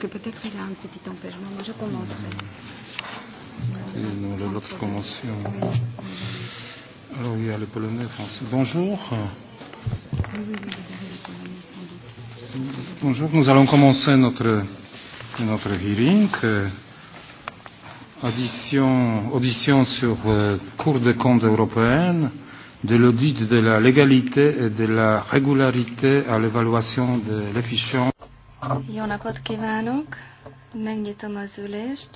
parce que peut-être il a un petit empêchement. Moi, je commencerai. Sinon, non, l'autre commence. Euh, alors, il y a le polonais, français. Bonjour. Bonjour, nous allons commencer notre, notre hearing. Euh, addition, audition sur euh, Cour des comptes européenne de l'audit de la légalité et de la régularité à l'évaluation de l'efficience. Jó napot kívánok! Megnyitom az ülést.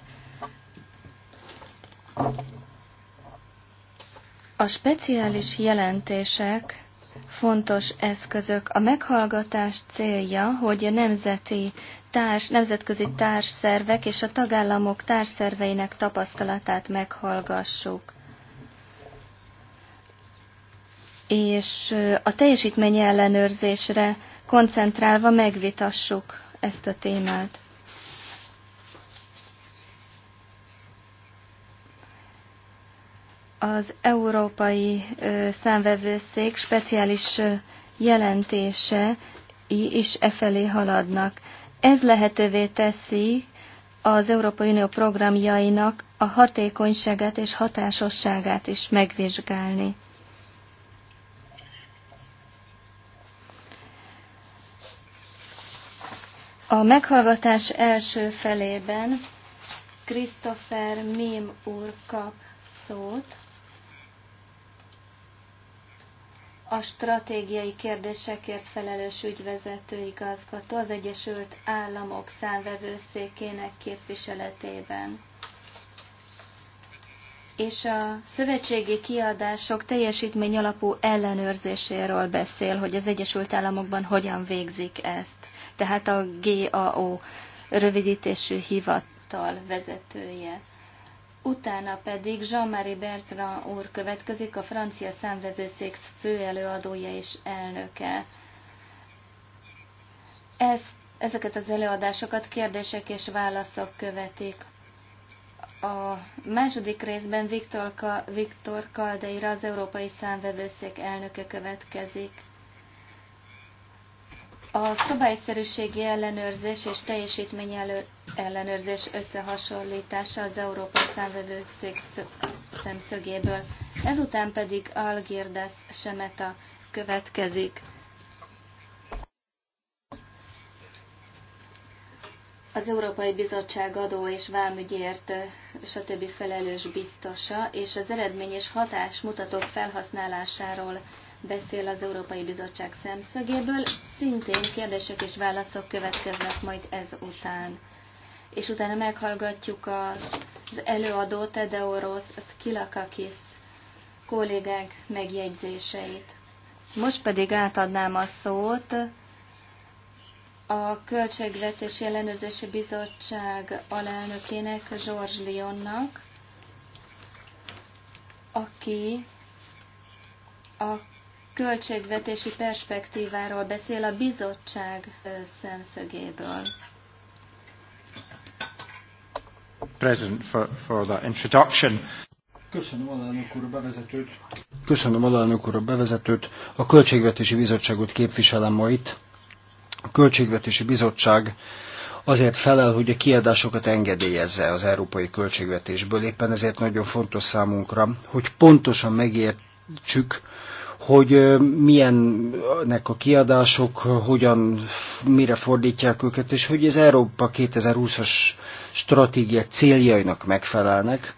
A speciális jelentések fontos eszközök. A meghallgatás célja, hogy a nemzeti társ, nemzetközi társszervek és a tagállamok társszerveinek tapasztalatát meghallgassuk és a teljesítmény ellenőrzésre koncentrálva megvitassuk ezt a témát. Az Európai Számvevőszék speciális jelentése is e felé haladnak. Ez lehetővé teszi az Európai Unió programjainak a hatékonyságát és hatásosságát is megvizsgálni. A meghallgatás első felében Christopher Mim úr kap szót a stratégiai kérdésekért felelős ügyvezető igazgató az Egyesült Államok számvevőszékének képviseletében. És a szövetségi kiadások teljesítmény alapú ellenőrzéséről beszél, hogy az Egyesült Államokban hogyan végzik ezt tehát a GAO rövidítésű hivatal vezetője. Utána pedig Jean-Marie Bertrand úr következik, a francia számvevőszék főelőadója és elnöke. Ez, ezeket az előadásokat kérdések és válaszok követik. A második részben Viktor, Viktor Kaldeira, az Európai Számvevőszék elnöke következik. A szabályszerűségi ellenőrzés és teljesítmény ellenőrzés összehasonlítása az Európai Számvevőszék szemszögéből. Ezután pedig Algirdas Semeta következik. Az Európai Bizottság adó és vámügyért, stb. felelős biztosa, és az eredmény és mutatók felhasználásáról beszél az Európai Bizottság szemszögéből. Szintén kérdések és válaszok következnek majd ezután. És utána meghallgatjuk az előadó Tedeoros Skilakakis kollégák megjegyzéseit. Most pedig átadnám a szót a Költségvetési Ellenőrzési Bizottság alelnökének, George Lyonnak, aki a költségvetési perspektíváról beszél a bizottság szemszögéből. President for, for introduction. Köszönöm alelnök úr a bevezetőt. Köszönöm alelnök úr a bevezetőt. A Költségvetési Bizottságot képviselem ma itt. A Költségvetési Bizottság azért felel, hogy a kiadásokat engedélyezze az európai költségvetésből. Éppen ezért nagyon fontos számunkra, hogy pontosan megértsük, hogy milyennek a kiadások, hogyan, mire fordítják őket, és hogy az Európa 2020-as stratégia céljainak megfelelnek,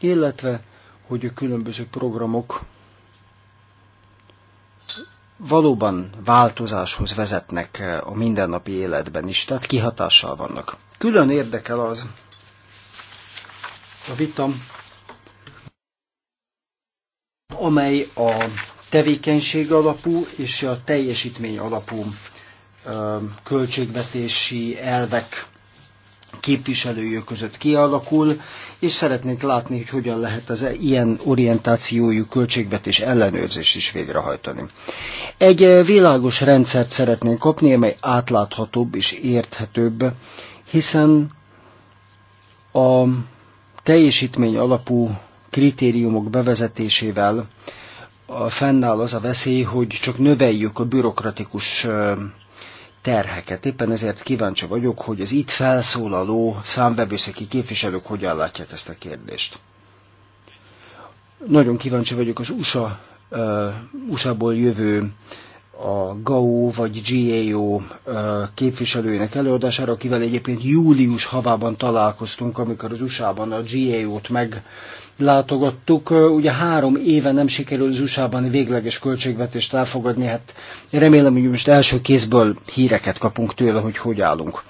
illetve hogy a különböző programok valóban változáshoz vezetnek a mindennapi életben is, tehát kihatással vannak. Külön érdekel az a vitam, amely a tevékenység alapú és a teljesítmény alapú költségvetési elvek képviselőjük között kialakul, és szeretnénk látni, hogy hogyan lehet az e- ilyen orientációjú költségvetés ellenőrzést is végrehajtani. Egy világos rendszert szeretnénk kapni, amely átláthatóbb és érthetőbb, hiszen a teljesítmény alapú kritériumok bevezetésével a fennáll az a veszély, hogy csak növeljük a bürokratikus terheket. Éppen ezért kíváncsi vagyok, hogy az itt felszólaló számbevőszeki képviselők hogyan látják ezt a kérdést. Nagyon kíváncsi vagyok az USA, ból USA-ból jövő a GAO vagy GAO képviselőinek előadására, akivel egyébként július havában találkoztunk, amikor az USA-ban a GAO-t meglátogattuk. Ugye három éve nem sikerült az USA-ban végleges költségvetést elfogadni, hát remélem, hogy most első kézből híreket kapunk tőle, hogy hogy állunk.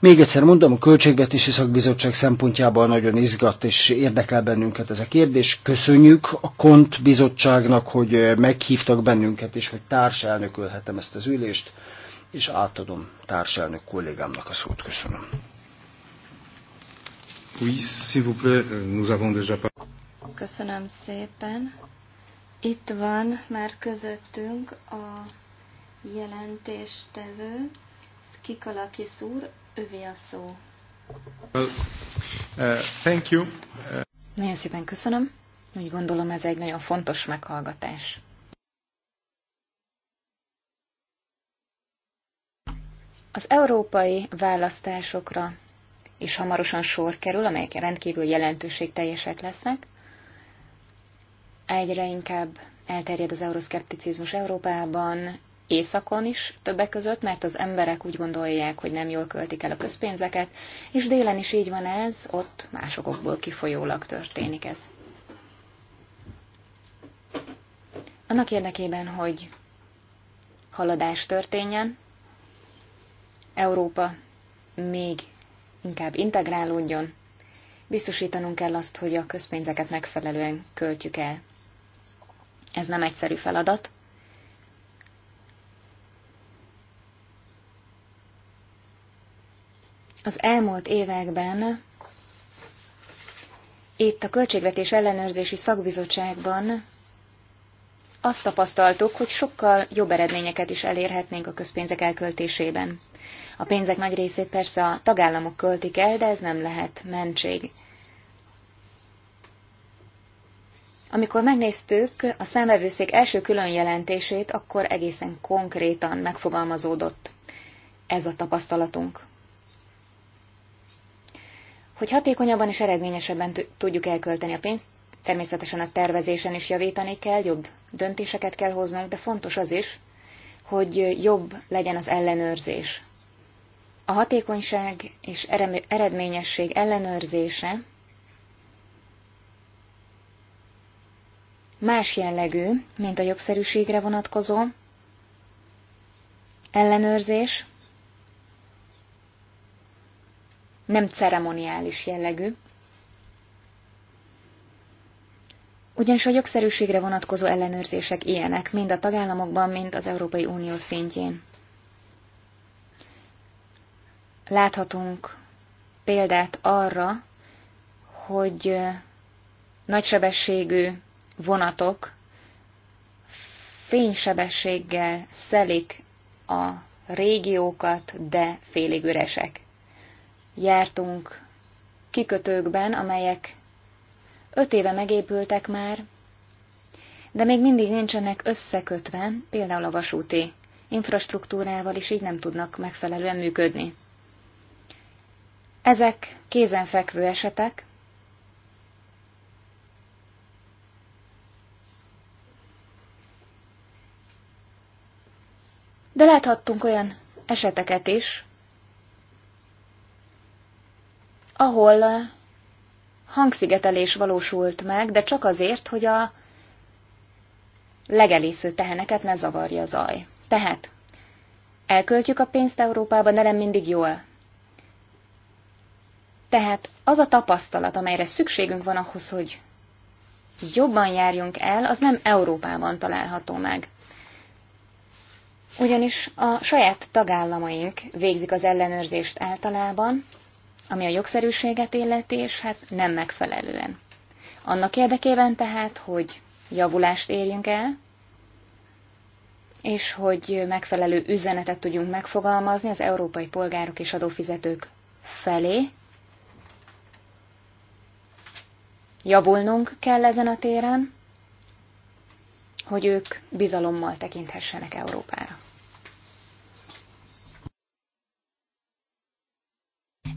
Még egyszer mondom, a Költségvetési Szakbizottság szempontjából nagyon izgat és érdekel bennünket ez a kérdés. Köszönjük a KONT bizottságnak, hogy meghívtak bennünket, és hogy társel elnökölhetem ezt az ülést, és átadom társelnök kollégámnak a szót. Köszönöm. Köszönöm szépen. Itt van már közöttünk a jelentéstevő, Kikalakis úr, övé a szó. Well, uh, thank you. Uh... Nagyon szépen köszönöm. Úgy gondolom ez egy nagyon fontos meghallgatás. Az európai választásokra is hamarosan sor kerül, amelyek rendkívül jelentőségteljesek lesznek. Egyre inkább elterjed az euroszkepticizmus Európában, északon is többek között, mert az emberek úgy gondolják, hogy nem jól költik el a közpénzeket, és délen is így van ez, ott másokból kifolyólag történik ez. Annak érdekében, hogy haladás történjen, Európa még inkább integrálódjon, biztosítanunk kell azt, hogy a közpénzeket megfelelően költjük el. Ez nem egyszerű feladat. Az elmúlt években itt a Költségvetés Ellenőrzési Szakbizottságban azt tapasztaltuk, hogy sokkal jobb eredményeket is elérhetnénk a közpénzek elköltésében. A pénzek nagy részét persze a tagállamok költik el, de ez nem lehet mentség. Amikor megnéztük a számvevőszék első külön jelentését, akkor egészen konkrétan megfogalmazódott ez a tapasztalatunk. Hogy hatékonyabban és eredményesebben tudjuk elkölteni a pénzt, Természetesen a tervezésen is javítani kell, jobb döntéseket kell hoznunk, de fontos az is, hogy jobb legyen az ellenőrzés. A hatékonyság és eredményesség ellenőrzése más jellegű, mint a jogszerűségre vonatkozó ellenőrzés, nem ceremoniális jellegű, ugyanis a jogszerűségre vonatkozó ellenőrzések ilyenek, mind a tagállamokban, mind az Európai Unió szintjén. Láthatunk példát arra, hogy nagysebességű vonatok fénysebességgel szelik a régiókat, de félig üresek. Jártunk kikötőkben, amelyek Öt éve megépültek már, de még mindig nincsenek összekötve, például a vasúti infrastruktúrával, és így nem tudnak megfelelően működni. Ezek kézenfekvő esetek, de láthattunk olyan eseteket is, ahol hangszigetelés valósult meg, de csak azért, hogy a legelésző teheneket ne zavarja zaj. Tehát elköltjük a pénzt Európában, de nem mindig jól. Tehát az a tapasztalat, amelyre szükségünk van ahhoz, hogy jobban járjunk el, az nem Európában található meg. Ugyanis a saját tagállamaink végzik az ellenőrzést általában, ami a jogszerűséget illeti, és hát nem megfelelően. Annak érdekében tehát, hogy javulást érjünk el, és hogy megfelelő üzenetet tudjunk megfogalmazni az európai polgárok és adófizetők felé. Javulnunk kell ezen a téren, hogy ők bizalommal tekinthessenek Európára.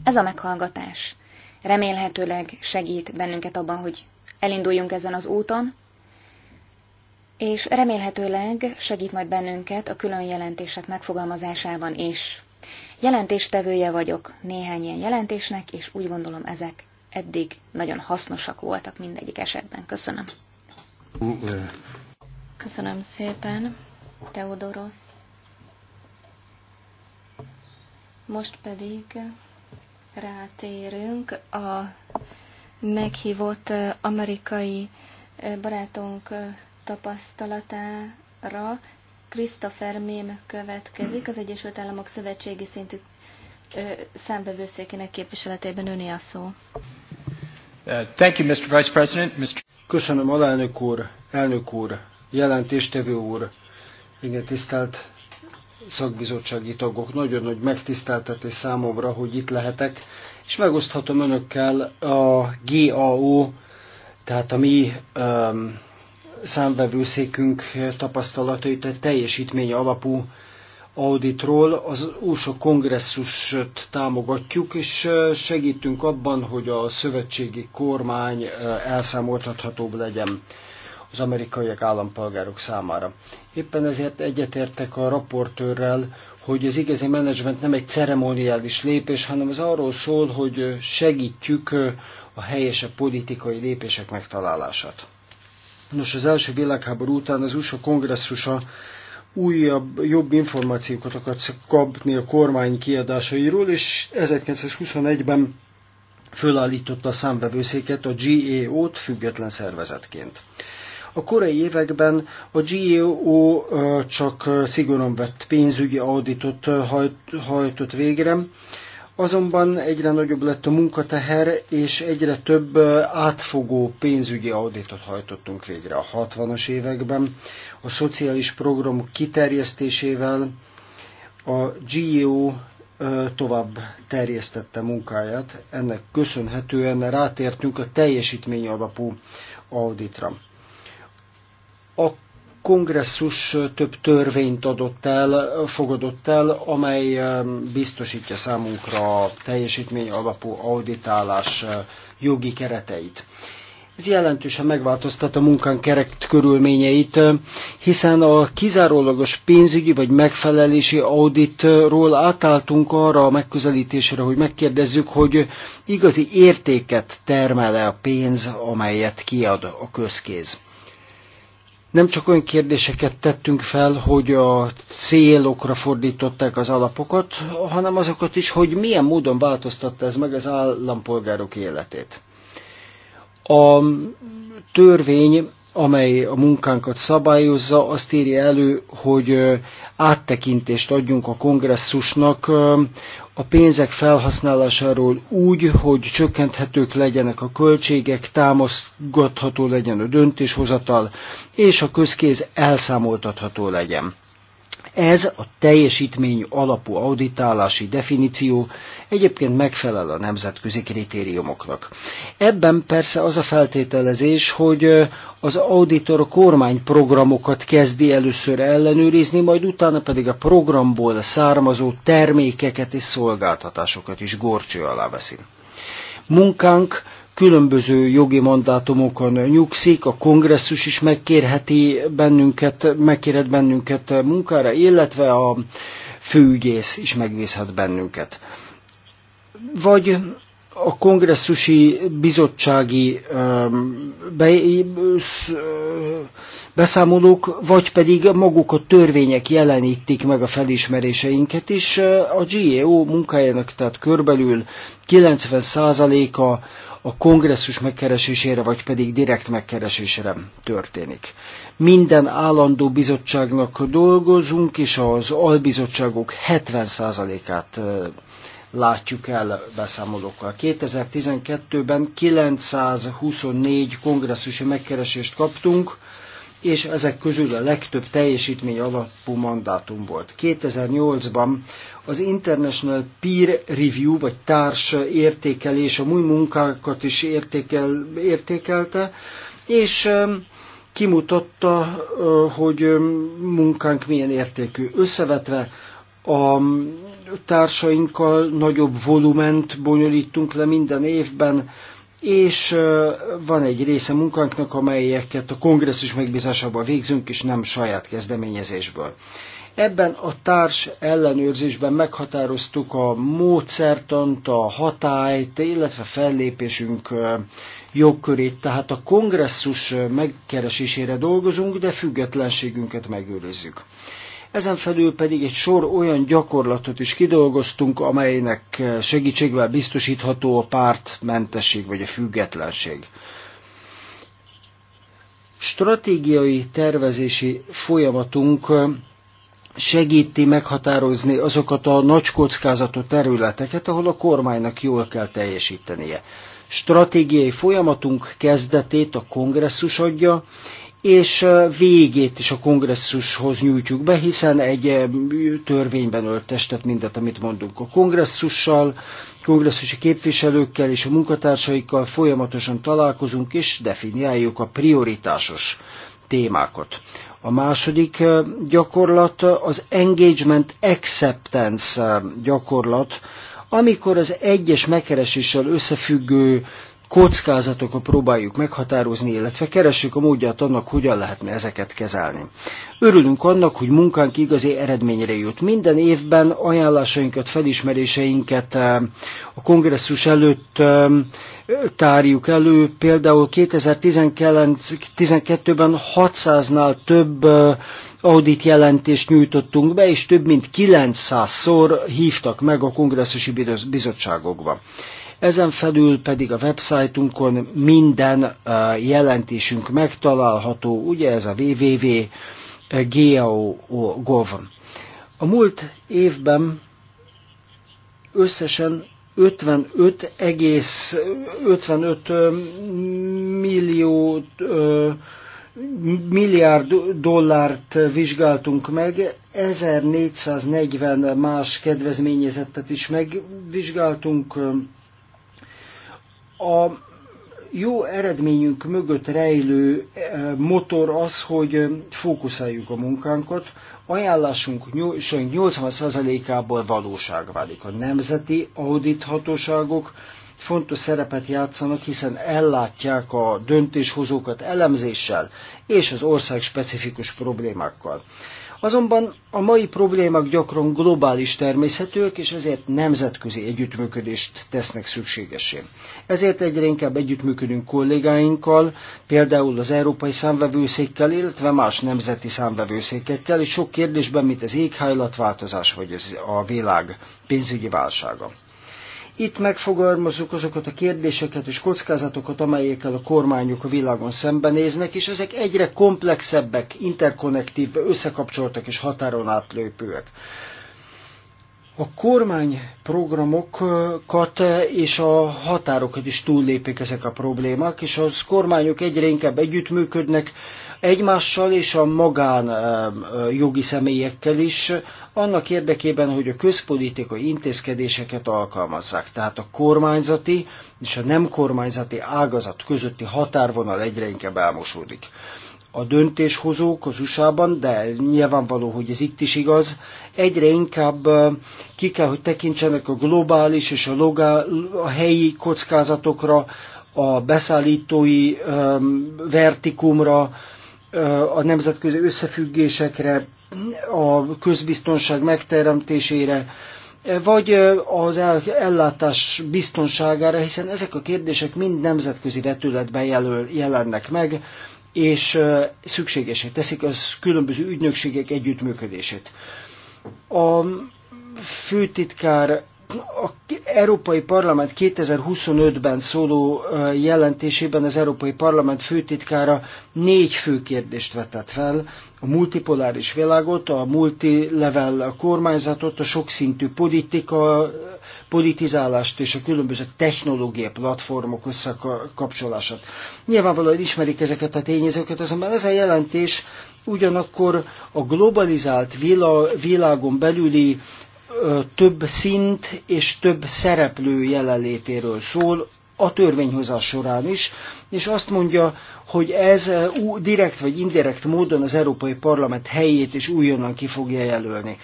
Ez a meghallgatás remélhetőleg segít bennünket abban, hogy elinduljunk ezen az úton, és remélhetőleg segít majd bennünket a külön jelentések megfogalmazásában is. Jelentéstevője vagyok néhány ilyen jelentésnek, és úgy gondolom ezek eddig nagyon hasznosak voltak mindegyik esetben. Köszönöm. Köszönöm szépen, Teodorosz. Most pedig rátérünk a meghívott amerikai barátunk tapasztalatára. Christopher Mém következik, az Egyesült Államok Szövetségi szintű számbevőszékének képviseletében öné a szó. Uh, thank you, Mr. Vice President. Mr. Köszönöm, alelnök úr, elnök úr, jelentéstevő úr, igen, tisztelt szakbizottsági tagok. Nagyon nagy megtiszteltetés számomra, hogy itt lehetek, és megoszthatom önökkel a GAO, tehát a mi um, számvevőszékünk tapasztalatait egy teljesítmény alapú auditról. Az USA kongresszust támogatjuk, és segítünk abban, hogy a szövetségi kormány elszámoltathatóbb legyen az amerikaiak állampolgárok számára. Éppen ezért egyetértek a raportőrrel, hogy az igazi menedzsment nem egy ceremoniális lépés, hanem az arról szól, hogy segítjük a helyesebb politikai lépések megtalálását. Nos, az első világháború után az USA kongresszusa újabb, jobb információkat akart kapni a kormány kiadásairól, és 1921-ben fölállította a számbevőszéket a GAO-t független szervezetként. A korai években a GEO csak szigorúan vett pénzügyi auditot hajtott végre, azonban egyre nagyobb lett a munkateher, és egyre több átfogó pénzügyi auditot hajtottunk végre a 60-as években. A szociális program kiterjesztésével a GEO tovább terjesztette munkáját. Ennek köszönhetően rátértünk a teljesítmény alapú auditra a kongresszus több törvényt adott el, fogadott el, amely eh, biztosítja számunkra a teljesítmény alapú auditálás eh, jogi kereteit. Ez jelentősen megváltoztat a munkán kerekt körülményeit, eh, hiszen a kizárólagos pénzügyi vagy megfelelési auditról átálltunk arra a megközelítésre, hogy megkérdezzük, hogy igazi értéket termel-e a pénz, amelyet kiad a közkéz nem csak olyan kérdéseket tettünk fel, hogy a célokra fordították az alapokat, hanem azokat is, hogy milyen módon változtatta ez meg az állampolgárok életét. A törvény amely a munkánkat szabályozza, azt írja elő, hogy áttekintést adjunk a kongresszusnak a pénzek felhasználásáról úgy, hogy csökkenthetők legyenek a költségek, támaszgatható legyen a döntéshozatal, és a közkéz elszámoltatható legyen. Ez a teljesítmény alapú auditálási definíció egyébként megfelel a nemzetközi kritériumoknak. Ebben persze az a feltételezés, hogy az auditor a kormányprogramokat kezdi először ellenőrizni, majd utána pedig a programból származó termékeket és szolgáltatásokat is gorcső alá veszi. Munkánk különböző jogi mandátumokon nyugszik, a kongresszus is megkérheti bennünket, megkérhet bennünket munkára, illetve a főügyész is megbízhat bennünket. Vagy a kongresszusi bizottsági be, beszámolók, vagy pedig maguk a törvények jelenítik meg a felismeréseinket, és a GEO munkájának, tehát körbelül 90%-a a kongresszus megkeresésére, vagy pedig direkt megkeresésére történik. Minden állandó bizottságnak dolgozunk, és az albizottságok 70%-át látjuk el beszámolókkal. 2012-ben 924 kongresszusi megkeresést kaptunk, és ezek közül a legtöbb teljesítmény alapú mandátum volt. 2008-ban az International Peer Review, vagy társ értékelés a új munkákat is értékel, értékelte, és um, kimutatta, uh, hogy um, munkánk milyen értékű. Összevetve a um, társainkkal nagyobb volument bonyolítunk le minden évben, és uh, van egy része munkánknak, amelyeket a kongresszus megbízásában végzünk, és nem saját kezdeményezésből. Ebben a társ ellenőrzésben meghatároztuk a módszertant, a hatályt, illetve fellépésünk jogkörét, tehát a kongresszus megkeresésére dolgozunk, de függetlenségünket megőrizzük. Ezen felül pedig egy sor olyan gyakorlatot is kidolgoztunk, amelynek segítségével biztosítható a pártmentesség vagy a függetlenség. Stratégiai tervezési folyamatunk segíti meghatározni azokat a nagy kockázatú területeket, ahol a kormánynak jól kell teljesítenie. Stratégiai folyamatunk kezdetét a kongresszus adja, és végét is a kongresszushoz nyújtjuk be, hiszen egy törvényben öltestet mindet, amit mondunk. A kongresszussal, kongresszusi képviselőkkel és a munkatársaikkal folyamatosan találkozunk és definiáljuk a prioritásos témákat. A második gyakorlat az engagement acceptance gyakorlat, amikor az egyes megkereséssel összefüggő kockázatokat próbáljuk meghatározni, illetve keressük a módját annak, hogyan lehetne ezeket kezelni. Örülünk annak, hogy munkánk igazi eredményre jut. Minden évben ajánlásainkat, felismeréseinket eh, a kongresszus előtt eh, tárjuk elő. Például 2012-ben 600-nál több eh, audit jelentést nyújtottunk be, és több mint 900-szor hívtak meg a kongresszusi bizottságokba. Ezen felül pedig a websájtunkon minden uh, jelentésünk megtalálható, ugye ez a www.gao.gov. A múlt évben összesen 55, egész, 55 millió milliárd dollárt vizsgáltunk meg, 1440 más kedvezményezettet is megvizsgáltunk, a jó eredményünk mögött rejlő e, motor az, hogy e, fókuszáljuk a munkánkat, ajánlásunk 80%-ából valóság válik. A nemzeti audithatóságok fontos szerepet játszanak, hiszen ellátják a döntéshozókat elemzéssel és az ország specifikus problémákkal. Azonban a mai problémák gyakran globális természetűek, és ezért nemzetközi együttműködést tesznek szükségesé. Ezért egyre inkább együttműködünk kollégáinkkal, például az Európai Számvevőszékkel, illetve más nemzeti számvevőszékekkel, és sok kérdésben, mint az éghajlatváltozás vagy az a világ pénzügyi válsága. Itt megfogalmazzuk azokat a kérdéseket és kockázatokat, amelyekkel a kormányok a világon szembenéznek, és ezek egyre komplexebbek, interkonnektív, összekapcsoltak és határon átlépőek. A kormányprogramokat és a határokat is túllépik ezek a problémák, és az kormányok egyre inkább együttműködnek egymással és a magán jogi személyekkel is, annak érdekében, hogy a közpolitikai intézkedéseket alkalmazzák. Tehát a kormányzati és a nem kormányzati ágazat közötti határvonal egyre inkább elmosódik. A döntéshozók az USA-ban, de nyilvánvaló, hogy ez itt is igaz, egyre inkább ki kell, hogy tekintsenek a globális és a, logál, a helyi kockázatokra, a beszállítói um, vertikumra, a nemzetközi összefüggésekre, a közbiztonság megteremtésére, vagy az ellátás biztonságára, hiszen ezek a kérdések mind nemzetközi vetületben jelöl, jelennek meg, és szükségesé teszik az különböző ügynökségek együttműködését. A főtitkár a Európai Parlament 2025-ben szóló jelentésében az Európai Parlament főtitkára négy fő kérdést vetett fel. A multipoláris világot, a multilevel kormányzatot, a sokszintű politika, politizálást és a különböző technológia platformok összekapcsolását. Nyilvánvalóan ismerik ezeket a tényezőket, azonban ez a jelentés ugyanakkor a globalizált világon belüli több szint és több szereplő jelenlétéről szól, a törvényhozás során is, és azt mondja, hogy ez direkt vagy indirekt módon az Európai Parlament helyét és újonnan ki fogja jelölni.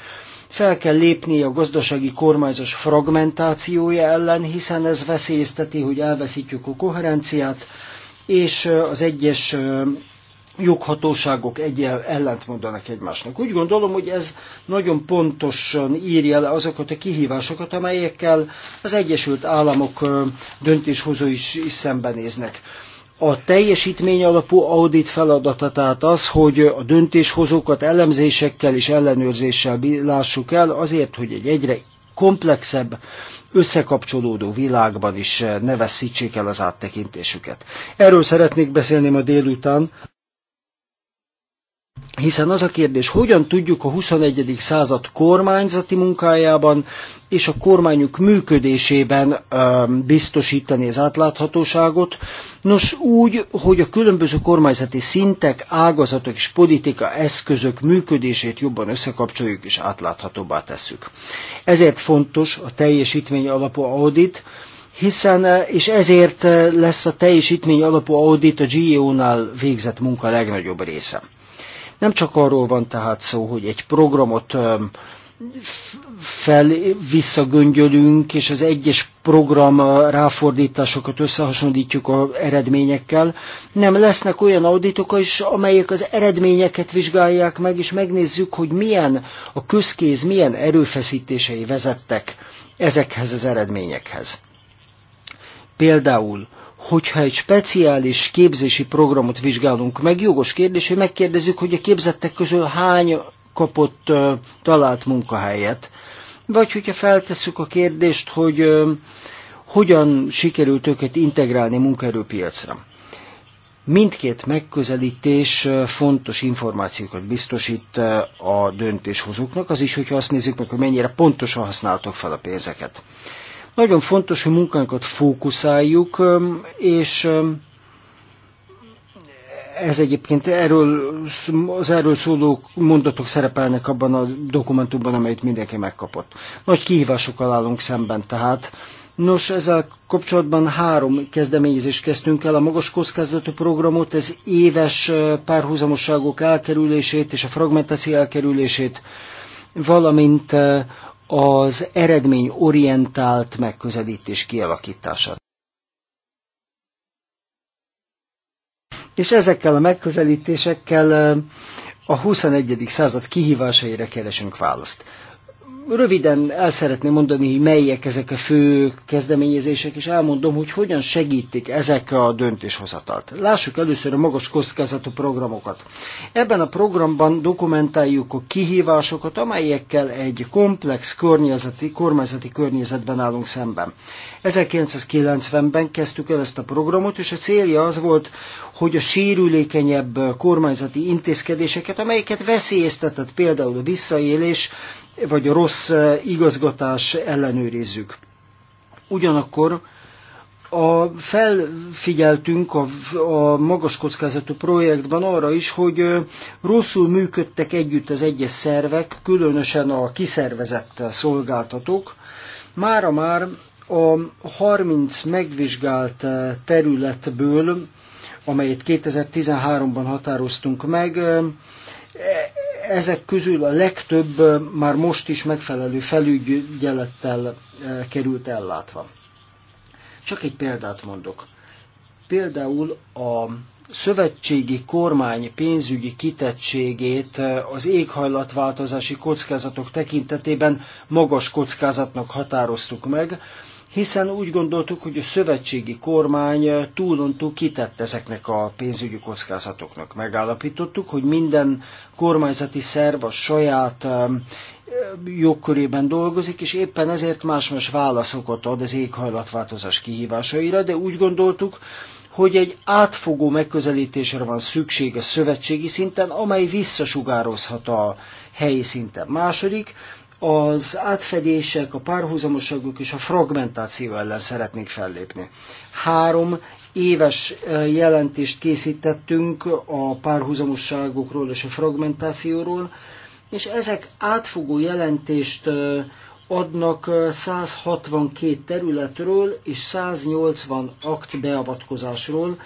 Fel kell lépni a gazdasági kormányzás fragmentációja ellen, hiszen ez veszélyezteti, hogy elveszítjük a koherenciát, és az egyes joghatóságok egy mondanak egymásnak. Úgy gondolom, hogy ez nagyon pontosan írja le azokat a kihívásokat, amelyekkel az Egyesült Államok döntéshozói is, is szembenéznek. A teljesítmény alapú audit feladata tehát az, hogy a döntéshozókat elemzésekkel és ellenőrzéssel lássuk el, azért, hogy egy egyre komplexebb, összekapcsolódó világban is ne veszítsék el az áttekintésüket. Erről szeretnék beszélni ma délután. Hiszen az a kérdés, hogyan tudjuk a 21. század kormányzati munkájában és a kormányuk működésében biztosítani az átláthatóságot. Nos, úgy, hogy a különböző kormányzati szintek, ágazatok és politika eszközök működését jobban összekapcsoljuk és átláthatóbbá tesszük. Ezért fontos a teljesítmény alapú audit, hiszen, és ezért lesz a teljesítmény alapú audit a GEO-nál végzett munka legnagyobb része. Nem csak arról van tehát szó, hogy egy programot fel visszagöngyölünk, és az egyes program ráfordításokat összehasonlítjuk az eredményekkel. Nem lesznek olyan auditok is, amelyek az eredményeket vizsgálják meg, és megnézzük, hogy milyen a közkéz, milyen erőfeszítései vezettek ezekhez az eredményekhez. Például hogyha egy speciális képzési programot vizsgálunk meg, jogos kérdés, hogy megkérdezzük, hogy a képzettek közül hány kapott talált munkahelyet. Vagy hogyha feltesszük a kérdést, hogy hogyan sikerült őket integrálni munkaerőpiacra. Mindkét megközelítés fontos információkat biztosít a döntéshozóknak, az is, hogyha azt nézzük meg, hogy mennyire pontosan használtok fel a pénzeket. Nagyon fontos, hogy munkánkat fókuszáljuk, és ez egyébként erről, az erről szóló mondatok szerepelnek abban a dokumentumban, amelyet mindenki megkapott. Nagy kihívásokkal állunk szemben tehát. Nos, ezzel kapcsolatban három kezdeményezést kezdtünk el. A magas kockázatú programot, ez éves párhuzamosságok elkerülését és a fragmentáció elkerülését, valamint az eredmény orientált megközelítés kialakítását. És ezekkel a megközelítésekkel a 21. század kihívásaira keresünk választ röviden el szeretném mondani, hogy melyek ezek a fő kezdeményezések, és elmondom, hogy hogyan segítik ezek a döntéshozatalt. Lássuk először a magas kockázatú programokat. Ebben a programban dokumentáljuk a kihívásokat, amelyekkel egy komplex környezeti, kormányzati környezetben állunk szemben. 1990-ben kezdtük el ezt a programot, és a célja az volt, hogy a sérülékenyebb kormányzati intézkedéseket, amelyeket veszélyeztetett például a visszaélés, vagy a rossz eh, igazgatás ellenőrizzük. Ugyanakkor a felfigyeltünk a, a magas kockázatú projektben arra is, hogy eh, rosszul működtek együtt az egyes szervek, különösen a kiszervezett szolgáltatók. Mára már a 30 megvizsgált eh, területből, amelyet 2013-ban határoztunk meg, ezek közül a legtöbb már most is megfelelő felügyelettel került ellátva. Csak egy példát mondok. Például a szövetségi kormány pénzügyi kitettségét az éghajlatváltozási kockázatok tekintetében magas kockázatnak határoztuk meg, hiszen úgy gondoltuk, hogy a szövetségi kormány túlontúl kitett ezeknek a pénzügyi kockázatoknak. Megállapítottuk, hogy minden kormányzati szerv a saját jogkörében dolgozik, és éppen ezért más-más válaszokat ad az éghajlatváltozás kihívásaira, de úgy gondoltuk, hogy egy átfogó megközelítésre van szükség a szövetségi szinten, amely visszasugározhat a helyi szinten. Második, az átfedések, a párhuzamoságok és a fragmentáció ellen szeretnék fellépni. Három éves jelentést készítettünk a párhuzamosságokról és a fragmentációról, és ezek átfogó jelentést adnak 162 területről és 180 akt beavatkozásról,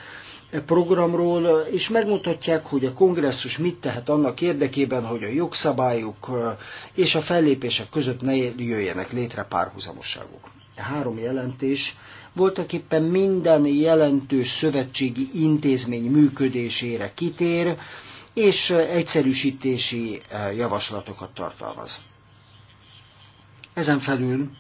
e programról, és megmutatják, hogy a kongresszus mit tehet annak érdekében, hogy a jogszabályok eh, és a fellépések között ne jöjjenek létre párhuzamoságok. A három jelentés voltak éppen minden jelentős szövetségi intézmény működésére kitér, és eh, egyszerűsítési eh, javaslatokat tartalmaz. Ezen felül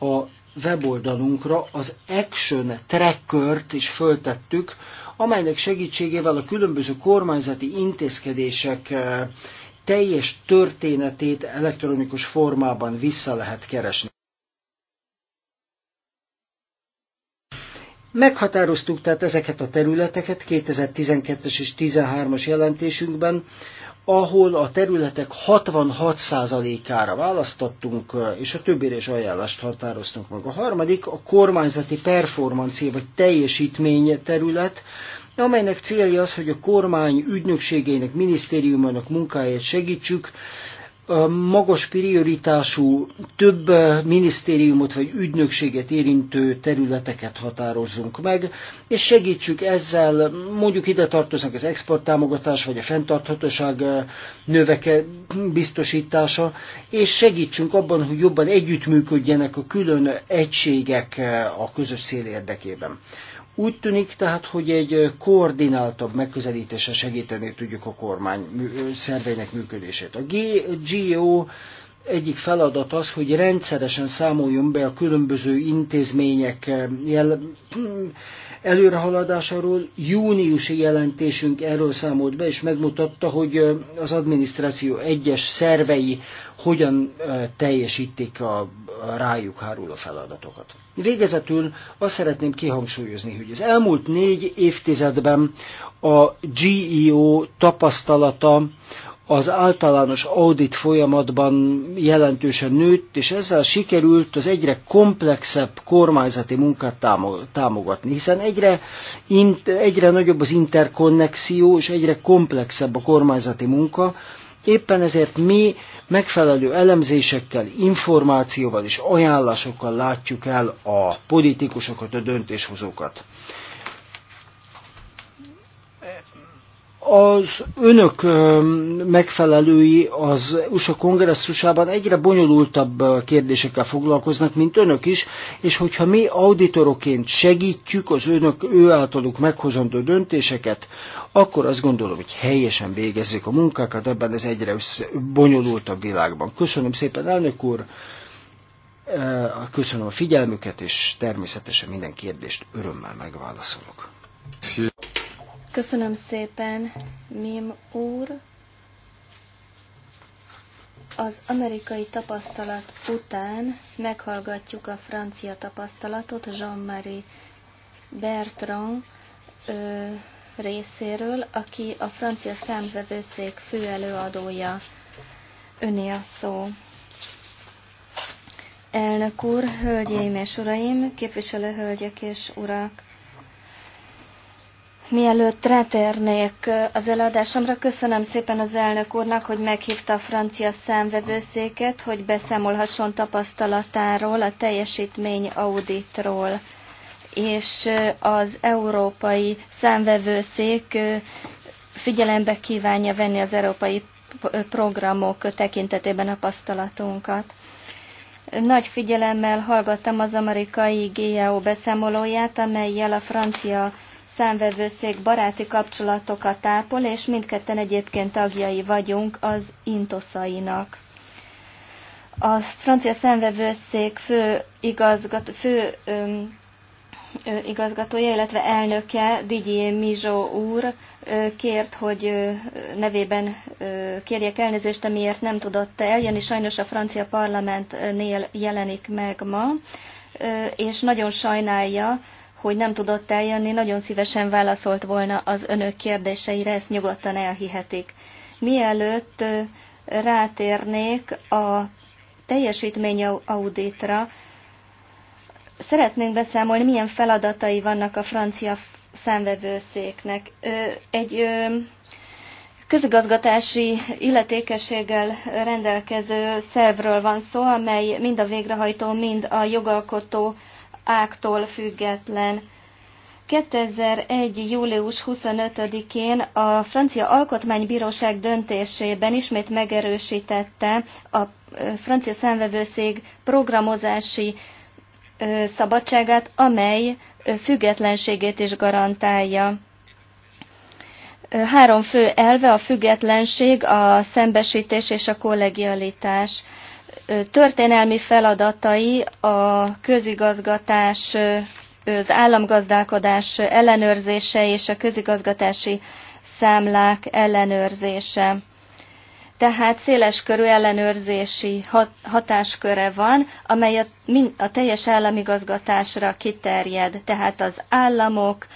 a weboldalunkra az Action Tracker-t is föltettük, amelynek segítségével a különböző kormányzati intézkedések eh, teljes történetét elektronikus formában vissza lehet keresni. Meghatároztuk tehát ezeket a területeket 2012-es és 2013-as jelentésünkben, ahol a területek 66%-ára választottunk, és a többére is ajánlást határoztunk meg. A harmadik a kormányzati performancia vagy teljesítmény terület, amelynek célja az, hogy a kormány ügynökségeinek, minisztériumának munkáját segítsük, magas prioritású több eh, minisztériumot vagy ügynökséget érintő területeket határozzunk meg, és segítsük ezzel, mondjuk ide tartoznak az exporttámogatás vagy a fenntarthatóság eh, növeke biztosítása, és segítsünk abban, hogy jobban együttműködjenek a külön egységek eh, a közös cél érdekében. Úgy tűnik tehát, hogy egy koordináltabb megközelítésre segíteni tudjuk a kormány szerveinek működését. A GEO egyik feladat az, hogy rendszeresen számoljon be a különböző intézmények jel előrehaladásáról. Júniusi jelentésünk erről számolt be, és megmutatta, hogy az adminisztráció egyes szervei hogyan teljesítik a rájuk háruló feladatokat. Végezetül azt szeretném kihangsúlyozni, hogy az elmúlt négy évtizedben a GEO tapasztalata az általános audit folyamatban jelentősen nőtt, és ezzel sikerült az egyre komplexebb kormányzati munkát támogatni, hiszen egyre, egyre nagyobb az interkonnexió, és egyre komplexebb a kormányzati munka, éppen ezért mi megfelelő elemzésekkel, információval és ajánlásokkal látjuk el a politikusokat, a döntéshozókat. az önök megfelelői az USA kongresszusában egyre bonyolultabb kérdésekkel foglalkoznak, mint önök is, és hogyha mi auditoroként segítjük az önök ő általuk meghozandó döntéseket, akkor azt gondolom, hogy helyesen végezzük a munkákat ebben az egyre össze, bonyolultabb világban. Köszönöm szépen, elnök úr! Köszönöm a figyelmüket, és természetesen minden kérdést örömmel megválaszolok. Köszönöm szépen, Mim úr. Az amerikai tapasztalat után meghallgatjuk a francia tapasztalatot Jean-Marie Bertrand ö, részéről, aki a francia számvevőszék főelőadója. Öné a szó. Elnök úr, hölgyeim és uraim, képviselő hölgyek és urak! Mielőtt rátérnék az előadásomra, köszönöm szépen az elnök úrnak, hogy meghívta a francia számvevőszéket, hogy beszámolhasson tapasztalatáról, a teljesítmény auditról. És az európai számvevőszék figyelembe kívánja venni az európai programok tekintetében a tapasztalatunkat. Nagy figyelemmel hallgattam az amerikai GAO beszámolóját, amelyel a francia számvevőszék baráti kapcsolatokat tápol, és mindketten egyébként tagjai vagyunk az Intoszainak. A francia számvevőszék fő, igazgató, fő öm, ö, igazgatója, illetve elnöke, Didier Mizsó úr ö, kért, hogy ö, nevében ö, kérjek elnézést, amiért nem tudott eljönni. Sajnos a francia parlamentnél jelenik meg ma, ö, és nagyon sajnálja, hogy nem tudott eljönni, nagyon szívesen válaszolt volna az önök kérdéseire, ezt nyugodtan elhihetik. Mielőtt rátérnék a teljesítmény auditra, szeretnénk beszámolni, milyen feladatai vannak a francia számvevőszéknek. Egy közigazgatási illetékességgel rendelkező szervről van szó, amely mind a végrehajtó, mind a jogalkotó áktól független. 2001. július 25-én a Francia Alkotmánybíróság döntésében ismét megerősítette a francia számvevőszég programozási szabadságát, amely függetlenségét is garantálja. Három fő elve a függetlenség, a szembesítés és a kollegialitás történelmi feladatai a közigazgatás, az államgazdálkodás ellenőrzése és a közigazgatási számlák ellenőrzése. Tehát széleskörű ellenőrzési hatásköre van, amely a, a teljes államigazgatásra kiterjed. Tehát az államok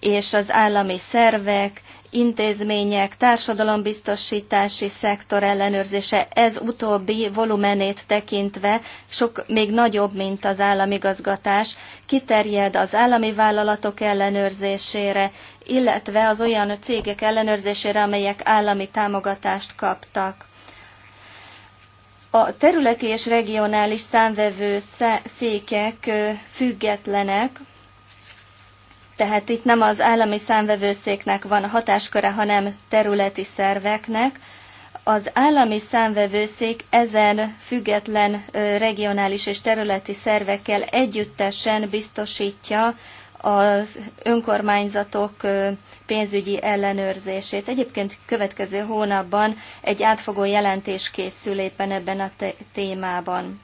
és az állami szervek, intézmények, társadalombiztosítási szektor ellenőrzése, ez utóbbi volumenét tekintve sok még nagyobb, mint az államigazgatás, kiterjed az állami vállalatok ellenőrzésére, illetve az olyan cégek ellenőrzésére, amelyek állami támogatást kaptak. A területi és regionális számvevő székek függetlenek, tehát itt nem az állami számvevőszéknek van hatásköre, hanem területi szerveknek. Az állami számvevőszék ezen független regionális és területi szervekkel együttesen biztosítja az önkormányzatok pénzügyi ellenőrzését. Egyébként következő hónapban egy átfogó jelentés készül éppen ebben a témában.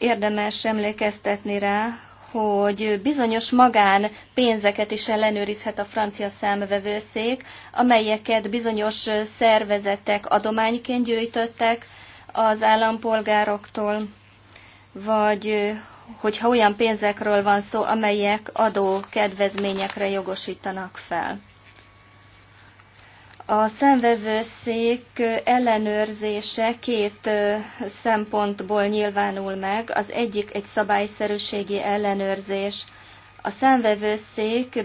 érdemes emlékeztetni rá, hogy bizonyos magán pénzeket is ellenőrizhet a francia számvevőszék, amelyeket bizonyos szervezetek adományként gyűjtöttek az állampolgároktól, vagy hogyha olyan pénzekről van szó, amelyek adó kedvezményekre jogosítanak fel. A szemvevőszék ellenőrzése két szempontból nyilvánul meg. Az egyik egy szabályszerűségi ellenőrzés. A szemvevőszék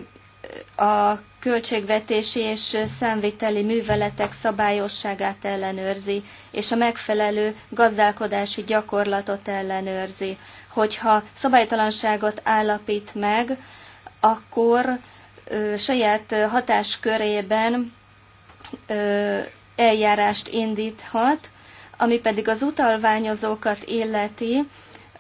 a költségvetési és szemviteli műveletek szabályosságát ellenőrzi, és a megfelelő gazdálkodási gyakorlatot ellenőrzi. Hogyha szabálytalanságot állapít meg, akkor saját hatáskörében eljárást indíthat, ami pedig az utalványozókat illeti,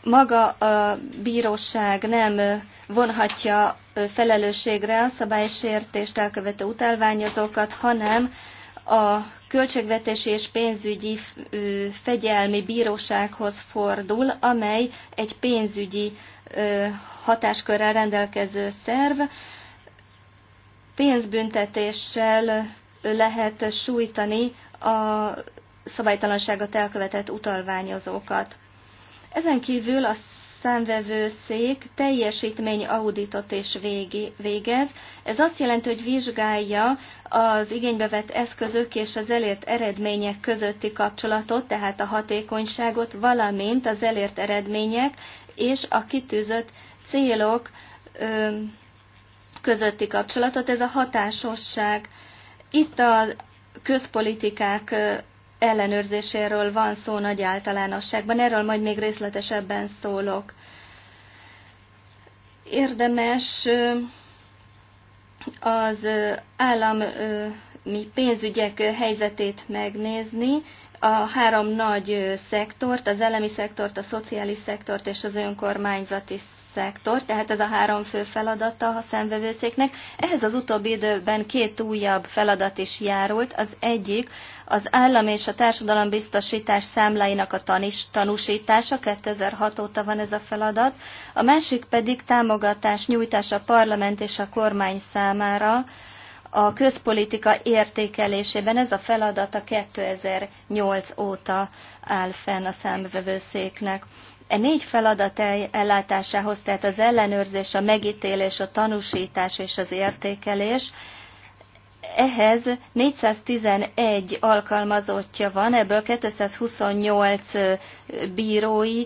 maga a bíróság nem vonhatja felelősségre a szabálysértést elkövető utalványozókat, hanem a Költségvetési és Pénzügyi Fegyelmi Bírósághoz fordul, amely egy pénzügyi hatáskörrel rendelkező szerv, pénzbüntetéssel lehet sújtani a szabálytalanságot elkövetett utalványozókat. Ezen kívül a szék teljesítmény auditot és végez. Ez azt jelenti, hogy vizsgálja az igénybe vett eszközök és az elért eredmények közötti kapcsolatot, tehát a hatékonyságot, valamint az elért eredmények és a kitűzött célok közötti kapcsolatot. Ez a hatásosság itt a közpolitikák ellenőrzéséről van szó nagy általánosságban, erről majd még részletesebben szólok. Érdemes az állami pénzügyek helyzetét megnézni, a három nagy szektort, az elemi szektort, a szociális szektort és az önkormányzati szektor, tehát ez a három fő feladata a szemvevőszéknek. Ehhez az utóbbi időben két újabb feladat is járult. Az egyik az állam és a társadalombiztosítás számláinak a tanis, tanúsítása, 2006 óta van ez a feladat, a másik pedig támogatás nyújtása a parlament és a kormány számára, a közpolitika értékelésében ez a feladata 2008 óta áll fenn a számvevőszéknek. E négy feladat ellátásához, tehát az ellenőrzés, a megítélés, a tanúsítás és az értékelés, ehhez 411 alkalmazottja van, ebből 228 bírói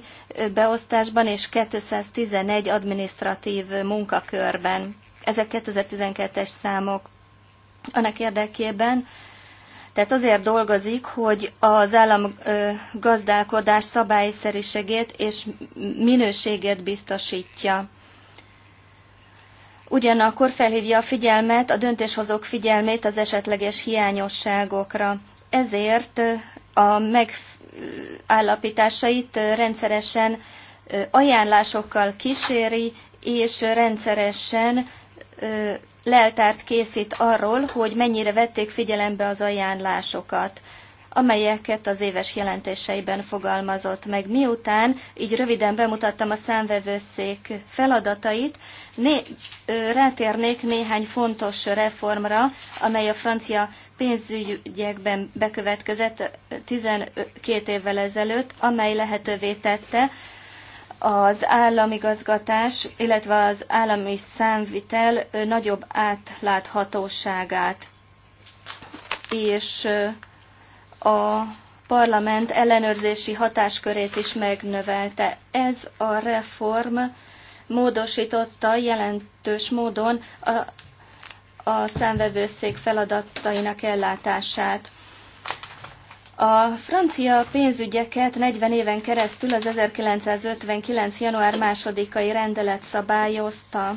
beosztásban és 211 adminisztratív munkakörben. Ezek 2012-es számok. Annak érdekében, tehát azért dolgozik, hogy az államgazdálkodás gazdálkodás szabályszerűségét és minőségét biztosítja. Ugyanakkor felhívja a figyelmet, a döntéshozók figyelmét az esetleges hiányosságokra. Ezért a megállapításait rendszeresen ajánlásokkal kíséri, és rendszeresen leltárt készít arról, hogy mennyire vették figyelembe az ajánlásokat amelyeket az éves jelentéseiben fogalmazott meg. Miután így röviden bemutattam a számvevőszék feladatait, né rátérnék néhány fontos reformra, amely a francia pénzügyekben bekövetkezett 12 évvel ezelőtt, amely lehetővé tette, az államigazgatás, illetve az állami számvitel nagyobb átláthatóságát. És a parlament ellenőrzési hatáskörét is megnövelte. Ez a reform módosította jelentős módon a, a számvevőszék feladatainak ellátását. A francia pénzügyeket 40 éven keresztül az 1959. január 2-ai rendelet szabályozta.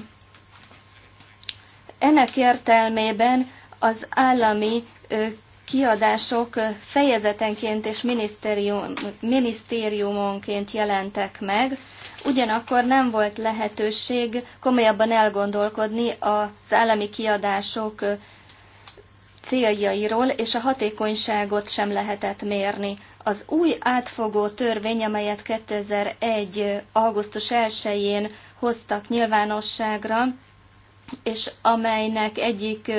Ennek értelmében az állami kiadások fejezetenként és minisztérium, minisztériumonként jelentek meg, ugyanakkor nem volt lehetőség komolyabban elgondolkodni az állami kiadások céljairól, és a hatékonyságot sem lehetett mérni. Az új átfogó törvény, amelyet 2001. augusztus 1-én hoztak nyilvánosságra, és amelynek egyik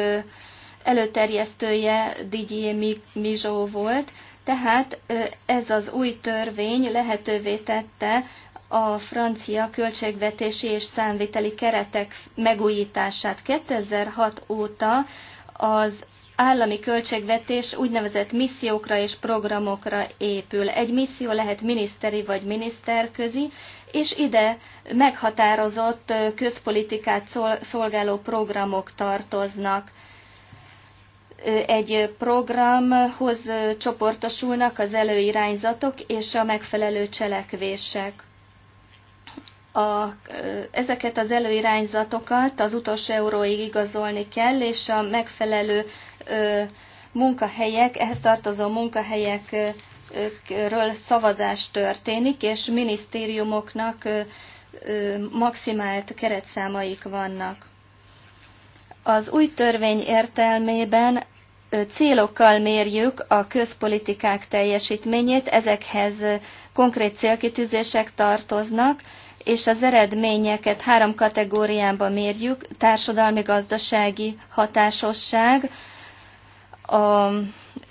előterjesztője Didier Mizsó volt, tehát ez az új törvény lehetővé tette a francia költségvetési és számviteli keretek megújítását. 2006 óta az állami költségvetés úgynevezett missziókra és programokra épül. Egy misszió lehet miniszteri vagy miniszterközi, és ide meghatározott közpolitikát szolgáló programok tartoznak. Egy programhoz csoportosulnak az előirányzatok és a megfelelő cselekvések. A, ezeket az előirányzatokat az utolsó euróig igazolni kell, és a megfelelő munkahelyek, ehhez tartozó munkahelyekről szavazás történik, és minisztériumoknak maximált keretszámaik vannak. Az új törvény értelmében célokkal mérjük a közpolitikák teljesítményét, ezekhez konkrét célkitűzések tartoznak, és az eredményeket három kategóriában mérjük, társadalmi-gazdasági hatásosság, a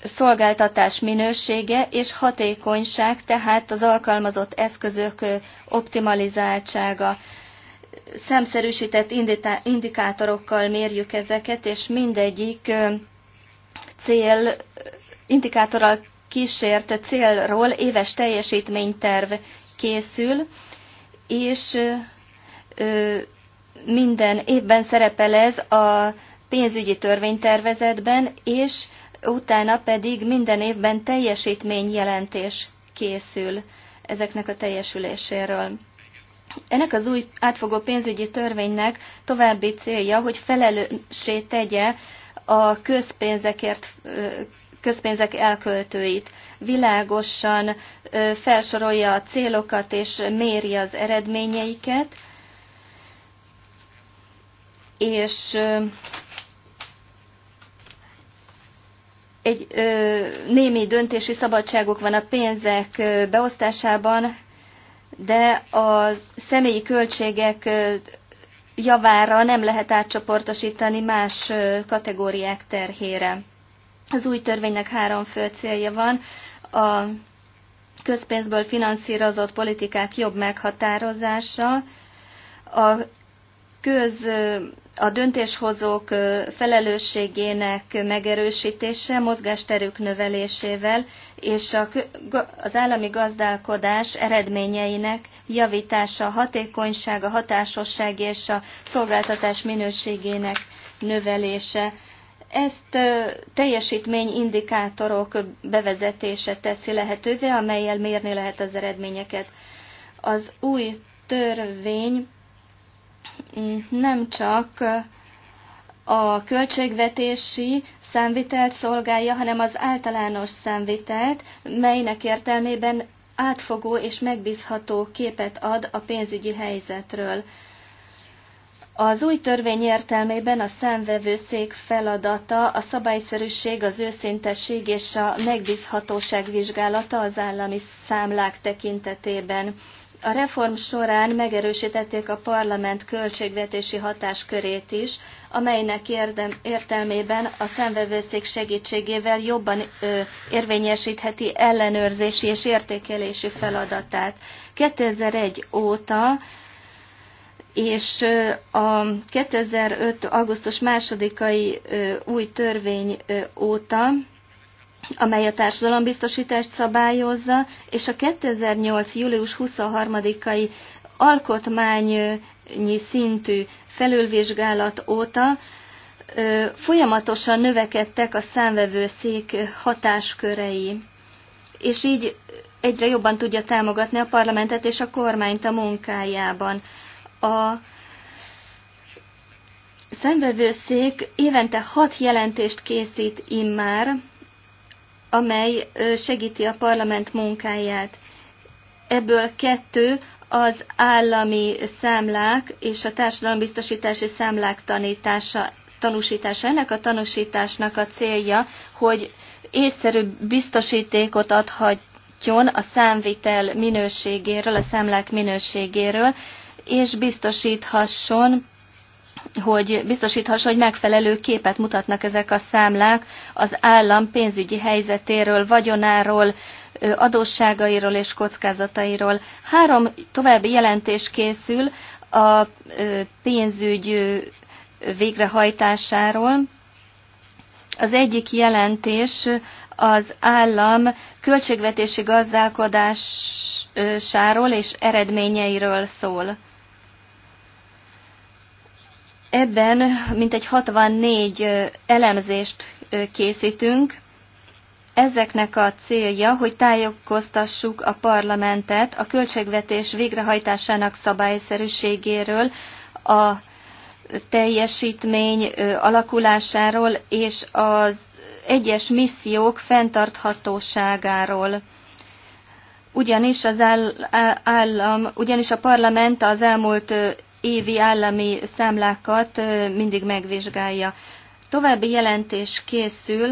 szolgáltatás minősége és hatékonyság, tehát az alkalmazott eszközök optimalizáltsága. Szemszerűsített indikátorokkal mérjük ezeket, és mindegyik cél, indikátorral kísért célról éves teljesítményterv készül, és minden évben szerepel ez a pénzügyi törvénytervezetben, és utána pedig minden évben teljesítményjelentés készül ezeknek a teljesüléséről. Ennek az új átfogó pénzügyi törvénynek további célja, hogy felelőssé tegye a közpénzekért, közpénzek elköltőit. Világosan felsorolja a célokat és méri az eredményeiket, és egy ö, némi döntési szabadságok van a pénzek ö, beosztásában, de a személyi költségek ö, javára nem lehet átcsoportosítani más ö, kategóriák terhére. Az új törvénynek három fő célja van. A közpénzből finanszírozott politikák jobb meghatározása, a köz a döntéshozók felelősségének megerősítése, mozgásterük növelésével és a, az állami gazdálkodás eredményeinek javítása, hatékonysága, hatásosság és a szolgáltatás minőségének növelése. Ezt teljesítményindikátorok bevezetése teszi lehetővé, amelyel mérni lehet az eredményeket. Az új törvény nem csak a költségvetési számvitelt szolgálja, hanem az általános számvitelt, melynek értelmében átfogó és megbízható képet ad a pénzügyi helyzetről. Az új törvény értelmében a számvevőszék feladata a szabályszerűség, az őszintesség és a megbízhatóság vizsgálata az állami számlák tekintetében. A reform során megerősítették a parlament költségvetési hatáskörét is, amelynek érdem, értelmében a szemvevőszék segítségével jobban ö, érvényesítheti ellenőrzési és értékelési feladatát. 2001 óta és a 2005. augusztus másodikai új törvény óta amely a társadalombiztosítást szabályozza, és a 2008. július 23-ai alkotmányi szintű felülvizsgálat óta folyamatosan növekedtek a számvevőszék hatáskörei, és így egyre jobban tudja támogatni a parlamentet és a kormányt a munkájában. A számvevőszék évente hat jelentést készít immár, amely segíti a parlament munkáját. Ebből kettő az állami számlák és a társadalombiztosítási számlák tanítása, tanúsítása. Ennek a tanúsításnak a célja, hogy észszerű biztosítékot adhatjon a számvitel minőségéről, a számlák minőségéről, és biztosíthasson hogy biztosíthassa, hogy megfelelő képet mutatnak ezek a számlák az állam pénzügyi helyzetéről, vagyonáról, adósságairól és kockázatairól. Három további jelentés készül a pénzügy végrehajtásáról. Az egyik jelentés az állam költségvetési gazdálkodásáról és eredményeiről szól. Ebben mintegy 64 elemzést készítünk. Ezeknek a célja, hogy tájékoztassuk a parlamentet a költségvetés végrehajtásának szabályszerűségéről, a teljesítmény alakulásáról és az egyes missziók fenntarthatóságáról. Ugyanis, az áll, állam, ugyanis a parlament az elmúlt évi állami számlákat mindig megvizsgálja. További jelentés készül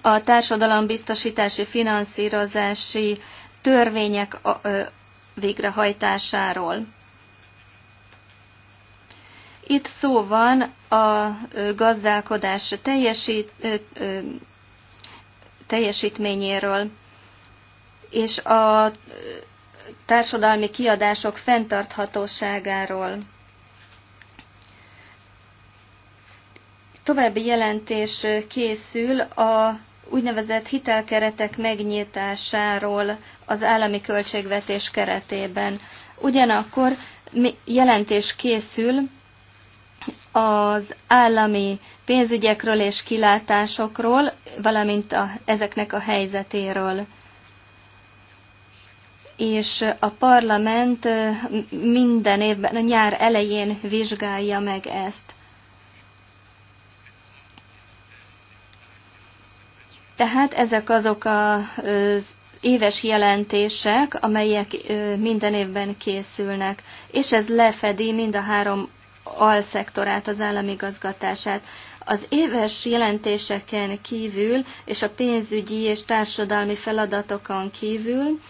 a társadalombiztosítási finanszírozási törvények végrehajtásáról. Itt szó van a gazdálkodás teljesít, teljesítményéről, és a társadalmi kiadások fenntarthatóságáról. További jelentés készül a úgynevezett hitelkeretek megnyitásáról az állami költségvetés keretében. Ugyanakkor jelentés készül az állami pénzügyekről és kilátásokról, valamint a, ezeknek a helyzetéről és a parlament minden évben a nyár elején vizsgálja meg ezt. Tehát ezek azok az éves jelentések, amelyek minden évben készülnek, és ez lefedi mind a három alszektorát, az államigazgatását. Az éves jelentéseken kívül, és a pénzügyi és társadalmi feladatokon kívül,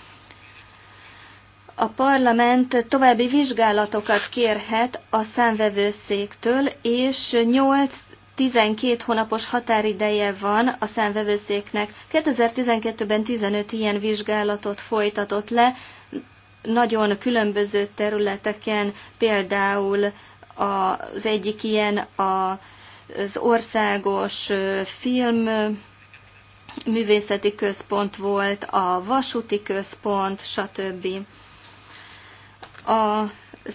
a parlament további vizsgálatokat kérhet a számvevőszéktől, és 8-12 hónapos határideje van a számvevőszéknek. 2012-ben 15 ilyen vizsgálatot folytatott le, nagyon különböző területeken, például az egyik ilyen az országos film művészeti központ volt, a vasúti központ, stb. A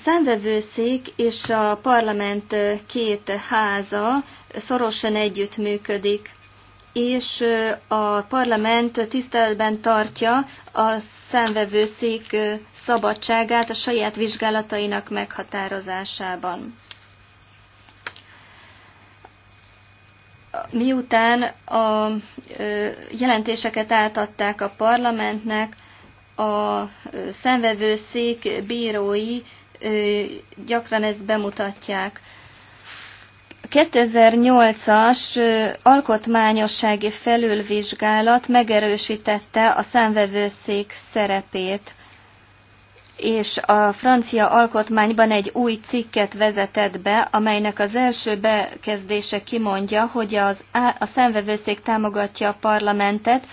számvevőszék és a parlament két háza szorosan együttműködik, és a parlament tiszteletben tartja a számvevőszék szabadságát a saját vizsgálatainak meghatározásában. Miután a jelentéseket átadták a parlamentnek, a szenvevőszék bírói gyakran ezt bemutatják. 2008-as alkotmányossági felülvizsgálat megerősítette a számvevőszék szerepét, és a francia alkotmányban egy új cikket vezetett be, amelynek az első bekezdése kimondja, hogy az, a számvevőszék támogatja a parlamentet,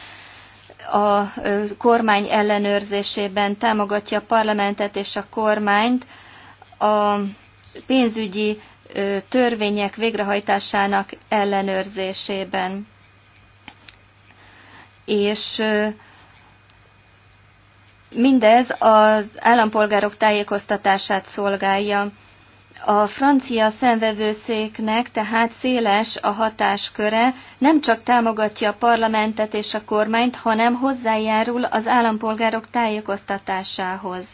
a kormány ellenőrzésében támogatja a parlamentet és a kormányt a pénzügyi törvények végrehajtásának ellenőrzésében. És mindez az állampolgárok tájékoztatását szolgálja. A francia szenvevőszéknek tehát széles a hatásköre, nem csak támogatja a parlamentet és a kormányt, hanem hozzájárul az állampolgárok tájékoztatásához.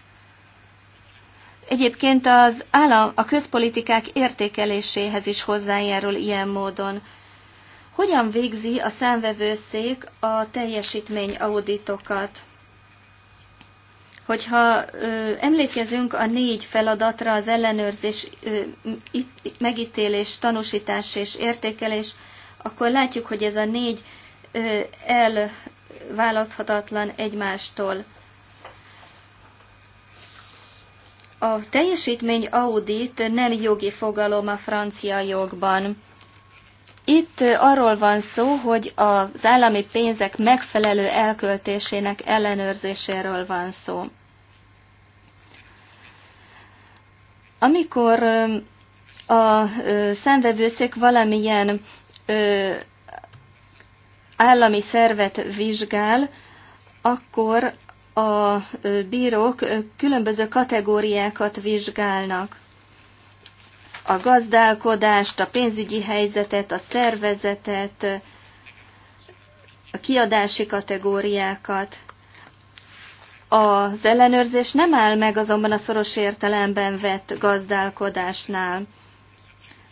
Egyébként az állam a közpolitikák értékeléséhez is hozzájárul ilyen módon. Hogyan végzi a számvevőszék a teljesítmény auditokat? Hogyha ö, emlékezünk a négy feladatra, az ellenőrzés, ö, it, megítélés, tanúsítás és értékelés, akkor látjuk, hogy ez a négy ö, elválaszthatatlan egymástól. A teljesítmény audit nem jogi fogalom a francia jogban. Itt arról van szó, hogy az állami pénzek megfelelő elköltésének ellenőrzéséről van szó. Amikor a számvevőszék valamilyen állami szervet vizsgál, akkor a bírók különböző kategóriákat vizsgálnak. A gazdálkodást, a pénzügyi helyzetet, a szervezetet, a kiadási kategóriákat. Az ellenőrzés nem áll meg azonban a szoros értelemben vett gazdálkodásnál,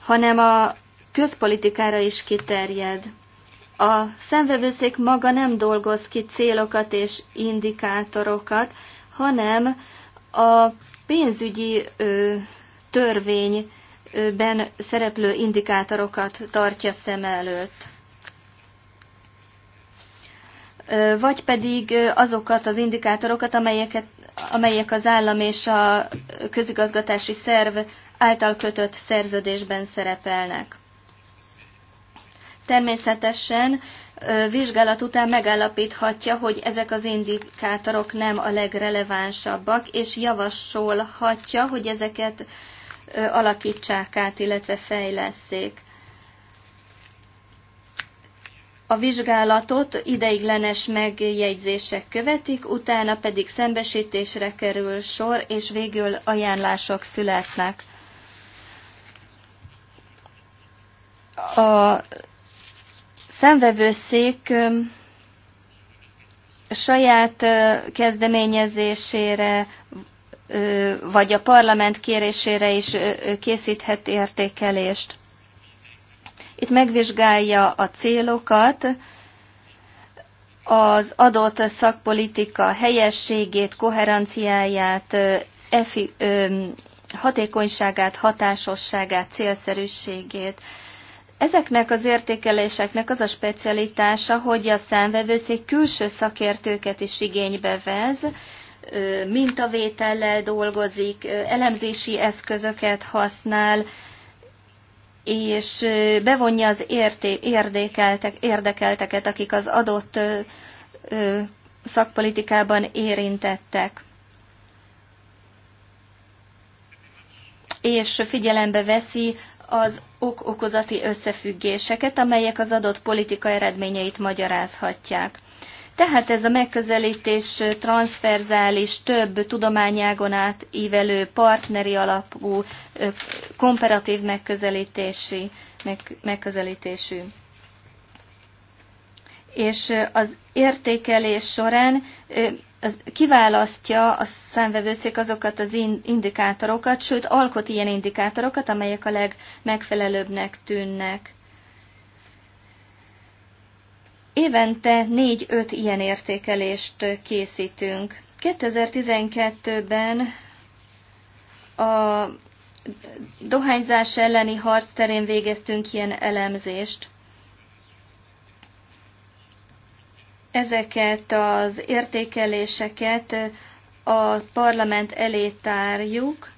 hanem a közpolitikára is kiterjed. A szemvevőszék maga nem dolgoz ki célokat és indikátorokat, hanem a pénzügyi ö, törvényben szereplő indikátorokat tartja szem előtt vagy pedig azokat az indikátorokat, amelyeket, amelyek az állam és a közigazgatási szerv által kötött szerződésben szerepelnek. Természetesen vizsgálat után megállapíthatja, hogy ezek az indikátorok nem a legrelevánsabbak, és javasolhatja, hogy ezeket alakítsák át, illetve fejlesszék. A vizsgálatot ideiglenes megjegyzések követik, utána pedig szembesítésre kerül sor, és végül ajánlások születnek. A szemvevőszék saját kezdeményezésére vagy a parlament kérésére is készíthet értékelést. Itt megvizsgálja a célokat, az adott szakpolitika helyességét, koherenciáját, efi, ö, hatékonyságát, hatásosságát, célszerűségét. Ezeknek az értékeléseknek az a specialitása, hogy a számvevőszék külső szakértőket is igénybe vez, mintavétellel dolgozik, elemzési eszközöket használ, és bevonja az érté, érdekeltek, érdekelteket, akik az adott ö, szakpolitikában érintettek. És figyelembe veszi az ok-okozati összefüggéseket, amelyek az adott politika eredményeit magyarázhatják. Tehát ez a megközelítés transferzális, több tudományágon átívelő, partneri alapú, komparatív megközelítési, meg, megközelítésű. És az értékelés során az kiválasztja a számvevőszék azokat az indikátorokat, sőt alkot ilyen indikátorokat, amelyek a legmegfelelőbbnek tűnnek. Évente 4-5 ilyen értékelést készítünk. 2012-ben a dohányzás elleni harc terén végeztünk ilyen elemzést. Ezeket az értékeléseket a parlament elé tárjuk,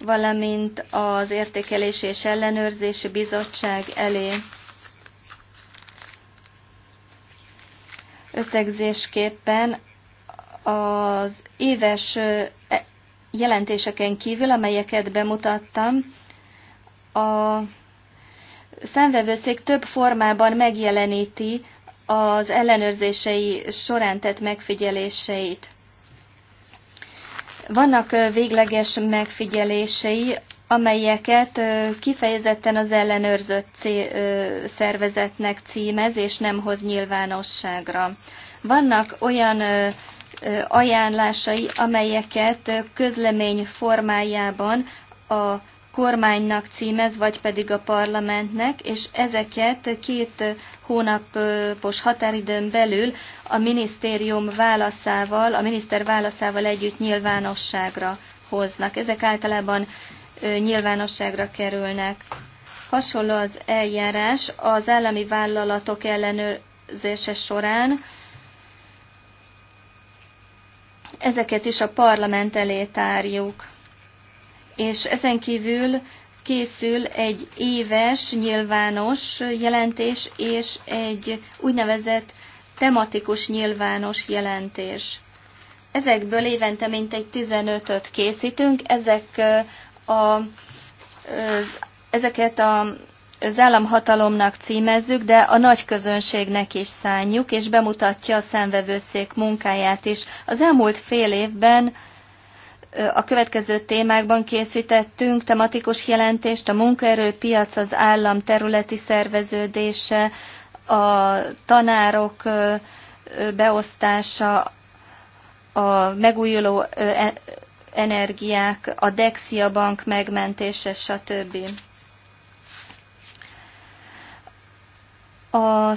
valamint az értékelés és ellenőrzési bizottság elé. Összegzésképpen az éves e, jelentéseken kívül, amelyeket bemutattam, a szemvevőszék több formában megjeleníti az ellenőrzései során tett megfigyeléseit. Vannak végleges megfigyelései amelyeket kifejezetten az ellenőrzött szervezetnek címez, és nem hoz nyilvánosságra. Vannak olyan ajánlásai, amelyeket közlemény formájában a kormánynak címez, vagy pedig a parlamentnek, és ezeket két hónapos határidőn belül a minisztérium válaszával, a miniszter válaszával együtt nyilvánosságra hoznak. Ezek általában nyilvánosságra kerülnek. Hasonló az eljárás az állami vállalatok ellenőrzése során, ezeket is a parlament elé tárjuk. És ezen kívül készül egy éves nyilvános jelentés és egy úgynevezett tematikus nyilvános jelentés. Ezekből évente mintegy 15-öt készítünk, ezek a, ezeket a, az államhatalomnak címezzük, de a nagy közönségnek is szánjuk, és bemutatja a szemvevőszék munkáját is. Az elmúlt fél évben a következő témákban készítettünk tematikus jelentést, a munkaerőpiac, az állam területi szerveződése, a tanárok beosztása, a megújuló e, energiák, a Dexia bank megmentése, stb. A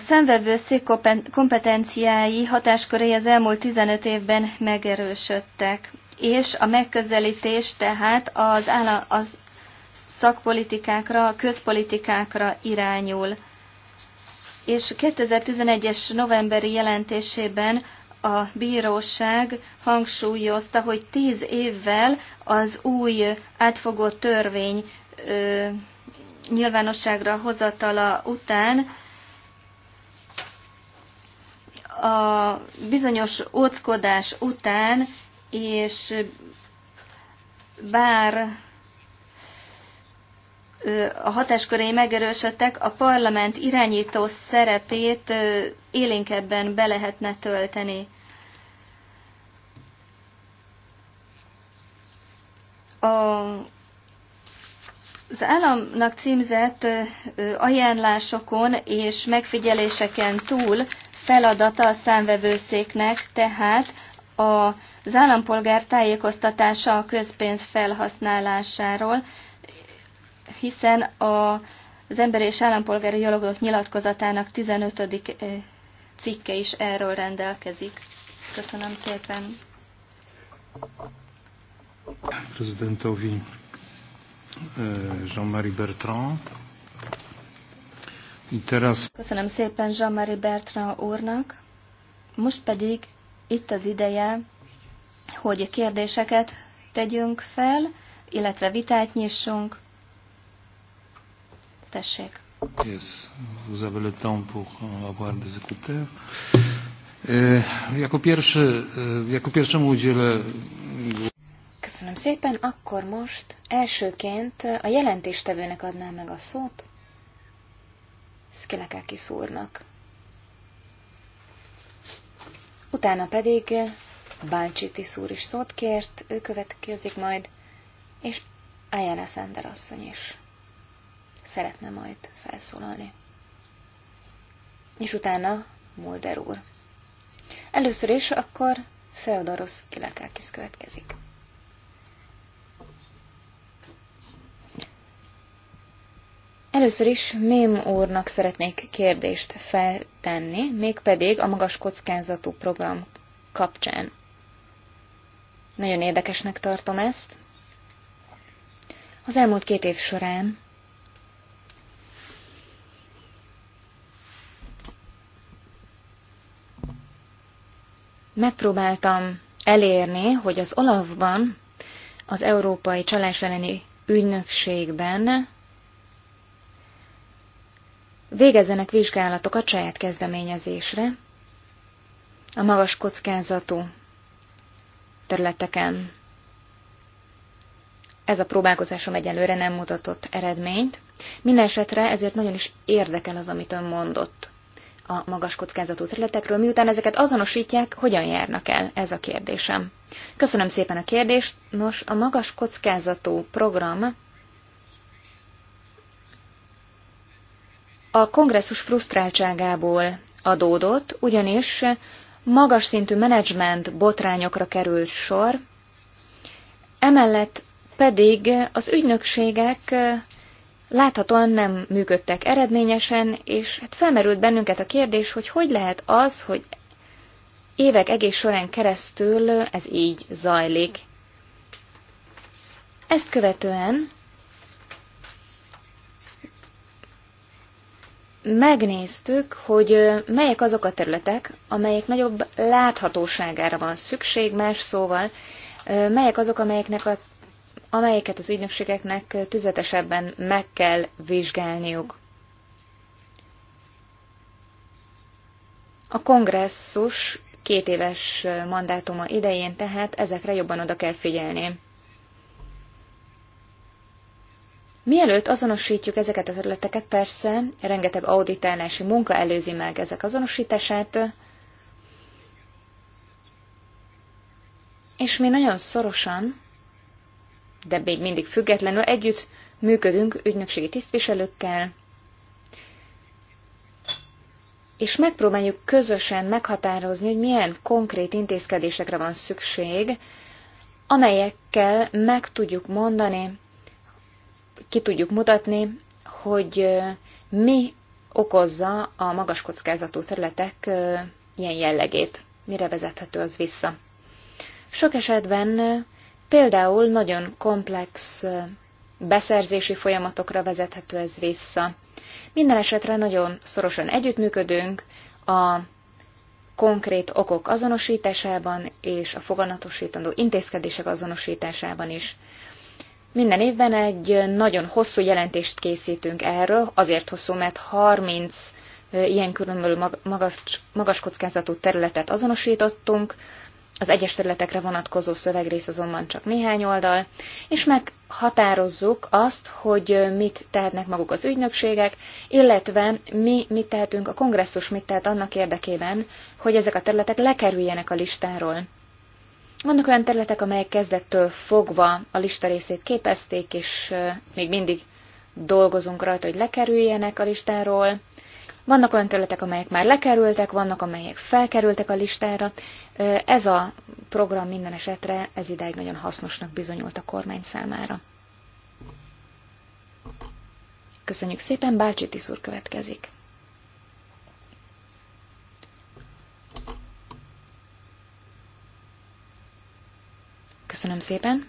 szék kompetenciái hatáskörei az elmúlt 15 évben megerősödtek, és a megközelítés tehát az, állam az szakpolitikákra, a közpolitikákra irányul. És 2011-es novemberi jelentésében a bíróság hangsúlyozta, hogy tíz évvel az új átfogó törvény ö, nyilvánosságra hozatala után a bizonyos óckodás után, és bár a hatáskörei megerősödtek, a parlament irányító szerepét élénkebben be lehetne tölteni. A, az államnak címzett ajánlásokon és megfigyeléseken túl feladata a számvevőszéknek, tehát az állampolgár tájékoztatása a közpénz felhasználásáról, hiszen a, az emberi és állampolgári jogok nyilatkozatának 15. Eh, cikke is erről rendelkezik. Köszönöm szépen. Prezidentowi eh, Jean-Marie Bertrand. Teraz... Köszönöm szépen Jean-Marie Bertrand úrnak. Most pedig itt az ideje, hogy kérdéseket tegyünk fel, illetve vitát nyissunk. Tessék. Yes, vous avez le temps pour euh, avoir des écouteurs. Euh, e, Köszönöm szépen, akkor most elsőként a jelentéstevőnek adnám meg a szót, Szkilekekis szúrnak. Utána pedig Báncsiti szúr is szót kért, ő következik majd, és Ayala Szender asszony is szeretne majd felszólalni. És utána Mulder úr. Először is akkor Feodoros Kilekákis következik. Először is Mém úrnak szeretnék kérdést feltenni, mégpedig a magas kockázatú program kapcsán. Nagyon érdekesnek tartom ezt. Az elmúlt két év során megpróbáltam elérni, hogy az Olafban, az Európai Csalás elleni ügynökségben végezzenek vizsgálatokat saját kezdeményezésre a magas kockázatú területeken. Ez a próbálkozásom egyelőre nem mutatott eredményt. Mindenesetre ezért nagyon is érdekel az, amit ön mondott a magas kockázatú területekről, miután ezeket azonosítják, hogyan járnak el? Ez a kérdésem. Köszönöm szépen a kérdést. Nos, a magas kockázatú program a kongresszus frusztráltságából adódott, ugyanis magas szintű menedzsment botrányokra került sor, emellett pedig az ügynökségek láthatóan nem működtek eredményesen, és hát felmerült bennünket a kérdés, hogy hogy lehet az, hogy évek egész során keresztül ez így zajlik. Ezt követően megnéztük, hogy melyek azok a területek, amelyek nagyobb láthatóságára van szükség, más szóval, melyek azok, amelyeknek a amelyeket az ügynökségeknek tüzetesebben meg kell vizsgálniuk. A kongresszus két éves mandátuma idején tehát ezekre jobban oda kell figyelni. Mielőtt azonosítjuk ezeket a területeket, persze rengeteg auditálási munka előzi meg ezek azonosítását, és mi nagyon szorosan de még mindig függetlenül együtt működünk ügynökségi tisztviselőkkel, és megpróbáljuk közösen meghatározni, hogy milyen konkrét intézkedésekre van szükség, amelyekkel meg tudjuk mondani, ki tudjuk mutatni, hogy mi okozza a magas kockázatú területek ilyen jellegét, mire vezethető az vissza. Sok esetben Például nagyon komplex beszerzési folyamatokra vezethető ez vissza. Minden esetre nagyon szorosan együttműködünk a konkrét okok azonosításában és a foganatosítandó intézkedések azonosításában is. Minden évben egy nagyon hosszú jelentést készítünk erről, azért hosszú, mert 30 ilyen különböző magas, magas kockázatú területet azonosítottunk, az egyes területekre vonatkozó szövegrész azonban csak néhány oldal, és meghatározzuk azt, hogy mit tehetnek maguk az ügynökségek, illetve mi mit tehetünk, a kongresszus mit tehet annak érdekében, hogy ezek a területek lekerüljenek a listáról. Vannak olyan területek, amelyek kezdettől fogva a lista részét képezték, és még mindig dolgozunk rajta, hogy lekerüljenek a listáról. Vannak olyan területek, amelyek már lekerültek, vannak, amelyek felkerültek a listára. Ez a program minden esetre ez idáig nagyon hasznosnak bizonyult a kormány számára. Köszönjük szépen, Bácsi Tiszúr következik. Köszönöm szépen.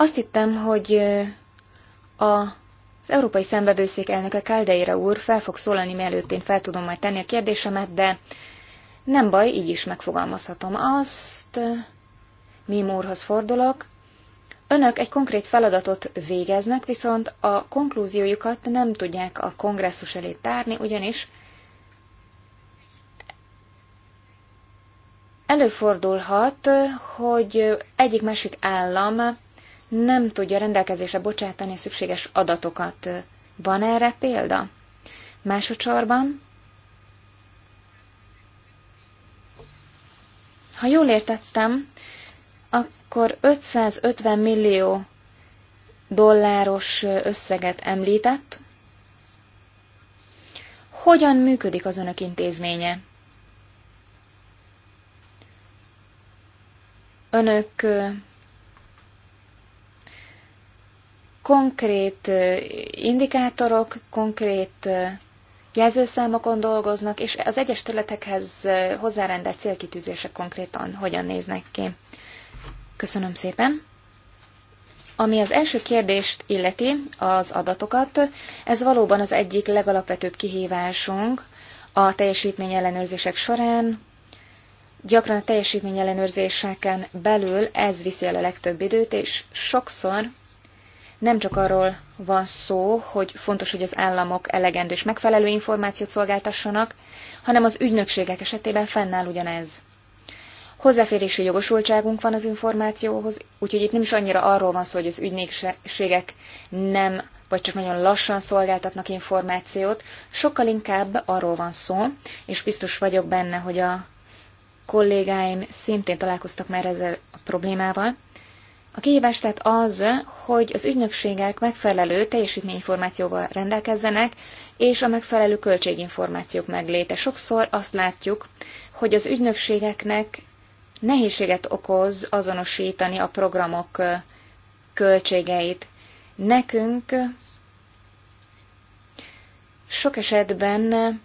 Azt hittem, hogy a az Európai Szenvedőszék elnöke Caldeira úr fel fog szólalni, mielőtt én fel tudom majd tenni a kérdésemet, de nem baj, így is megfogalmazhatom azt. Mim úrhoz fordulok. Önök egy konkrét feladatot végeznek, viszont a konklúziójukat nem tudják a kongresszus elé tárni, ugyanis előfordulhat, hogy egyik másik állam nem tudja rendelkezésre bocsátani a szükséges adatokat. Van erre példa? Másodszorban, ha jól értettem, akkor 550 millió dolláros összeget említett. Hogyan működik az önök intézménye? Önök konkrét indikátorok, konkrét jelzőszámokon dolgoznak, és az egyes területekhez hozzárendelt célkitűzések konkrétan hogyan néznek ki. Köszönöm szépen! Ami az első kérdést illeti, az adatokat, ez valóban az egyik legalapvetőbb kihívásunk a teljesítményellenőrzések során. Gyakran a teljesítményellenőrzéseken belül ez viszi el a legtöbb időt, és sokszor nem csak arról van szó, hogy fontos, hogy az államok elegendő és megfelelő információt szolgáltassanak, hanem az ügynökségek esetében fennáll ugyanez. Hozzáférési jogosultságunk van az információhoz, úgyhogy itt nem is annyira arról van szó, hogy az ügynökségek nem vagy csak nagyon lassan szolgáltatnak információt, sokkal inkább arról van szó, és biztos vagyok benne, hogy a kollégáim szintén találkoztak már ezzel a problémával, a kihívás tehát az, hogy az ügynökségek megfelelő teljesítményinformációval rendelkezzenek, és a megfelelő költséginformációk megléte. Sokszor azt látjuk, hogy az ügynökségeknek nehézséget okoz azonosítani a programok költségeit. Nekünk sok esetben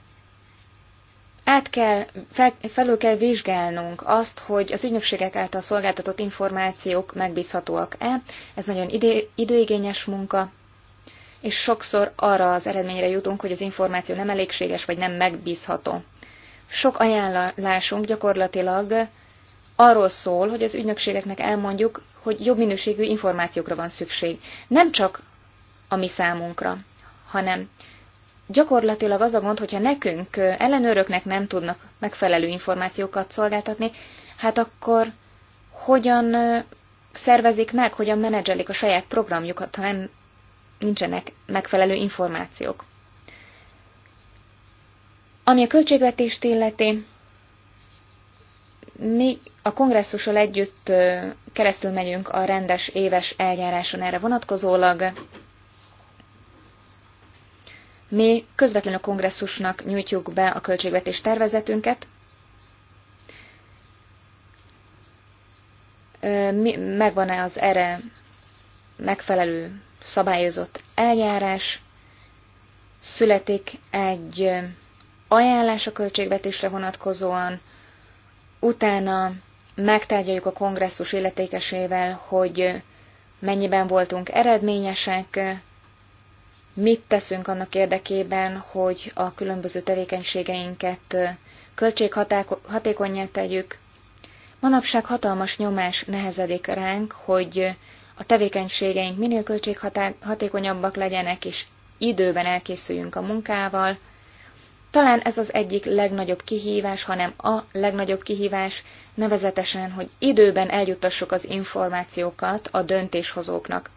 át kell, fel, felül kell vizsgálnunk azt, hogy az ügynökségek által szolgáltatott információk megbízhatóak-e. Ez nagyon idő, időigényes munka, és sokszor arra az eredményre jutunk, hogy az információ nem elégséges vagy nem megbízható. Sok ajánlásunk gyakorlatilag arról szól, hogy az ügynökségeknek elmondjuk, hogy jobb minőségű információkra van szükség. Nem csak a mi számunkra, hanem gyakorlatilag az a gond, hogyha nekünk, ellenőröknek nem tudnak megfelelő információkat szolgáltatni, hát akkor hogyan szervezik meg, hogyan menedzselik a saját programjukat, ha nem nincsenek megfelelő információk. Ami a költségvetést illeti, mi a kongresszussal együtt keresztül megyünk a rendes éves eljáráson erre vonatkozólag, mi közvetlenül a kongresszusnak nyújtjuk be a költségvetés tervezetünket, megvan-e az erre megfelelő szabályozott eljárás, születik egy ajánlás a költségvetésre vonatkozóan, utána megtárgyaljuk a kongresszus illetékesével, hogy mennyiben voltunk eredményesek, mit teszünk annak érdekében, hogy a különböző tevékenységeinket költséghatékonyá tegyük. Manapság hatalmas nyomás nehezedik ránk, hogy a tevékenységeink minél költséghatékonyabbak legyenek, és időben elkészüljünk a munkával. Talán ez az egyik legnagyobb kihívás, hanem a legnagyobb kihívás, nevezetesen, hogy időben eljuttassuk az információkat a döntéshozóknak.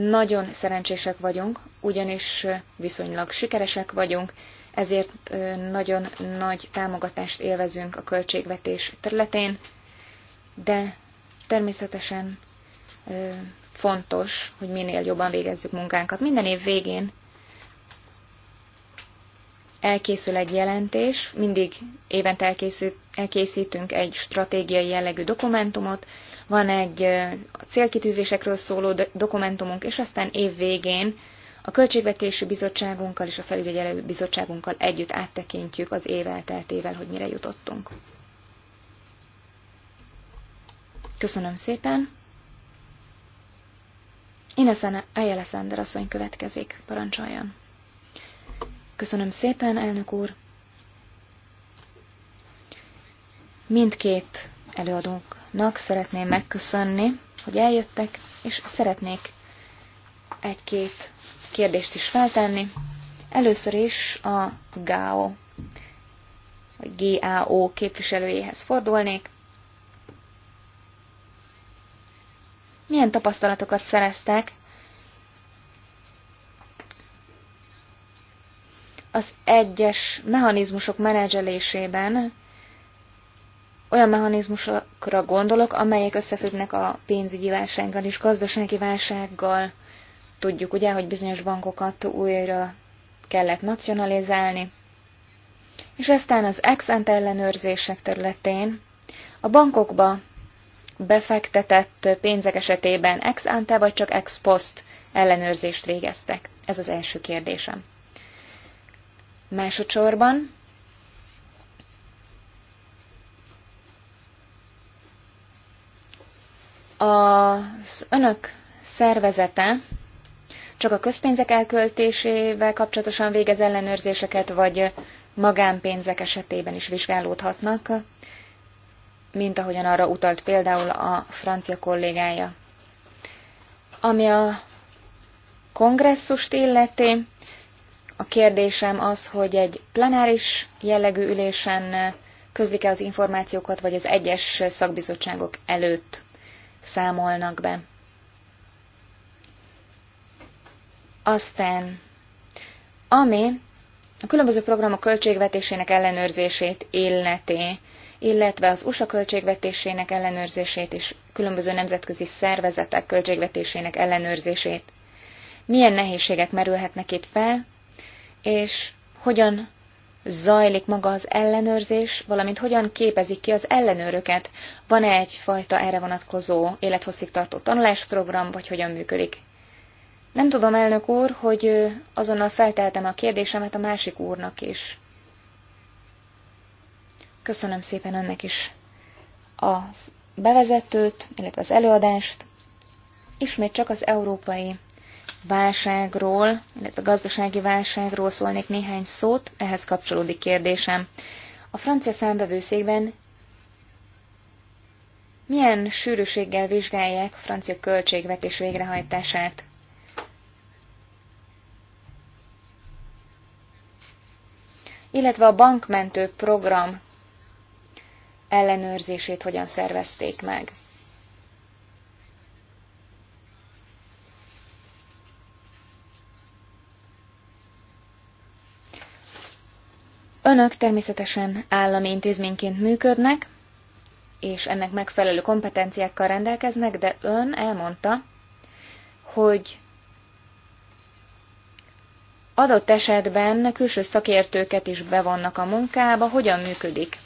Nagyon szerencsések vagyunk, ugyanis viszonylag sikeresek vagyunk, ezért nagyon nagy támogatást élvezünk a költségvetés területén, de természetesen fontos, hogy minél jobban végezzük munkánkat. Minden év végén elkészül egy jelentés, mindig évente elkészítünk egy stratégiai jellegű dokumentumot, van egy célkitűzésekről szóló dokumentumunk, és aztán év végén a Költségvetési Bizottságunkkal és a Felügyelő Bizottságunkkal együtt áttekintjük az év elteltével, hogy mire jutottunk. Köszönöm szépen! Ineszene Ayala Sander asszony következik, parancsoljon. Köszönöm szépen, elnök úr! Mindkét előadónknak szeretném megköszönni, hogy eljöttek, és szeretnék egy-két kérdést is feltenni. Először is a GAO, vagy GAO képviselőjéhez fordulnék. Milyen tapasztalatokat szereztek az egyes mechanizmusok menedzselésében, olyan mechanizmusokra gondolok, amelyek összefüggnek a pénzügyi válsággal és gazdasági válsággal. Tudjuk ugye, hogy bizonyos bankokat újra kellett nacionalizálni. És aztán az ex ante ellenőrzések területén a bankokba befektetett pénzek esetében ex ante vagy csak ex post ellenőrzést végeztek? Ez az első kérdésem. Másodszorban Az önök szervezete csak a közpénzek elköltésével kapcsolatosan végez ellenőrzéseket, vagy magánpénzek esetében is vizsgálódhatnak, mint ahogyan arra utalt például a francia kollégája. Ami a kongresszust illeti, a kérdésem az, hogy egy plenáris jellegű ülésen közlik-e az információkat, vagy az egyes szakbizottságok előtt számolnak be. Aztán, ami a különböző programok költségvetésének ellenőrzését illeti, illetve az USA költségvetésének ellenőrzését és különböző nemzetközi szervezetek költségvetésének ellenőrzését. Milyen nehézségek merülhetnek itt fel, és hogyan zajlik maga az ellenőrzés, valamint hogyan képezik ki az ellenőröket? Van-e egyfajta erre vonatkozó tartó tanulásprogram, vagy hogyan működik? Nem tudom, elnök úr, hogy azonnal felteltem a kérdésemet a másik úrnak is. Köszönöm szépen önnek is a bevezetőt, illetve az előadást. Ismét csak az európai válságról, illetve gazdasági válságról szólnék néhány szót, ehhez kapcsolódik kérdésem. A francia számbevőszékben milyen sűrűséggel vizsgálják a francia költségvetés végrehajtását? Illetve a bankmentő program ellenőrzését hogyan szervezték meg? Önök természetesen állami intézményként működnek, és ennek megfelelő kompetenciákkal rendelkeznek, de ön elmondta, hogy adott esetben külső szakértőket is bevonnak a munkába, hogyan működik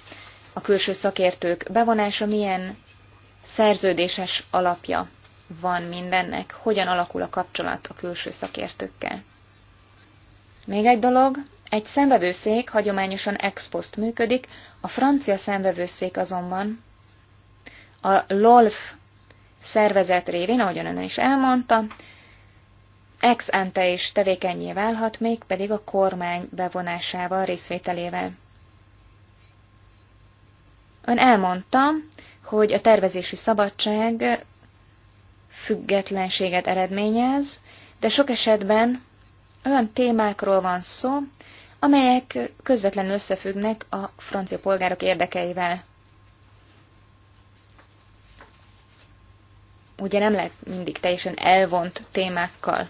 a külső szakértők bevonása, milyen szerződéses alapja van mindennek, hogyan alakul a kapcsolat a külső szakértőkkel. Még egy dolog, egy szemvevőszék hagyományosan ex post működik, a francia szemvevőszék azonban a LOLF szervezet révén, ahogyan ön is elmondta, ex ante is tevékenyé válhat, még pedig a kormány bevonásával, részvételével. Ön elmondta, hogy a tervezési szabadság függetlenséget eredményez, de sok esetben olyan témákról van szó, amelyek közvetlenül összefüggnek a francia polgárok érdekeivel. Ugye nem lehet mindig teljesen elvont témákkal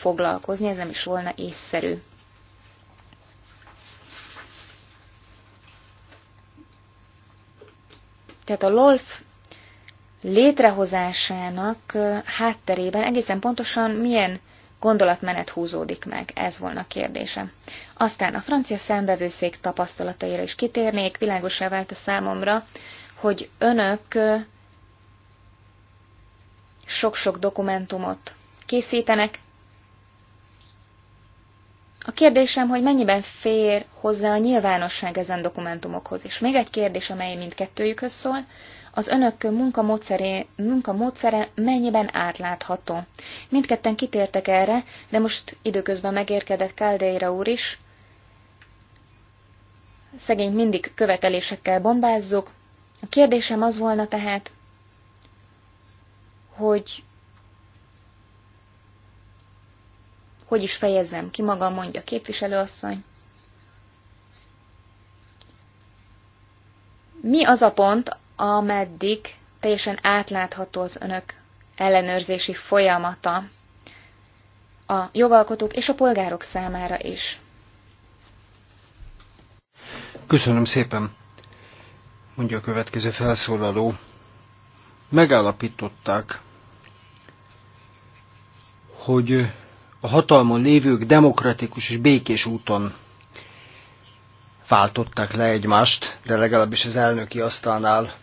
foglalkozni, ez nem is volna észszerű. Tehát a LOLF létrehozásának hátterében egészen pontosan milyen gondolatmenet húzódik meg? Ez volna a kérdésem. Aztán a francia szembevőszék tapasztalataira is kitérnék. Világosá vált a számomra, hogy önök sok-sok dokumentumot készítenek. A kérdésem, hogy mennyiben fér hozzá a nyilvánosság ezen dokumentumokhoz. És még egy kérdés, amely mindkettőjükhöz szól az önök munka munkamódszere mennyiben átlátható. Mindketten kitértek erre, de most időközben megérkedett Káldeira úr is. Szegényt mindig követelésekkel bombázzuk. A kérdésem az volna tehát, hogy hogy is fejezzem ki magam, mondja képviselőasszony. Mi az a pont, ameddig teljesen átlátható az önök ellenőrzési folyamata a jogalkotók és a polgárok számára is. Köszönöm szépen, mondja a következő felszólaló. Megállapították, hogy a hatalmon lévők demokratikus és békés úton váltották le egymást, de legalábbis az elnöki asztalnál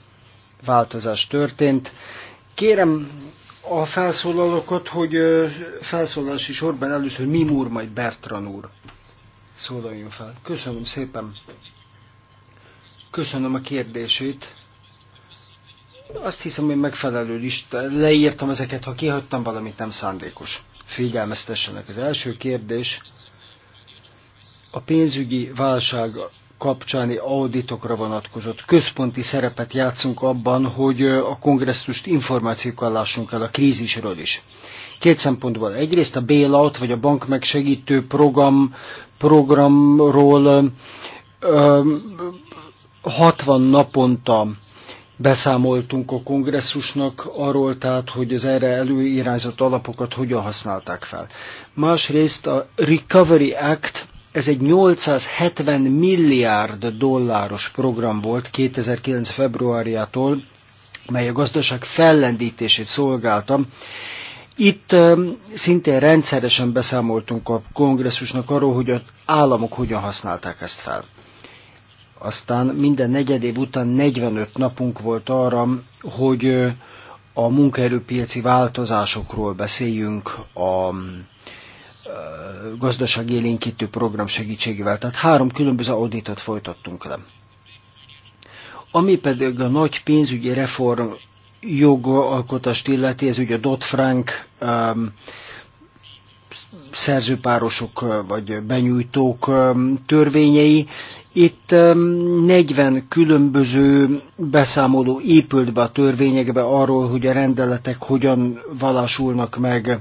változás történt. Kérem a felszólalókat, hogy felszólalási sorban először Mim úr, majd Bertran úr szólaljon fel. Köszönöm szépen. Köszönöm a kérdését. Azt hiszem, hogy megfelelő lista, leírtam ezeket, ha kihagytam valamit nem szándékos. Figyelmeztessenek. Az első kérdés a pénzügyi válság kapcsáni auditokra vonatkozott. Központi szerepet játszunk abban, hogy a kongresszust információkkal lássunk el a krízisről is. Két szempontból. Egyrészt a bailout, vagy a bank megsegítő program, programról ö, 60 naponta beszámoltunk a kongresszusnak arról, tehát, hogy az erre előirányzott alapokat hogyan használták fel. Másrészt a Recovery Act ez egy 870 milliárd dolláros program volt 2009. februárjától, mely a gazdaság fellendítését szolgálta. Itt szintén rendszeresen beszámoltunk a kongresszusnak arról, hogy az államok hogyan használták ezt fel. Aztán minden negyed év után 45 napunk volt arra, hogy a munkaerőpiaci változásokról beszéljünk, a gazdaságélénkítő program segítségével. Tehát három különböző auditot folytattunk le. Ami pedig a nagy pénzügyi reform jogalkotást illeti, ez ugye a Dodd-Frank um, szerzőpárosok vagy benyújtók um, törvényei. Itt um, 40 különböző beszámoló épült be a törvényekbe arról, hogy a rendeletek hogyan valásulnak meg. Uh,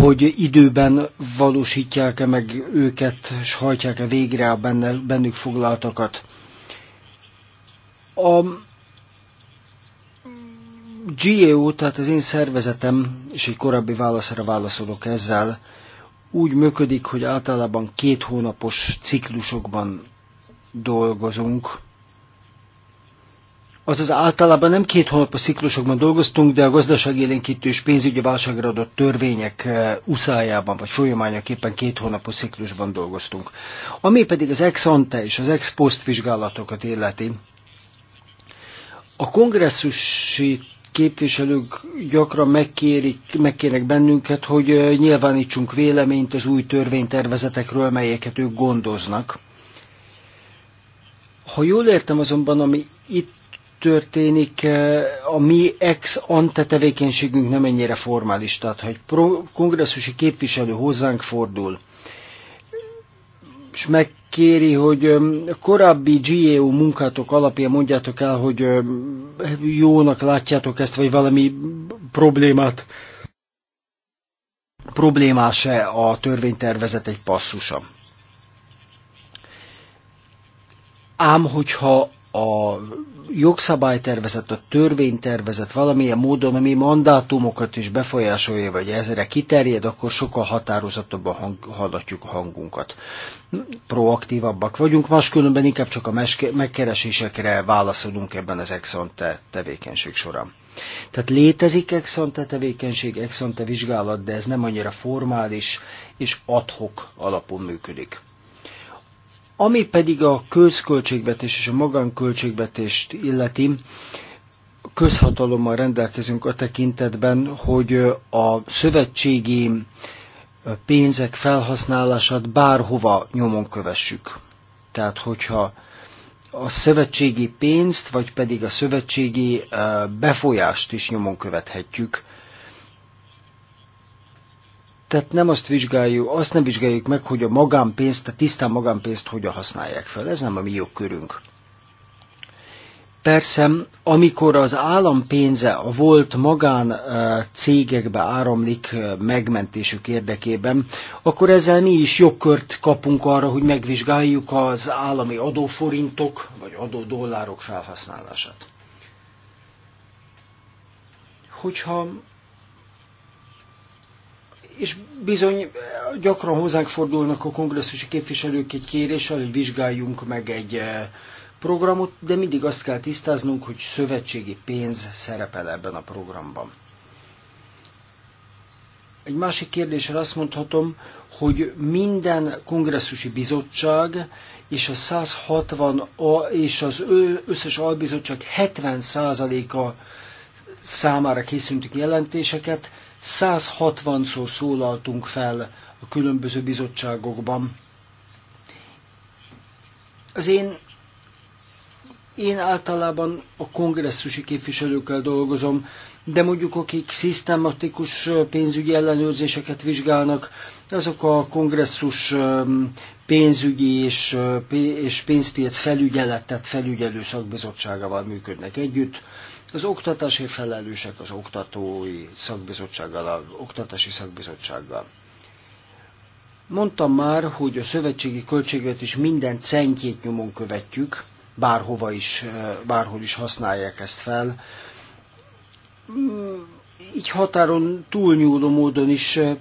hogy időben valósítják-e meg őket, és hajtják-e végre a benne, bennük foglaltakat. A GEO, tehát az én szervezetem, és egy korábbi válaszra válaszolok ezzel, úgy működik, hogy általában két hónapos ciklusokban dolgozunk, azaz általában nem két hónapos ciklusokban dolgoztunk, de a gazdaságélénkítő és pénzügyi válságra adott törvények eh, uszájában vagy folyamányaképpen két hónapos ciklusban dolgoztunk. Ami pedig az ex ante és az ex post vizsgálatokat illeti, a kongresszusi képviselők gyakran megkérik, megkérnek bennünket, hogy eh, nyilvánítsunk véleményt az új törvénytervezetekről, melyeket ők gondoznak. Ha jól értem azonban, ami itt történik, eh, a mi ex-ante tevékenységünk nem ennyire formális, tehát ha egy kongresszusi képviselő hozzánk fordul, és megkéri, hogy korábbi GEO munkátok alapján mondjátok el, hogy jónak látjátok ezt, vagy valami problémát, problémás-e a törvénytervezet egy passzusa. Ám hogyha a jogszabálytervezet, a törvénytervezet valamilyen módon ami mandátumokat is befolyásolja, vagy ezre kiterjed, akkor sokkal határozottabban hang, hallatjuk a hangunkat. Proaktívabbak vagyunk, máskülönben inkább csak a megkeresésekre válaszolunk ebben az exante tevékenység során. Tehát létezik exante tevékenység, exante vizsgálat, de ez nem annyira formális és adhok alapon működik. Ami pedig a közköltségvetés és a magánköltségvetést illeti, közhatalommal rendelkezünk a tekintetben, hogy a szövetségi pénzek felhasználását bárhova nyomon kövessük. Tehát, hogyha a szövetségi pénzt, vagy pedig a szövetségi eh, befolyást is nyomon követhetjük, tehát nem azt vizsgáljuk, azt nem vizsgáljuk meg, hogy a magánpénzt, a tisztán magánpénzt hogyan használják fel. Ez nem a mi jogkörünk. Persze, amikor az állam pénze a volt magán cégekbe áramlik megmentésük érdekében, akkor ezzel mi is jogkört kapunk arra, hogy megvizsgáljuk az állami adóforintok vagy adódollárok felhasználását. Hogyha és bizony gyakran hozzánk fordulnak a kongresszusi képviselők egy kéréssel, hogy vizsgáljunk meg egy eh, programot, de mindig azt kell tisztáznunk, hogy szövetségi pénz szerepel ebben a programban. Egy másik kérdéssel azt mondhatom, hogy minden kongresszusi bizottság és a 160 a, és az ő összes albizottság 70%-a számára készültük jelentéseket, 160-szor szólaltunk fel a különböző bizottságokban. Az én, én általában a kongresszusi képviselőkkel dolgozom, de mondjuk akik szisztematikus pénzügyi ellenőrzéseket vizsgálnak, azok a kongresszus pénzügyi és, és pénzpiac felügyeletet felügyelő szakbizottságával működnek együtt. Az oktatási felelősek az oktatói szakbizottsággal, az oktatási szakbizottsággal. Mondtam már, hogy a szövetségi költséget is minden centjét nyomon követjük, bárhova is, eh, bárhol is használják ezt fel. Mm, így határon túlnyúló módon is, eh,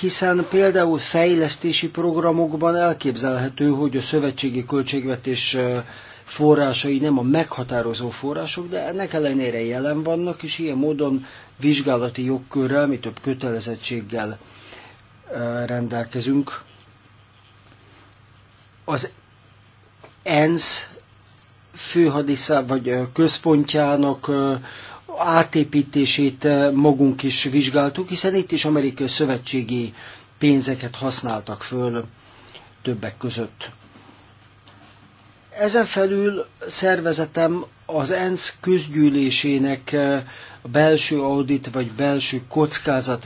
hiszen például fejlesztési programokban elképzelhető, hogy a szövetségi költségvetés eh, forrásai nem a meghatározó források, de ennek ellenére jelen vannak, és ilyen módon vizsgálati jogkörrel, mi több kötelezettséggel rendelkezünk. Az ENSZ főhadiszá vagy központjának átépítését magunk is vizsgáltuk, hiszen itt is amerikai szövetségi pénzeket használtak föl többek között ezen felül szervezetem az ENSZ közgyűlésének a eh, belső audit vagy belső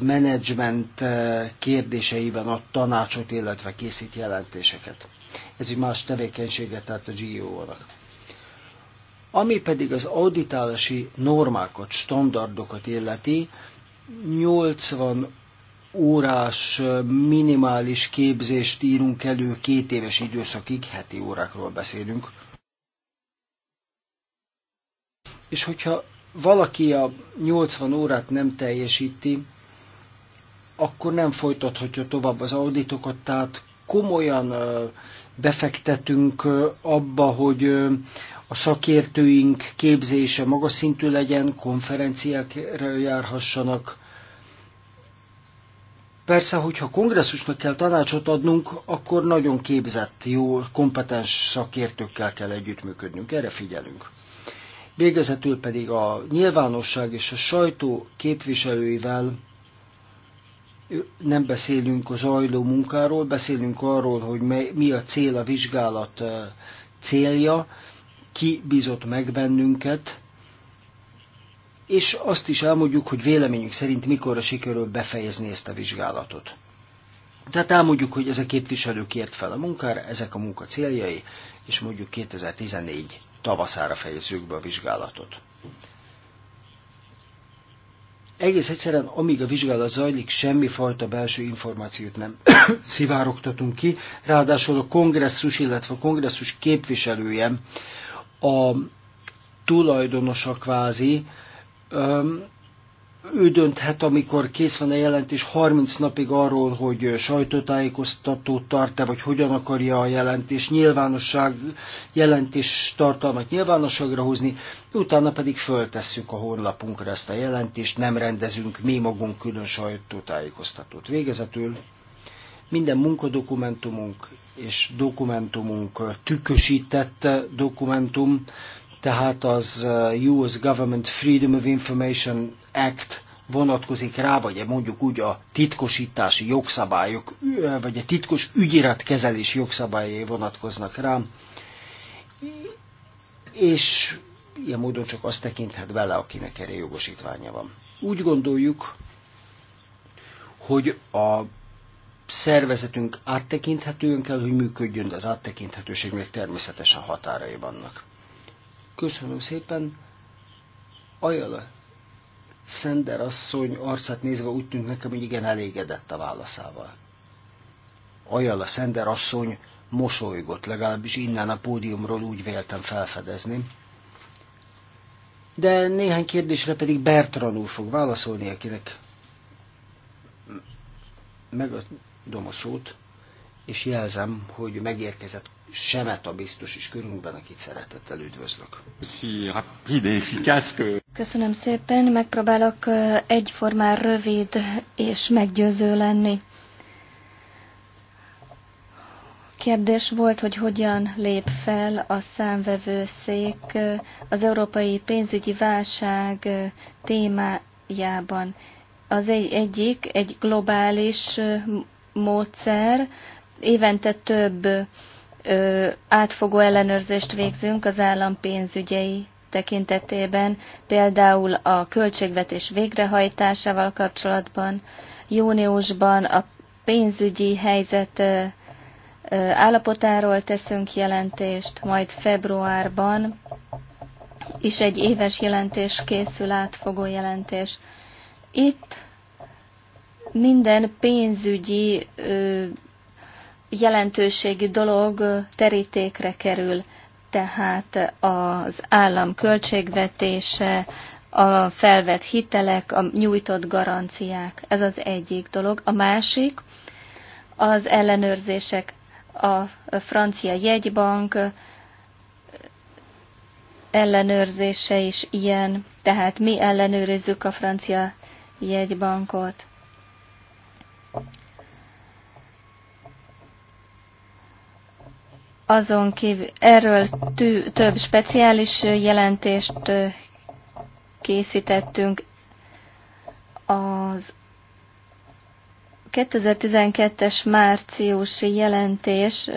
menedzsment eh, kérdéseiben ad tanácsot, illetve készít jelentéseket. Ez egy más tevékenységet, tehát a GIO-nak. E Ami pedig az auditálási normákat, standardokat illeti, 80 órás minimális képzést írunk elő két éves időszakig, heti órákról beszélünk. És hogyha valaki a 80 órát nem teljesíti, akkor nem folytathatja tovább az auditokat, tehát komolyan befektetünk abba, hogy a szakértőink képzése magas szintű legyen, konferenciákra járhassanak, Persze, hogyha kongresszusnak kell tanácsot adnunk, akkor nagyon képzett, jó, kompetens szakértőkkel kell együttműködnünk, erre figyelünk. Végezetül pedig a nyilvánosság és a sajtó képviselőivel nem beszélünk az zajló munkáról, beszélünk arról, hogy mi a cél, a vizsgálat eh, célja, ki bizott meg bennünket, és azt is elmondjuk, hogy véleményünk szerint mikorra sikerül befejezni ezt a vizsgálatot. Tehát elmondjuk, hogy ez a képviselő kért fel a munkára, ezek a munka céljai, és mondjuk 2014 tavaszára fejezzük be a vizsgálatot. Egész egyszerűen, amíg a vizsgálat zajlik, semmi fajta belső információt nem szivárogtatunk ki. Ráadásul a kongresszus, illetve a kongresszus képviselője a tulajdonosa kvázi ő dönthet, amikor kész van a jelentés 30 napig arról, hogy sajtótájékoztatót tart-e, vagy hogyan akarja a jelentés nyilvánosság, jelentés tartalmat nyilvánosságra hozni, utána pedig föltesszük a honlapunkra ezt a jelentést, nem rendezünk mi magunk külön sajtótájékoztatót. Végezetül minden munkadokumentumunk és dokumentumunk tükösített dokumentum, tehát az US uh, Government Freedom of Information Act vonatkozik rá, vagy mondjuk úgy a titkosítási jogszabályok, vagy a titkos ügyiratkezelés jogszabályai vonatkoznak rá, és ilyen módon csak azt tekinthet vele, akinek erre jogosítványa van. Úgy gondoljuk, hogy a szervezetünk áttekinthetően kell, hogy működjön, de az áttekinthetőség még természetesen határai vannak. Köszönöm szépen. Ajala, Szender asszony arcát nézve úgy tűnt nekem, hogy igen elégedett a válaszával. Ajala Szender asszony mosolygott, legalábbis innen a pódiumról úgy véltem felfedezni. De néhány kérdésre pedig Bertran úr fog válaszolni, akinek megadom a szót, és jelzem, hogy megérkezett semet a biztos is körünkben, akit szeretettel üdvözlök. Köszönöm szépen, megpróbálok egyformán rövid és meggyőző lenni. Kérdés volt, hogy hogyan lép fel a számvevőszék az európai pénzügyi válság témájában. Az egy, egyik egy globális módszer, évente több ö, átfogó ellenőrzést végzünk az állam pénzügyei tekintetében, például a költségvetés végrehajtásával kapcsolatban. Júniusban a pénzügyi helyzet ö, ö, állapotáról teszünk jelentést, majd februárban is egy éves jelentés készül, átfogó jelentés. Itt minden pénzügyi ö, jelentőségi dolog terítékre kerül, tehát az állam költségvetése, a felvett hitelek, a nyújtott garanciák. Ez az egyik dolog. A másik az ellenőrzések. A francia jegybank ellenőrzése is ilyen, tehát mi ellenőrizzük a francia jegybankot. Azon kívül erről tű, több speciális jelentést készítettünk. Az 2012-es márciusi jelentés,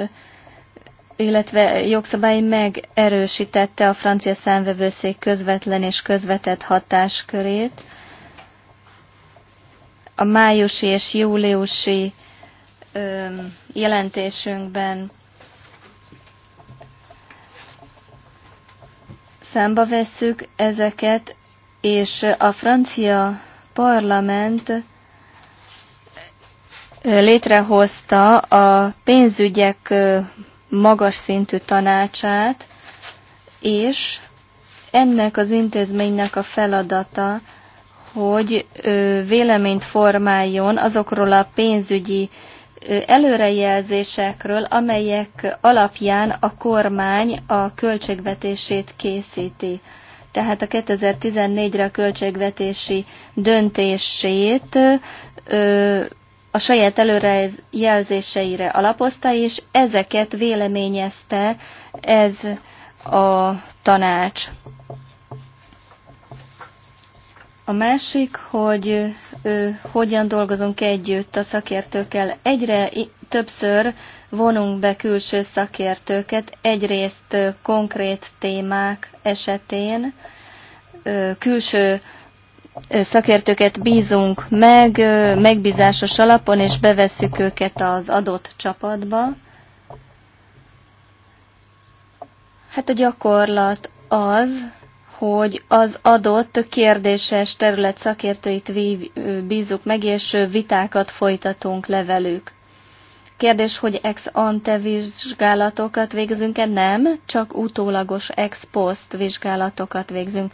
illetve jogszabály megerősítette a francia számvevőszék közvetlen és közvetett hatáskörét. A májusi és júliusi jelentésünkben számba vesszük ezeket, és a francia parlament létrehozta a pénzügyek magas szintű tanácsát, és ennek az intézménynek a feladata, hogy véleményt formáljon azokról a pénzügyi előrejelzésekről, amelyek alapján a kormány a költségvetését készíti. Tehát a 2014-re a költségvetési döntését a saját előrejelzéseire alapozta, és ezeket véleményezte ez a tanács. A másik, hogy ő, hogyan dolgozunk együtt a szakértőkkel. Egyre többször vonunk be külső szakértőket, egyrészt konkrét témák esetén, külső szakértőket bízunk meg, megbízásos alapon, és bevesszük őket az adott csapatba. Hát a gyakorlat az, hogy az adott kérdéses terület szakértőit bízunk meg, és vitákat folytatunk levelük. Kérdés, hogy ex ante vizsgálatokat végzünk-e? Nem, csak utólagos ex post vizsgálatokat végzünk.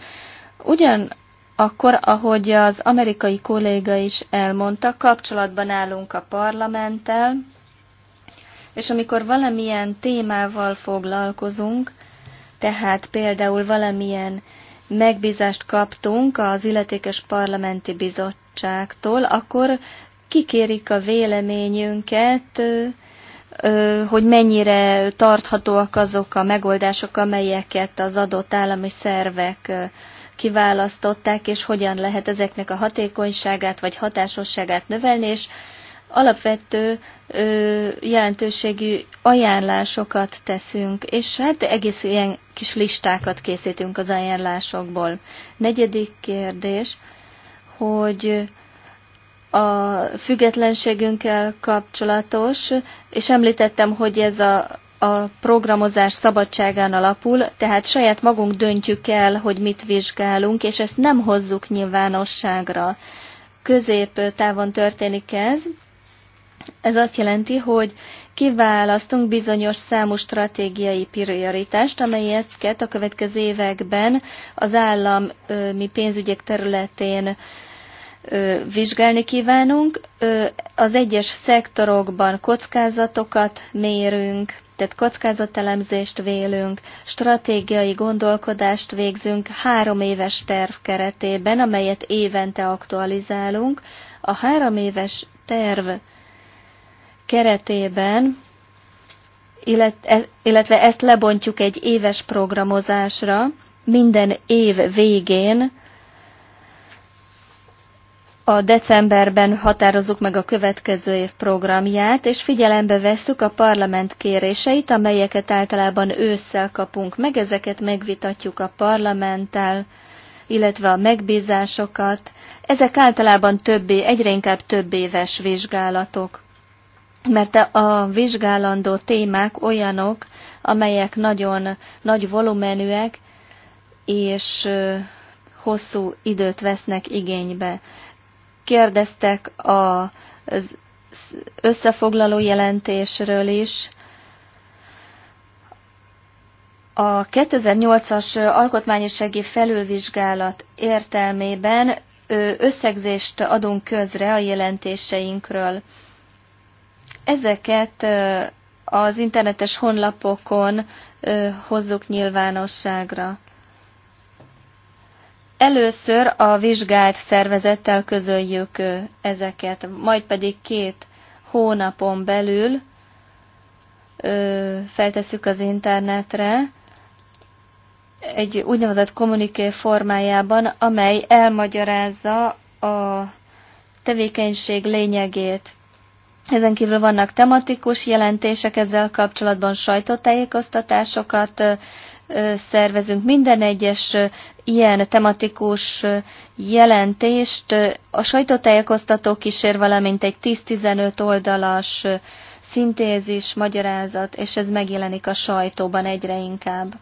Ugyan akkor, ahogy az amerikai kolléga is elmondta, kapcsolatban állunk a parlamenttel, és amikor valamilyen témával foglalkozunk, tehát például valamilyen megbízást kaptunk az illetékes parlamenti bizottságtól, akkor kikérik a véleményünket, hogy mennyire tarthatóak azok a megoldások, amelyeket az adott állami szervek kiválasztották, és hogyan lehet ezeknek a hatékonyságát vagy hatásosságát növelni, és alapvető ö, jelentőségű ajánlásokat teszünk, és hát egész ilyen kis listákat készítünk az ajánlásokból. Negyedik kérdés, hogy a függetlenségünkkel kapcsolatos, és említettem, hogy ez a, a programozás szabadságán alapul, tehát saját magunk döntjük el, hogy mit vizsgálunk, és ezt nem hozzuk nyilvánosságra. Középtávon történik ez, ez azt jelenti, hogy kiválasztunk bizonyos számú stratégiai prioritást, amelyeket a következő években az állami pénzügyek területén vizsgálni kívánunk. Az egyes szektorokban kockázatokat mérünk, tehát kockázatelemzést vélünk, stratégiai gondolkodást végzünk három éves terv keretében, amelyet évente aktualizálunk. A három éves terv keretében, e, illetve ezt lebontjuk egy éves programozásra, minden év végén a decemberben határozzuk meg a következő év programját, és figyelembe vesszük a parlament kéréseit, amelyeket általában ősszel kapunk meg, ezeket megvitatjuk a parlamenttel, illetve a megbízásokat. Ezek általában többé, egyre inkább több éves vizsgálatok mert a vizsgálandó témák olyanok, amelyek nagyon nagy volumenűek, és hosszú időt vesznek igénybe. Kérdeztek az összefoglaló jelentésről is. A 2008-as alkotmányi felülvizsgálat értelmében összegzést adunk közre a jelentéseinkről. Ezeket az internetes honlapokon hozzuk nyilvánosságra. Először a vizsgált szervezettel közöljük ezeket, majd pedig két hónapon belül feltesszük az internetre egy úgynevezett kommuniké formájában, amely elmagyarázza a tevékenység lényegét. Ezen kívül vannak tematikus jelentések ezzel kapcsolatban, sajtótájékoztatásokat szervezünk. Minden egyes ilyen tematikus jelentést a sajtótájékoztató kísér, valamint egy 10-15 oldalas szintézis, magyarázat, és ez megjelenik a sajtóban egyre inkább.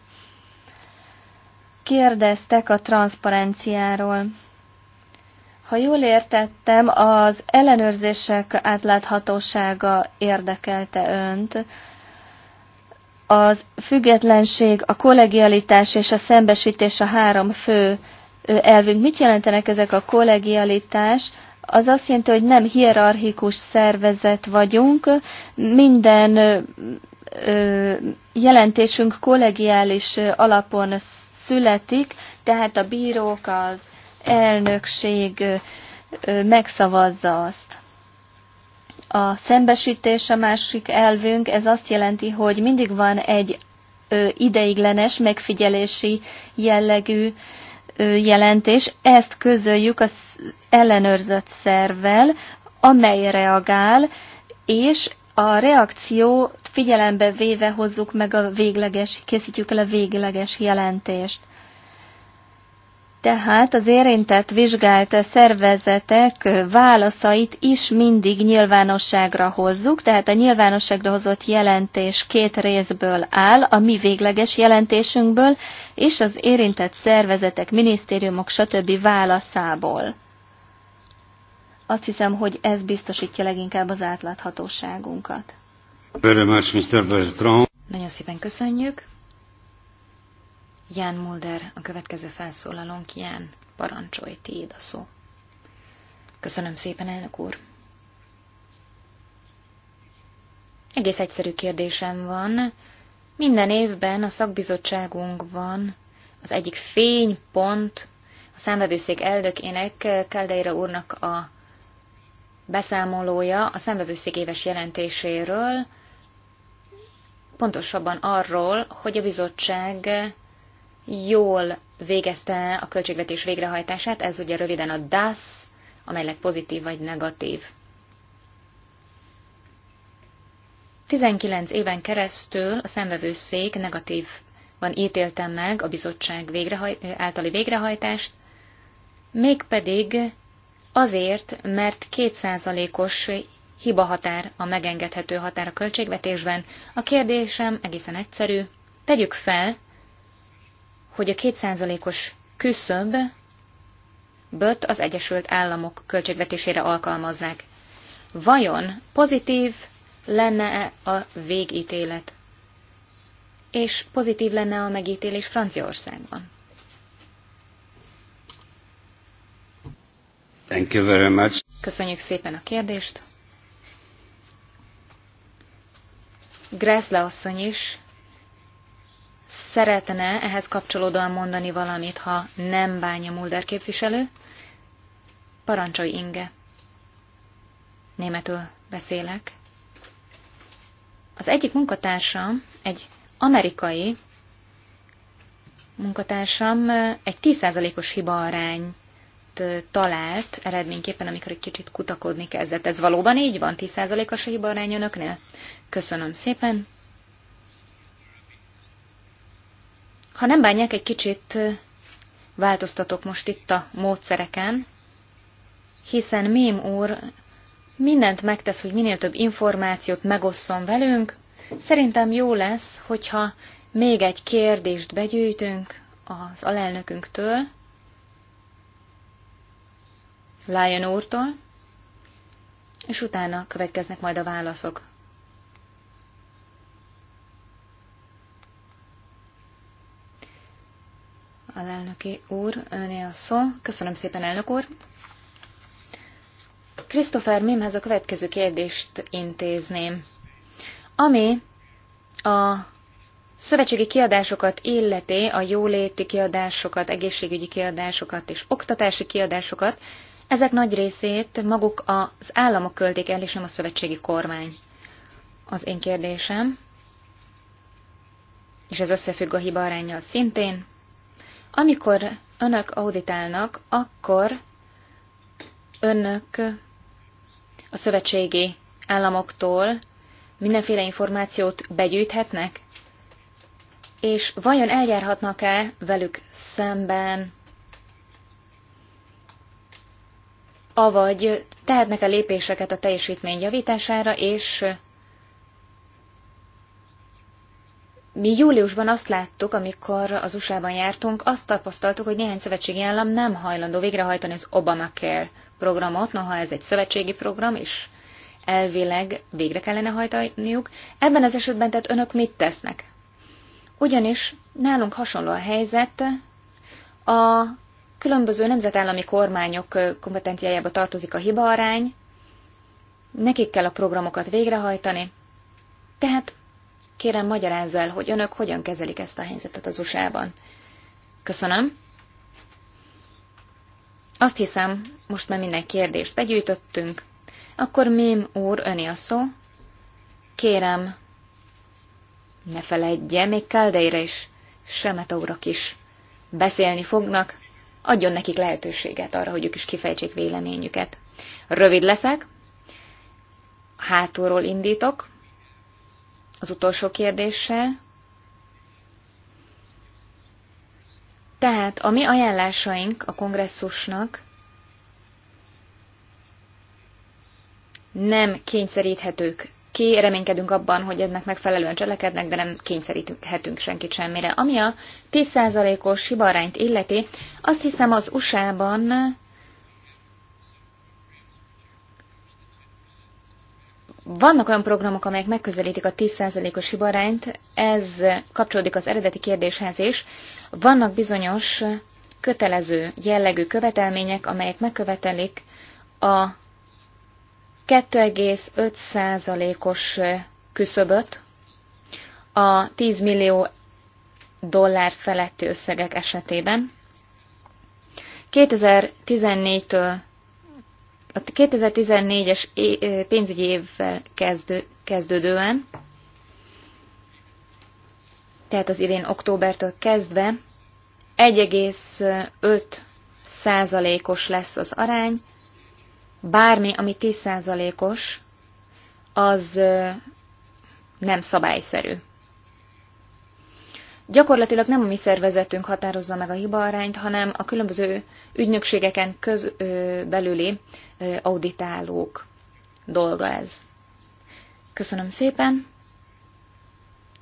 Kérdeztek a transzparenciáról. Ha jól értettem, az ellenőrzések átláthatósága érdekelte önt. Az függetlenség, a kollegialitás és a szembesítés a három fő elvünk. Mit jelentenek ezek a kollegialitás? az azt jelenti, hogy nem hierarchikus szervezet vagyunk, minden jelentésünk kollegiális alapon születik, tehát a bírók, az elnökség megszavazza azt. A szembesítés a másik elvünk, ez azt jelenti, hogy mindig van egy ideiglenes, megfigyelési jellegű jelentés, ezt közöljük az ellenőrzött szervvel, amely reagál, és a reakció figyelembe véve hozzuk meg a végleges, készítjük el a végleges jelentést tehát az érintett vizsgált szervezetek válaszait is mindig nyilvánosságra hozzuk, tehát a nyilvánosságra hozott jelentés két részből áll, a mi végleges jelentésünkből, és az érintett szervezetek, minisztériumok, stb. válaszából. Azt hiszem, hogy ez biztosítja leginkább az átláthatóságunkat. Bertrand. Nagyon szépen köszönjük. Ján Mulder, a következő felszólalónk Ján, parancsolj, tiéd a szó. Köszönöm szépen, elnök úr. Egész egyszerű kérdésem van. Minden évben a szakbizottságunkban az egyik fénypont a számbevőszék eldökének Keldeira úrnak a beszámolója a számbevőszék éves jelentéséről, pontosabban arról, hogy a bizottság jól végezte a költségvetés végrehajtását, ez ugye röviden a DAS, amelynek pozitív vagy negatív. 19 éven keresztül a negatív van ítélte meg a bizottság végrehaj... általi végrehajtást, mégpedig azért, mert kétszázalékos hibahatár a megengedhető határ a költségvetésben. A kérdésem egészen egyszerű. Tegyük fel, hogy a kétszázalékos küszöb böt az Egyesült Államok költségvetésére alkalmazzák, Vajon pozitív lenne -e a végítélet? És pozitív lenne a megítélés Franciaországban? Thank you very much. Köszönjük szépen a kérdést. Grászla asszony is szeretne ehhez kapcsolódóan mondani valamit, ha nem bánja Mulder képviselő? Parancsolj, Inge. Németül beszélek. Az egyik munkatársam, egy amerikai munkatársam egy 10%-os hibaarányt talált eredményképpen, amikor egy kicsit kutakodni kezdett. Ez valóban így van? 10%-os a arány önöknél? Köszönöm szépen. Ha nem bánják, egy kicsit változtatok most itt a módszereken, hiszen Mém úr mindent megtesz, hogy minél több információt megosszon velünk. Szerintem jó lesz, hogyha még egy kérdést begyűjtünk az alelnökünktől, Lion úrtól, és utána következnek majd a válaszok. alelnöki úr, öné a szó. Köszönöm szépen, elnök úr. Christopher Mimhez a következő kérdést intézném. Ami a szövetségi kiadásokat illeti, a jóléti kiadásokat, egészségügyi kiadásokat és oktatási kiadásokat, ezek nagy részét maguk az államok költik el, és nem a szövetségi kormány. Az én kérdésem, és ez összefügg a hiba arányjal szintén, amikor önök auditálnak, akkor önök a szövetségi államoktól mindenféle információt begyűjthetnek? És vajon eljárhatnak-e velük szemben, avagy tehetnek-e lépéseket a teljesítmény javítására, és mi júliusban azt láttuk, amikor az USA-ban jártunk, azt tapasztaltuk, hogy néhány szövetségi állam nem hajlandó végrehajtani az Obamacare programot, noha ez egy szövetségi program, és elvileg végre kellene hajtaniuk. Ebben az esetben tehát önök mit tesznek? Ugyanis nálunk hasonló a helyzet, a különböző nemzetállami kormányok kompetenciájába tartozik a hibaarány, nekik kell a programokat végrehajtani, tehát Kérem, magyarázz el, hogy önök hogyan kezelik ezt a helyzetet az USA-ban. Köszönöm. Azt hiszem, most már minden kérdést begyűjtöttünk. Akkor Mém úr, öni a szó. Kérem, ne feledje, még Kaldeira is, Semeta urak is beszélni fognak. Adjon nekik lehetőséget arra, hogy ők is kifejtsék véleményüket. Rövid leszek. Hátulról indítok az utolsó kérdéssel. Tehát a mi ajánlásaink a kongresszusnak nem kényszeríthetők ki, reménykedünk abban, hogy ennek megfelelően cselekednek, de nem kényszeríthetünk senkit semmire. Ami a 10%-os hibarányt illeti, azt hiszem az USA-ban Vannak olyan programok, amelyek megközelítik a 10%-os hibarányt, ez kapcsolódik az eredeti kérdéshez is. Vannak bizonyos kötelező jellegű követelmények, amelyek megkövetelik a 2,5%-os küszöböt a 10 millió dollár feletti összegek esetében. 2014-től a 2014-es pénzügyi évvel kezdő, kezdődően, tehát az idén októbertől kezdve 1,5 százalékos lesz az arány, bármi, ami 10 százalékos, az nem szabályszerű. Gyakorlatilag nem a mi szervezetünk határozza meg a hibaarányt, hanem a különböző ügynökségeken köz, ö, belüli ö, auditálók dolga ez. Köszönöm szépen.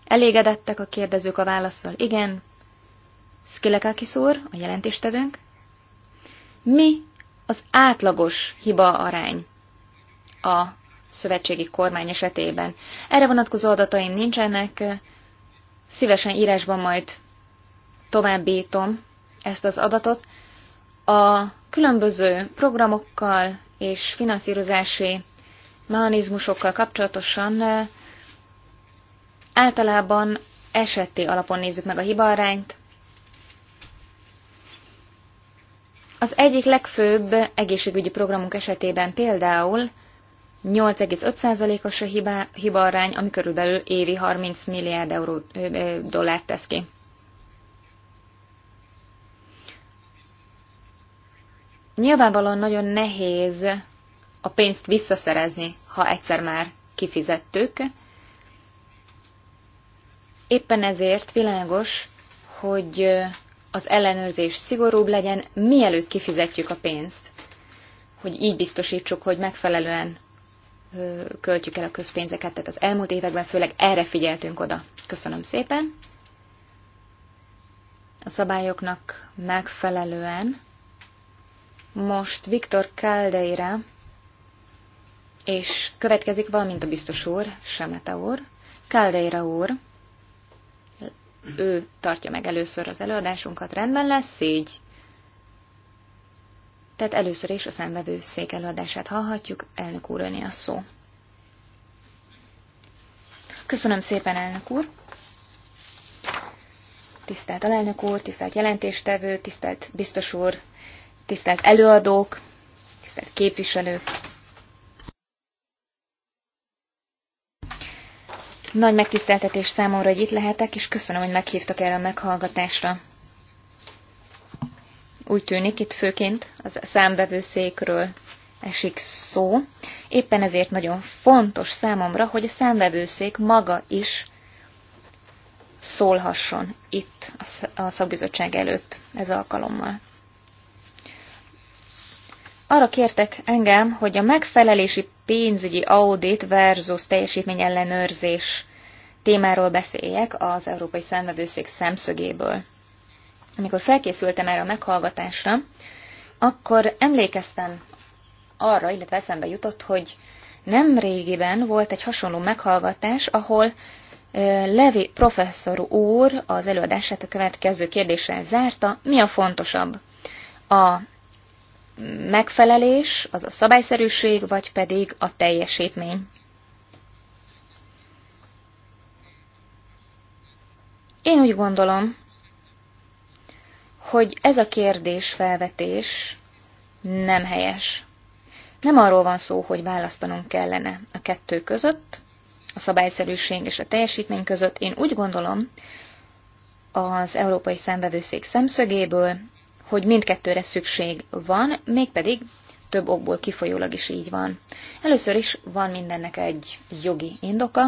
Elégedettek a kérdezők a válaszsal. Igen. Szkilekakis úr, a jelentéstevőnk. Mi az átlagos hiba arány a szövetségi kormány esetében? Erre vonatkozó adataim nincsenek, Szívesen írásban majd továbbítom ezt az adatot. A különböző programokkal és finanszírozási mechanizmusokkal kapcsolatosan eh, általában eseti alapon nézzük meg a hibaarányt. Az egyik legfőbb egészségügyi programunk esetében például 8,5%-os a hiba, hiba arány, ami körülbelül évi 30 milliárd euró, ö, dollárt tesz ki. Nyilvánvalóan nagyon nehéz a pénzt visszaszerezni, ha egyszer már kifizettük. Éppen ezért világos, hogy az ellenőrzés szigorúbb legyen, mielőtt kifizetjük a pénzt, hogy így biztosítsuk, hogy megfelelően költjük el a közpénzeket, tehát az elmúlt években főleg erre figyeltünk oda. Köszönöm szépen. A szabályoknak megfelelően most Viktor Caldeira és következik valamint a biztos úr, Semeta úr, Caldeira úr, ő tartja meg először az előadásunkat, rendben lesz így. Tehát először is a szenvedő szék előadását hallhatjuk. Elnök úr, a szó. Köszönöm szépen, elnök úr! Tisztelt alelnök úr, tisztelt jelentéstevő, tisztelt biztos úr, tisztelt előadók, tisztelt képviselők! Nagy megtiszteltetés számomra, hogy itt lehetek, és köszönöm, hogy meghívtak erre a meghallgatásra. Úgy tűnik, itt főként az számvevőszékről esik szó. Éppen ezért nagyon fontos számomra, hogy a számvevőszék maga is szólhasson itt a szakbizottság előtt ez alkalommal. Arra kértek engem, hogy a megfelelési pénzügyi audit versus teljesítményellenőrzés témáról beszéljek az Európai Számvevőszék szemszögéből. Amikor felkészültem erre a meghallgatásra, akkor emlékeztem arra, illetve eszembe jutott, hogy nem régiben volt egy hasonló meghallgatás, ahol Levi professzor úr az előadását a következő kérdéssel zárta, mi a fontosabb? A megfelelés, az a szabályszerűség, vagy pedig a teljesítmény? Én úgy gondolom, hogy ez a kérdés felvetés nem helyes. Nem arról van szó, hogy választanunk kellene a kettő között, a szabályszerűség és a teljesítmény között. Én úgy gondolom, az Európai Szembevőszék szemszögéből, hogy mindkettőre szükség van, mégpedig több okból kifolyólag is így van. Először is van mindennek egy jogi indoka,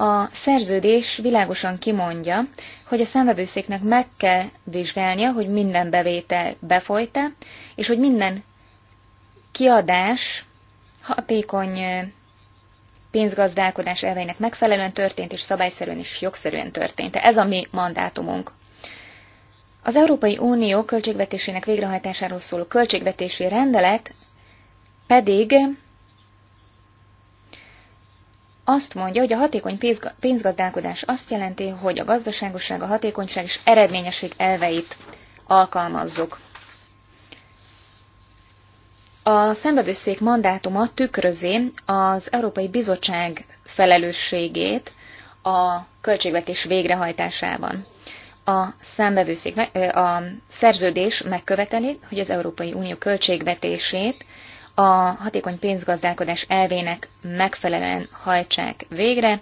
a szerződés világosan kimondja, hogy a számvevőszéknek meg kell vizsgálnia, hogy minden bevétel befolyta, és hogy minden kiadás hatékony pénzgazdálkodás elveinek megfelelően történt, és szabályszerűen és jogszerűen történt. Ez a mi mandátumunk. Az Európai Unió költségvetésének végrehajtásáról szóló költségvetési rendelet pedig azt mondja, hogy a hatékony pénzgazdálkodás azt jelenti, hogy a gazdaságosság, a hatékonyság és eredményesség elveit alkalmazzuk. A szembevőszék mandátuma tükrözi az Európai Bizottság felelősségét a költségvetés végrehajtásában. A a szerződés megköveteli, hogy az Európai Unió költségvetését a hatékony pénzgazdálkodás elvének megfelelően hajtsák végre,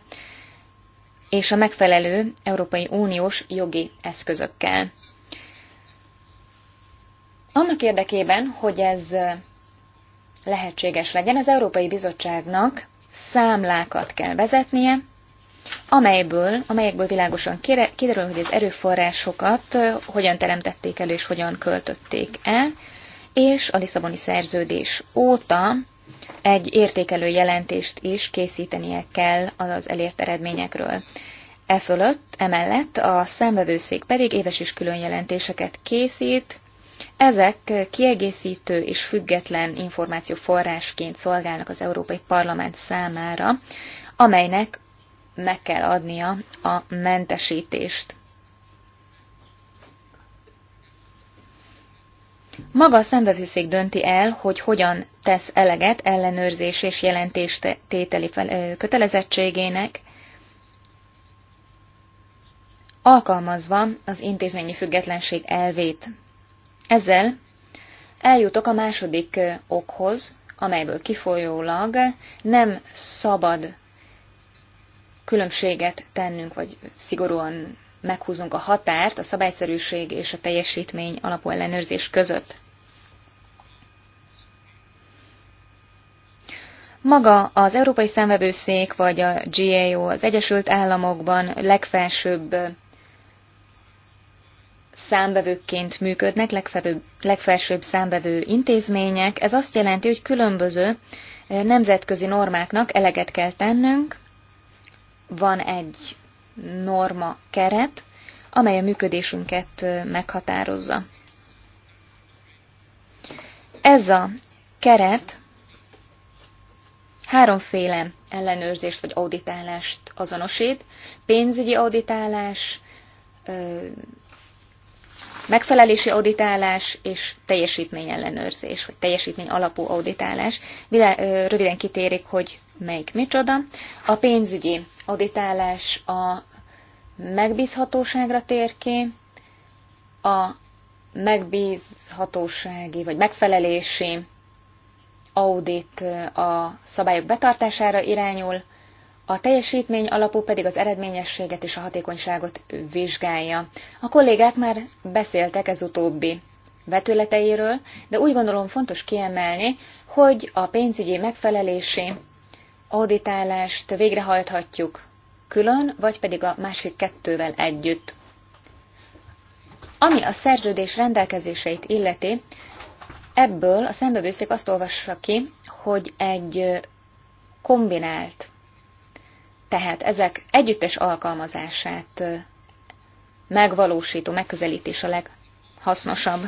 és a megfelelő Európai Uniós jogi eszközökkel. Annak érdekében, hogy ez lehetséges legyen, az Európai Bizottságnak számlákat kell vezetnie, amelyből, amelyekből világosan kiderül, hogy az erőforrásokat hogyan teremtették elő és hogyan költötték el, és a Lisszaboni szerződés óta egy értékelő jelentést is készítenie kell az elért eredményekről. E fölött, emellett a számvevőszék pedig éves is külön jelentéseket készít, ezek kiegészítő és független információforrásként szolgálnak az Európai Parlament számára, amelynek meg kell adnia a mentesítést. Maga a szembefűszék dönti el, hogy hogyan tesz eleget ellenőrzés és jelentéstételi kötelezettségének, alkalmazva az intézményi függetlenség elvét. Ezzel eljutok a második okhoz, amelyből kifolyólag nem szabad különbséget tennünk, vagy szigorúan meghúzunk a határt a szabályszerűség és a teljesítmény alapú ellenőrzés között. Maga az Európai Szemvevőszék vagy a GAO az Egyesült Államokban legfelsőbb számbevőként működnek, legfelsőbb, legfelsőbb számbevő intézmények. Ez azt jelenti, hogy különböző eh, nemzetközi normáknak eleget kell tennünk. Van egy norma keret, amely a működésünket meghatározza. Ez a keret háromféle ellenőrzést vagy auditálást azonosít, pénzügyi auditálás, megfelelési auditálás és teljesítményellenőrzés, vagy teljesítmény alapú auditálás. Vilá, röviden kitérik, hogy melyik micsoda. A pénzügyi auditálás a megbízhatóságra tér ki, a megbízhatósági vagy megfelelési audit a szabályok betartására irányul, a teljesítmény alapú pedig az eredményességet és a hatékonyságot vizsgálja. A kollégák már beszéltek ez utóbbi vetületeiről, de úgy gondolom fontos kiemelni, hogy a pénzügyi megfelelési auditálást végrehajthatjuk külön, vagy pedig a másik kettővel együtt. Ami a szerződés rendelkezéseit illeti, ebből a szembevőszék azt olvassa ki, hogy egy kombinált tehát ezek együttes alkalmazását megvalósító megközelítés a leghasznosabb.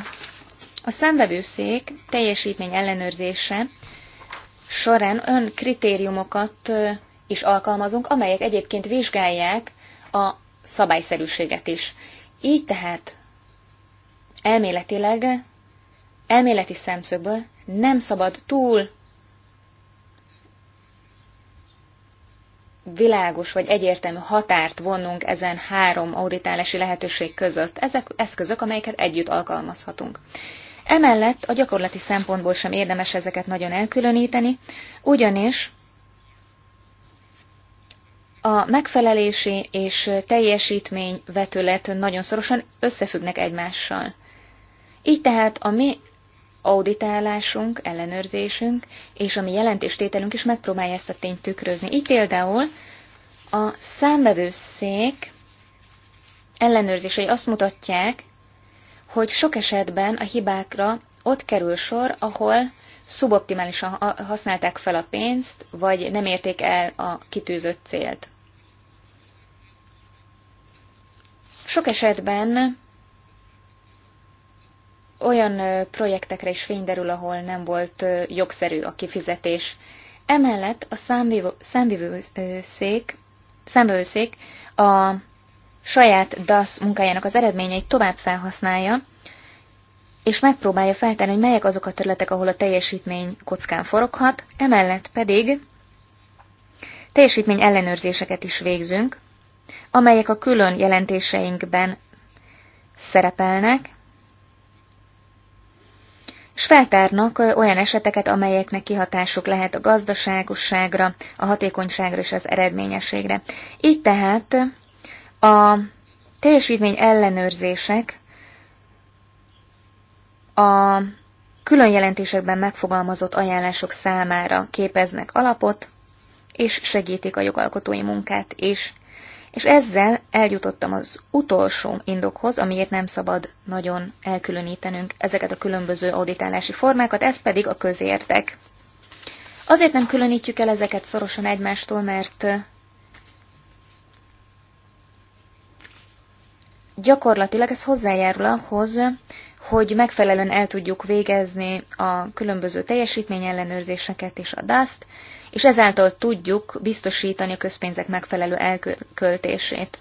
A számvevőszék teljesítmény ellenőrzése során ön kritériumokat is alkalmazunk, amelyek egyébként vizsgálják a szabályszerűséget is. Így tehát elméletileg, elméleti szemszögből nem szabad túl világos vagy egyértelmű határt vonnunk ezen három auditálási lehetőség között. Ezek eszközök, amelyeket együtt alkalmazhatunk. Emellett a gyakorlati szempontból sem érdemes ezeket nagyon elkülöníteni, ugyanis a megfelelési és teljesítmény vetület nagyon szorosan összefüggnek egymással. Így tehát a mi auditálásunk, ellenőrzésünk és a mi jelentéstételünk is megpróbálja ezt a tényt tükrözni. Így például a számbevőszék ellenőrzései azt mutatják, hogy sok esetben a hibákra ott kerül sor, ahol szuboptimálisan használták fel a pénzt, vagy nem érték el a kitűzött célt. Sok esetben olyan projektekre is derül, ahol nem volt jogszerű a kifizetés. Emellett a számvevőszék, a saját DASZ munkájának az eredményeit tovább felhasználja, és megpróbálja feltenni, hogy melyek azok a területek, ahol a teljesítmény kockán foroghat, emellett pedig teljesítmény ellenőrzéseket is végzünk, amelyek a külön jelentéseinkben szerepelnek, és feltárnak olyan eseteket, amelyeknek kihatásuk lehet a gazdaságosságra, a hatékonyságra és az eredményességre. Így tehát a teljesítmény ellenőrzések a külön jelentésekben megfogalmazott ajánlások számára képeznek alapot, és segítik a jogalkotói munkát is. És ezzel eljutottam az utolsó indokhoz, amiért nem szabad nagyon elkülönítenünk ezeket a különböző auditálási formákat, ez pedig a közértek. Azért nem különítjük el ezeket szorosan egymástól, mert gyakorlatilag ez hozzájárul ahhoz, hogy megfelelően el tudjuk végezni a különböző teljesítményellenőrzéseket és a DAST, és ezáltal tudjuk biztosítani a közpénzek megfelelő elköltését.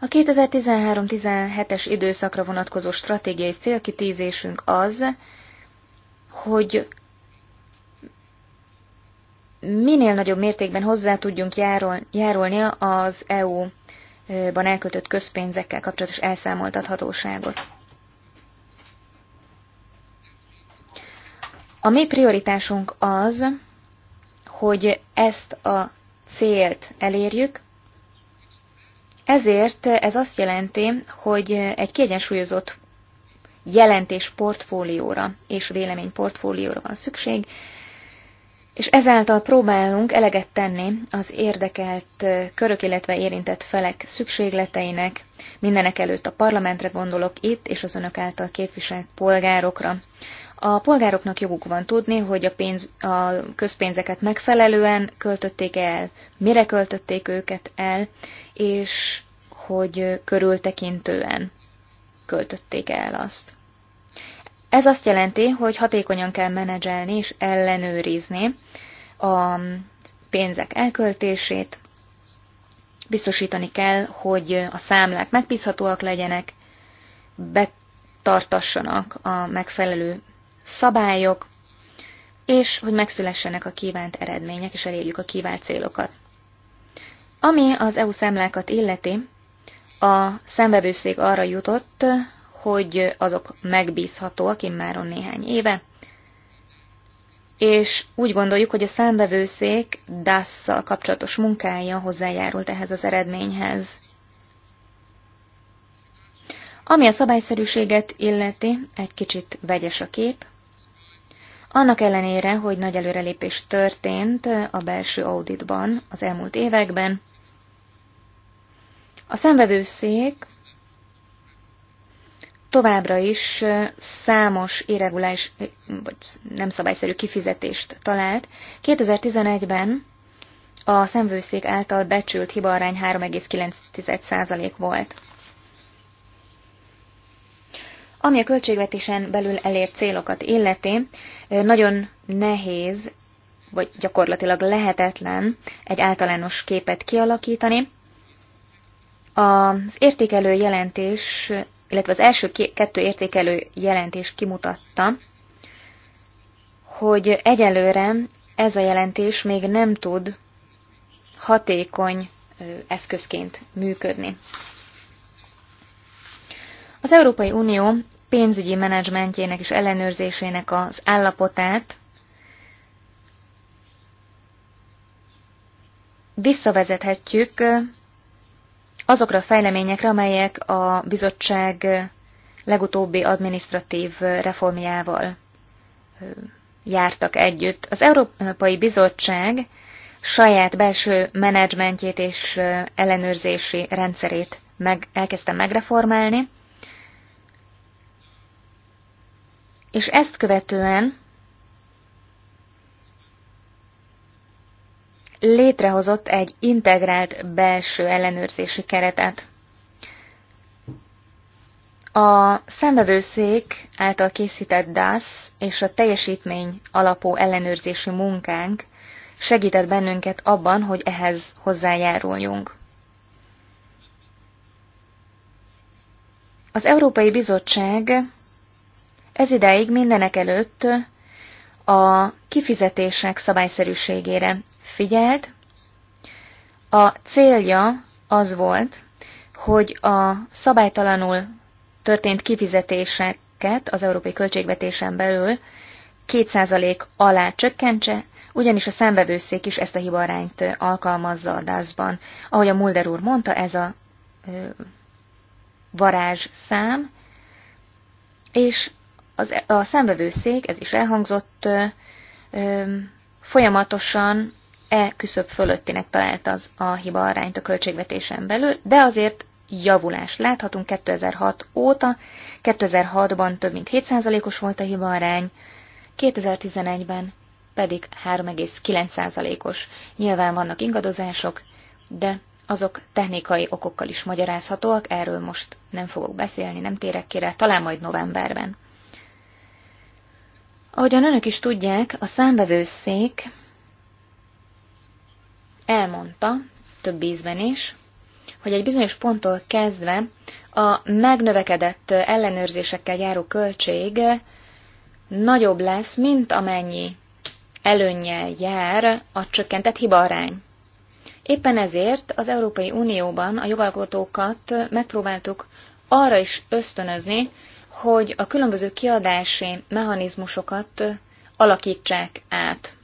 A 2013-17-es időszakra vonatkozó stratégiai célkitízésünk az, hogy minél nagyobb mértékben hozzá tudjunk járul, járulni az EU-ban elköltött közpénzekkel kapcsolatos elszámoltathatóságot. A mi prioritásunk az, hogy ezt a célt elérjük, ezért ez azt jelenti, hogy egy kiegyensúlyozott jelentés portfólióra és vélemény portfólióra van szükség, és ezáltal próbálunk eleget tenni az érdekelt körök, illetve érintett felek szükségleteinek, mindenek előtt a parlamentre gondolok itt, és az önök által képviselt polgárokra. A polgároknak joguk van tudni, hogy a, pénz, a közpénzeket megfelelően költötték el, mire költötték őket el, és hogy körültekintően költötték el azt. Ez azt jelenti, hogy hatékonyan kell menedzselni és ellenőrizni a pénzek elköltését, biztosítani kell, hogy a számlák megbízhatóak legyenek, betartassanak a megfelelő szabályok, és hogy megszülessenek a kívánt eredmények, és elérjük a kívánt célokat. Ami az EU számlákat illeti, a szembevőszék arra jutott, hogy azok megbízhatóak immáron néhány éve, és úgy gondoljuk, hogy a számbevőszék dasz szal kapcsolatos munkája hozzájárult ehhez az eredményhez. Ami a szabályszerűséget illeti, egy kicsit vegyes a kép. Annak ellenére, hogy nagy előrelépés történt a belső auditban az elmúlt években, a szenvedőszék továbbra is számos irreguláris, vagy nem szabályszerű kifizetést talált. 2011-ben a szemvőszék által becsült hibaarány 3,9% volt. Ami a költségvetésen belül elért célokat illeti, nagyon nehéz, vagy gyakorlatilag lehetetlen egy általános képet kialakítani. Az értékelő jelentés, illetve az első kettő értékelő jelentés kimutatta, hogy egyelőre ez a jelentés még nem tud hatékony eszközként működni. Az Európai Unió pénzügyi menedzsmentjének és ellenőrzésének az állapotát visszavezethetjük azokra a fejleményekre, amelyek a bizottság legutóbbi adminisztratív reformjával jártak együtt. Az Európai Bizottság saját belső menedzsmentjét és ellenőrzési rendszerét meg, elkezdte megreformálni, és ezt követően létrehozott egy integrált belső ellenőrzési keretet. A szembevőszék által készített DAS és a teljesítmény alapú ellenőrzési munkánk segített bennünket abban, hogy ehhez hozzájáruljunk. Az Európai Bizottság ez ideig mindenek előtt a kifizetések szabályszerűségére figyelt. A célja az volt, hogy a szabálytalanul történt kifizetéseket az európai költségvetésen belül 2% alá csökkentse, ugyanis a számbevőszék is ezt a hibarányt alkalmazza a DAS-ban. Ahogy a Mulder úr mondta, ez a varázsszám, és az, a szembevőszék, ez is elhangzott, folyamatosan e küszöb fölöttinek talált az a hiba arányt a költségvetésen belül, de azért javulást láthatunk 2006 óta. 2006-ban több mint 7%-os volt a hiba arány, 2011-ben pedig 3,9%-os. Nyilván vannak ingadozások, de azok technikai okokkal is magyarázhatóak, erről most nem fogok beszélni, nem térek ki rá, talán majd novemberben. Ahogyan önök is tudják, a számbevőszék elmondta, több ízben is, hogy egy bizonyos ponttól kezdve a megnövekedett ellenőrzésekkel járó költség nagyobb lesz, mint amennyi előnnyel jár a csökkentett hibaarány. Éppen ezért az Európai Unióban a jogalkotókat megpróbáltuk arra is ösztönözni, hogy a különböző kiadási mechanizmusokat alakítsák át.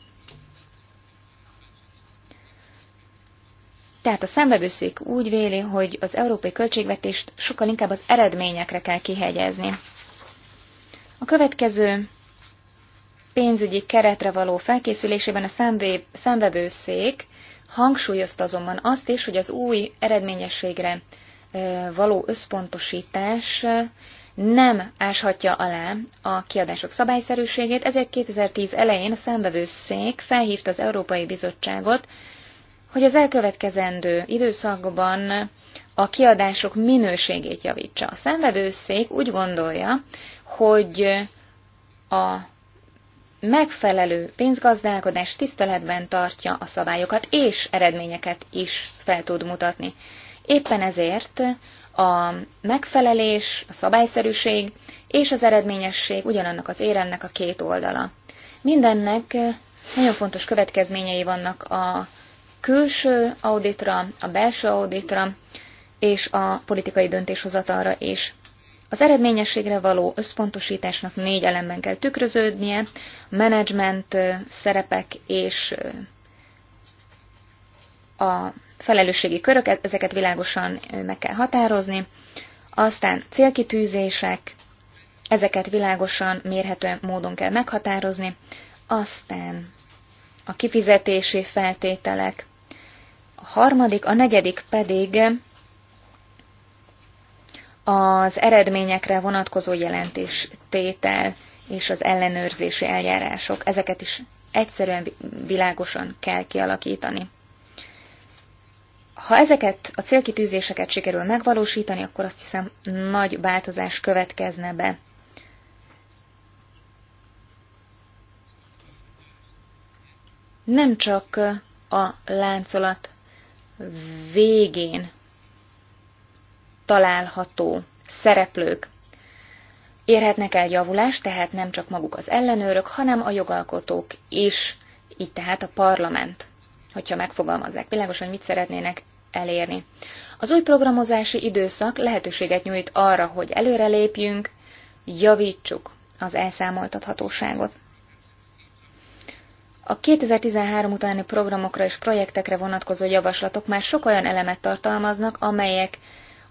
Tehát a szembevőszék úgy véli, hogy az európai költségvetést sokkal inkább az eredményekre kell kihegyezni. A következő pénzügyi keretre való felkészülésében a szembevőszék hangsúlyozta azonban azt is, hogy az új eredményességre való összpontosítás nem áshatja alá a kiadások szabályszerűségét, ezért 2010 elején a szék felhívta az Európai Bizottságot, hogy az elkövetkezendő időszakban a kiadások minőségét javítsa. A szék úgy gondolja, hogy a megfelelő pénzgazdálkodás tiszteletben tartja a szabályokat, és eredményeket is fel tud mutatni. Éppen ezért a megfelelés, a szabályszerűség és az eredményesség ugyanannak az érennek a két oldala. Mindennek eh, nagyon fontos következményei vannak a külső auditra, a belső auditra és a politikai döntéshozatalra is. Az eredményességre való összpontosításnak négy elemben kell tükröződnie, menedzsment eh, szerepek és eh, a felelősségi körök, ezeket világosan meg kell határozni, aztán célkitűzések, ezeket világosan, mérhető módon kell meghatározni, aztán a kifizetési feltételek, a harmadik, a negyedik pedig az eredményekre vonatkozó jelentéstétel és az ellenőrzési eljárások. Ezeket is egyszerűen világosan kell kialakítani. Ha ezeket a célkitűzéseket sikerül megvalósítani, akkor azt hiszem nagy változás következne be. Nem csak a láncolat végén található szereplők érhetnek el javulást, tehát nem csak maguk az ellenőrök, hanem a jogalkotók is, így tehát a parlament, hogyha megfogalmazzák világosan, hogy mit szeretnének elérni. Az új programozási időszak lehetőséget nyújt arra, hogy előrelépjünk, javítsuk az elszámoltathatóságot. A 2013 utáni programokra és projektekre vonatkozó javaslatok már sok olyan elemet tartalmaznak, amelyek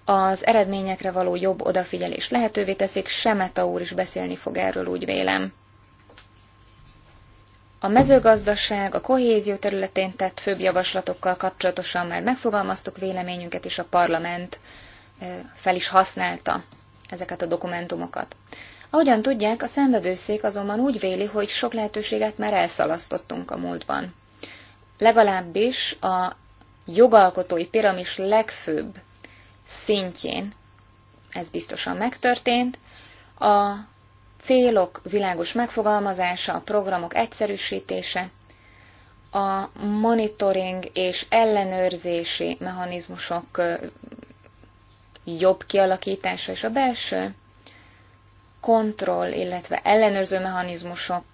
az eredményekre való jobb odafigyelést lehetővé teszik, Semeta úr is beszélni fog erről, úgy vélem. A mezőgazdaság, a kohézió területén tett főbb javaslatokkal kapcsolatosan már megfogalmaztuk véleményünket, és a parlament fel is használta ezeket a dokumentumokat. Ahogyan tudják, a szembevőszék azonban úgy véli, hogy sok lehetőséget már elszalasztottunk a múltban. Legalábbis a jogalkotói piramis legfőbb szintjén ez biztosan megtörtént, a célok világos megfogalmazása, a programok egyszerűsítése, a monitoring és ellenőrzési mechanizmusok jobb kialakítása és a belső kontroll, illetve ellenőrző mechanizmusok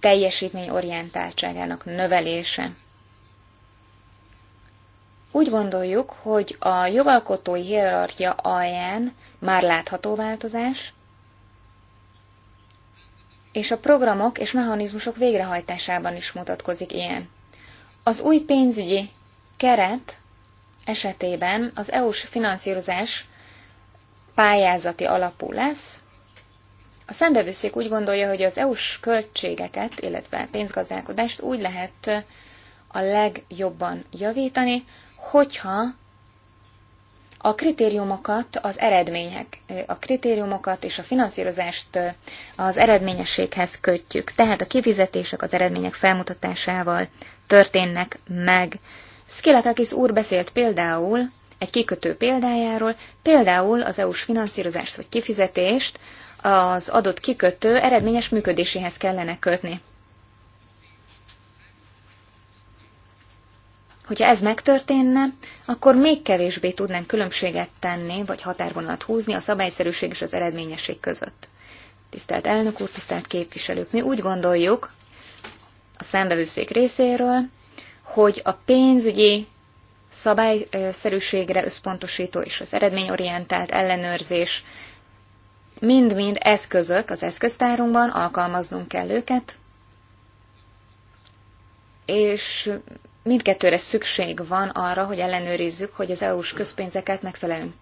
teljesítményorientáltságának növelése. Úgy gondoljuk, hogy a jogalkotói hierarchia alján már látható változás, és a programok és mechanizmusok végrehajtásában is mutatkozik ilyen. Az új pénzügyi keret esetében az EU-s finanszírozás pályázati alapú lesz. A szendevőszék úgy gondolja, hogy az EU-s költségeket, illetve pénzgazdálkodást úgy lehet a legjobban javítani, hogyha a kritériumokat, az eredmények, a kritériumokat és a finanszírozást az eredményességhez kötjük. Tehát a kifizetések az eredmények felmutatásával történnek meg. Skilakakis úr beszélt például egy kikötő példájáról, például az EU-s finanszírozást vagy kifizetést az adott kikötő eredményes működéséhez kellene kötni. Hogyha ez megtörténne, akkor még kevésbé tudnánk különbséget tenni, vagy határvonalat húzni a szabályszerűség és az eredményesség között. Tisztelt elnök úr, tisztelt képviselők, mi úgy gondoljuk a szembevőszék részéről, hogy a pénzügyi szabályszerűségre összpontosító és az eredményorientált ellenőrzés mind-mind eszközök az eszköztárunkban, alkalmaznunk kell őket, és mindkettőre szükség van arra, hogy ellenőrizzük, hogy az EU-s közpénzeket megfelelően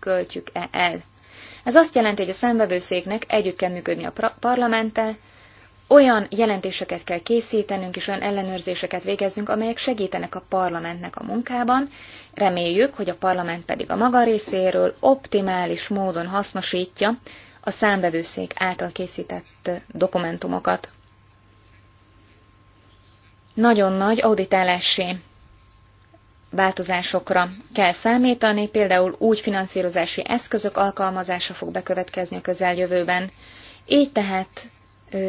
költjük-e el. Ez azt jelenti, hogy a szembevőszéknek együtt kell működni a parlamenttel, olyan jelentéseket kell készítenünk és olyan ellenőrzéseket végezzünk, amelyek segítenek a parlamentnek a munkában. Reméljük, hogy a parlament pedig a maga részéről optimális módon hasznosítja a számbevőszék által készített dokumentumokat nagyon nagy auditálási változásokra kell számítani, például úgy finanszírozási eszközök alkalmazása fog bekövetkezni a közeljövőben. Így tehát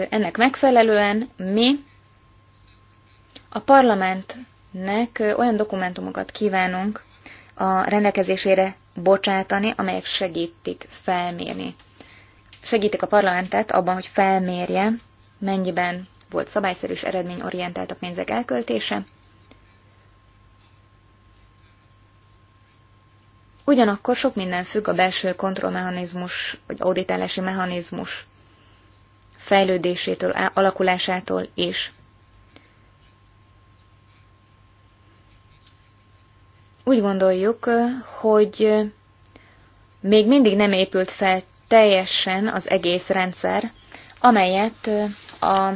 ennek megfelelően mi a parlamentnek olyan dokumentumokat kívánunk a rendelkezésére bocsátani, amelyek segítik felmérni. Segítik a parlamentet abban, hogy felmérje, mennyiben volt szabályszerű és eredményorientált a pénzek elköltése. Ugyanakkor sok minden függ a belső kontrollmechanizmus, vagy auditálási mechanizmus fejlődésétől, alakulásától is. Úgy gondoljuk, hogy még mindig nem épült fel teljesen az egész rendszer, amelyet a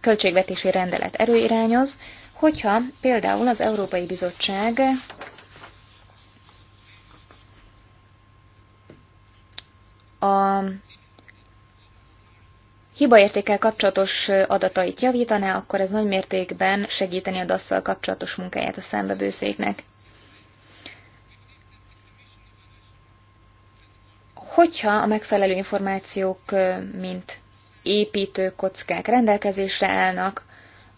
költségvetési rendelet erőirányoz, hogyha például az Európai Bizottság a hibaértékkel kapcsolatos adatait javítaná, akkor ez nagy mértékben segíteni a dasz kapcsolatos munkáját a szembebőszéknek. Hogyha a megfelelő információk, mint építő kockák rendelkezésre állnak,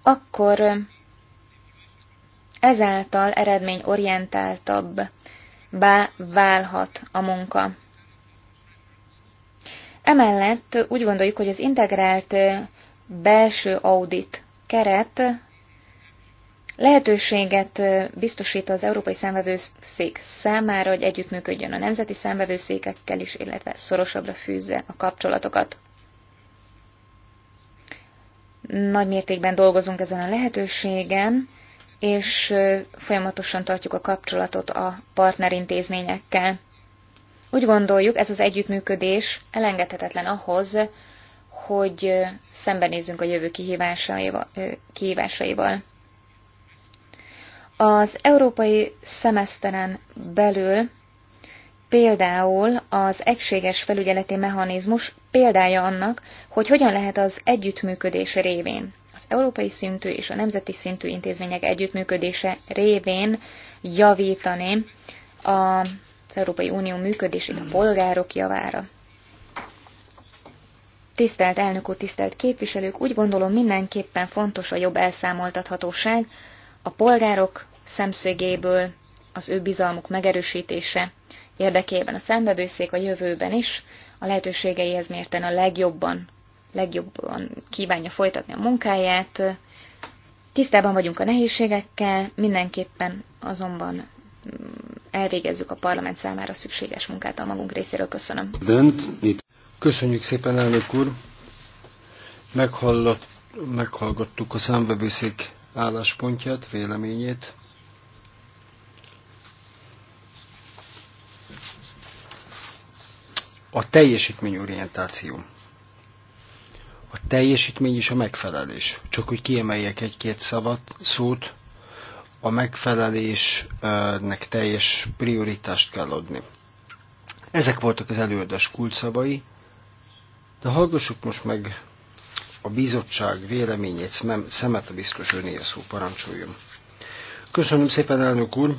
akkor ezáltal eredményorientáltabb bá válhat a munka. Emellett úgy gondoljuk, hogy az integrált belső audit keret lehetőséget biztosít az Európai Számvevőszék számára, hogy együttműködjön a nemzeti számvevőszékekkel is, illetve szorosabbra fűzze a kapcsolatokat. Nagy mértékben dolgozunk ezen a lehetőségen, és folyamatosan tartjuk a kapcsolatot a partnerintézményekkel. Úgy gondoljuk, ez az együttműködés elengedhetetlen ahhoz, hogy szembenézzünk a jövő kihívásaival. Az európai szemeszteren belül Például az egységes felügyeleti mechanizmus példája annak, hogy hogyan lehet az együttműködés révén, az európai szintű és a nemzeti szintű intézmények együttműködése révén javítani az Európai Unió működését a polgárok javára. Tisztelt elnök úr, tisztelt képviselők, úgy gondolom mindenképpen fontos a jobb elszámoltathatóság, a polgárok szemszögéből az ő bizalmuk megerősítése érdekében. A számbevőszék a jövőben is a lehetőségeihez mérten a legjobban, legjobban kívánja folytatni a munkáját. Tisztában vagyunk a nehézségekkel, mindenképpen azonban mm, elvégezzük a parlament számára szükséges munkát a magunk részéről. Köszönöm. Köszönjük szépen, elnök úr! Meghallott, meghallgattuk a számbevőszék álláspontját, véleményét. a teljesítményorientáció. A teljesítmény és a megfelelés. Csak hogy kiemeljek egy-két szavat, szót, a megfelelésnek teljes prioritást kell adni. Ezek voltak az előadás kulcsszavai, de hallgassuk most meg a bizottság véleményét, szemet a biztos önéje szó parancsoljon. Köszönöm szépen, elnök úr!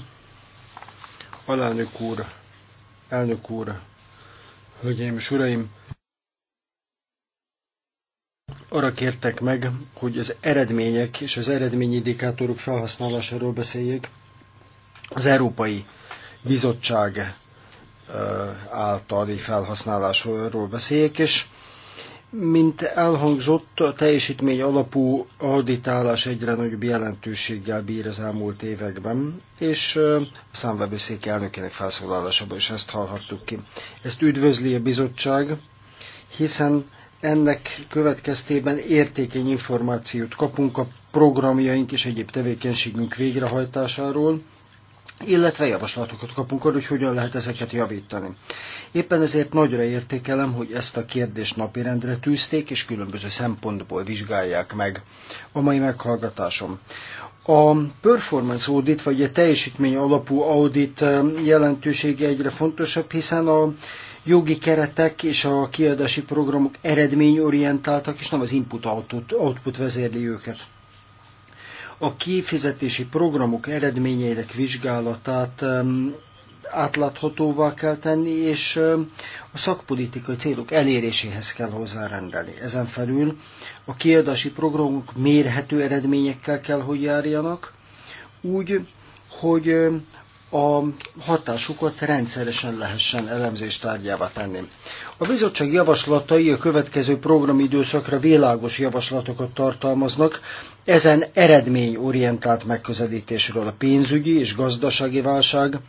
Alelnök úr, elnök úr, Hölgyeim és Uraim! Arra kértek meg, hogy az eredmények és az eredményindikátorok felhasználásáról beszéljék. Az Európai Bizottság általi felhasználásról beszéljék, és mint elhangzott, a teljesítmény alapú auditálás egyre nagyobb jelentőséggel bír az elmúlt években, és a számvevőszék elnökének felszólalásában is ezt hallhattuk ki. Ezt üdvözli a bizottság, hiszen ennek következtében értékeny információt kapunk a programjaink és egyéb tevékenységünk végrehajtásáról, illetve javaslatokat kapunk arra, hogy hogyan lehet ezeket javítani. Éppen ezért nagyra értékelem, hogy ezt a kérdést napirendre tűzték, és különböző szempontból vizsgálják meg a mai meghallgatásom. A performance audit, vagy a teljesítmény alapú audit eh, jelentősége egyre fontosabb, hiszen a jogi keretek és a kiadási programok eredményorientáltak, és nem az input-output vezérli őket a kifizetési programok eredményeinek vizsgálatát átláthatóvá kell tenni, és a szakpolitikai célok eléréséhez kell hozzárendelni. Ezen felül a kiadási programok mérhető eredményekkel kell, hogy járjanak, úgy, hogy a hatásukat rendszeresen lehessen elemzést tárgyává tenni. A bizottság javaslatai a következő programidőszakra világos javaslatokat tartalmaznak, ezen eredményorientált megközelítésről a pénzügyi és gazdasági válság,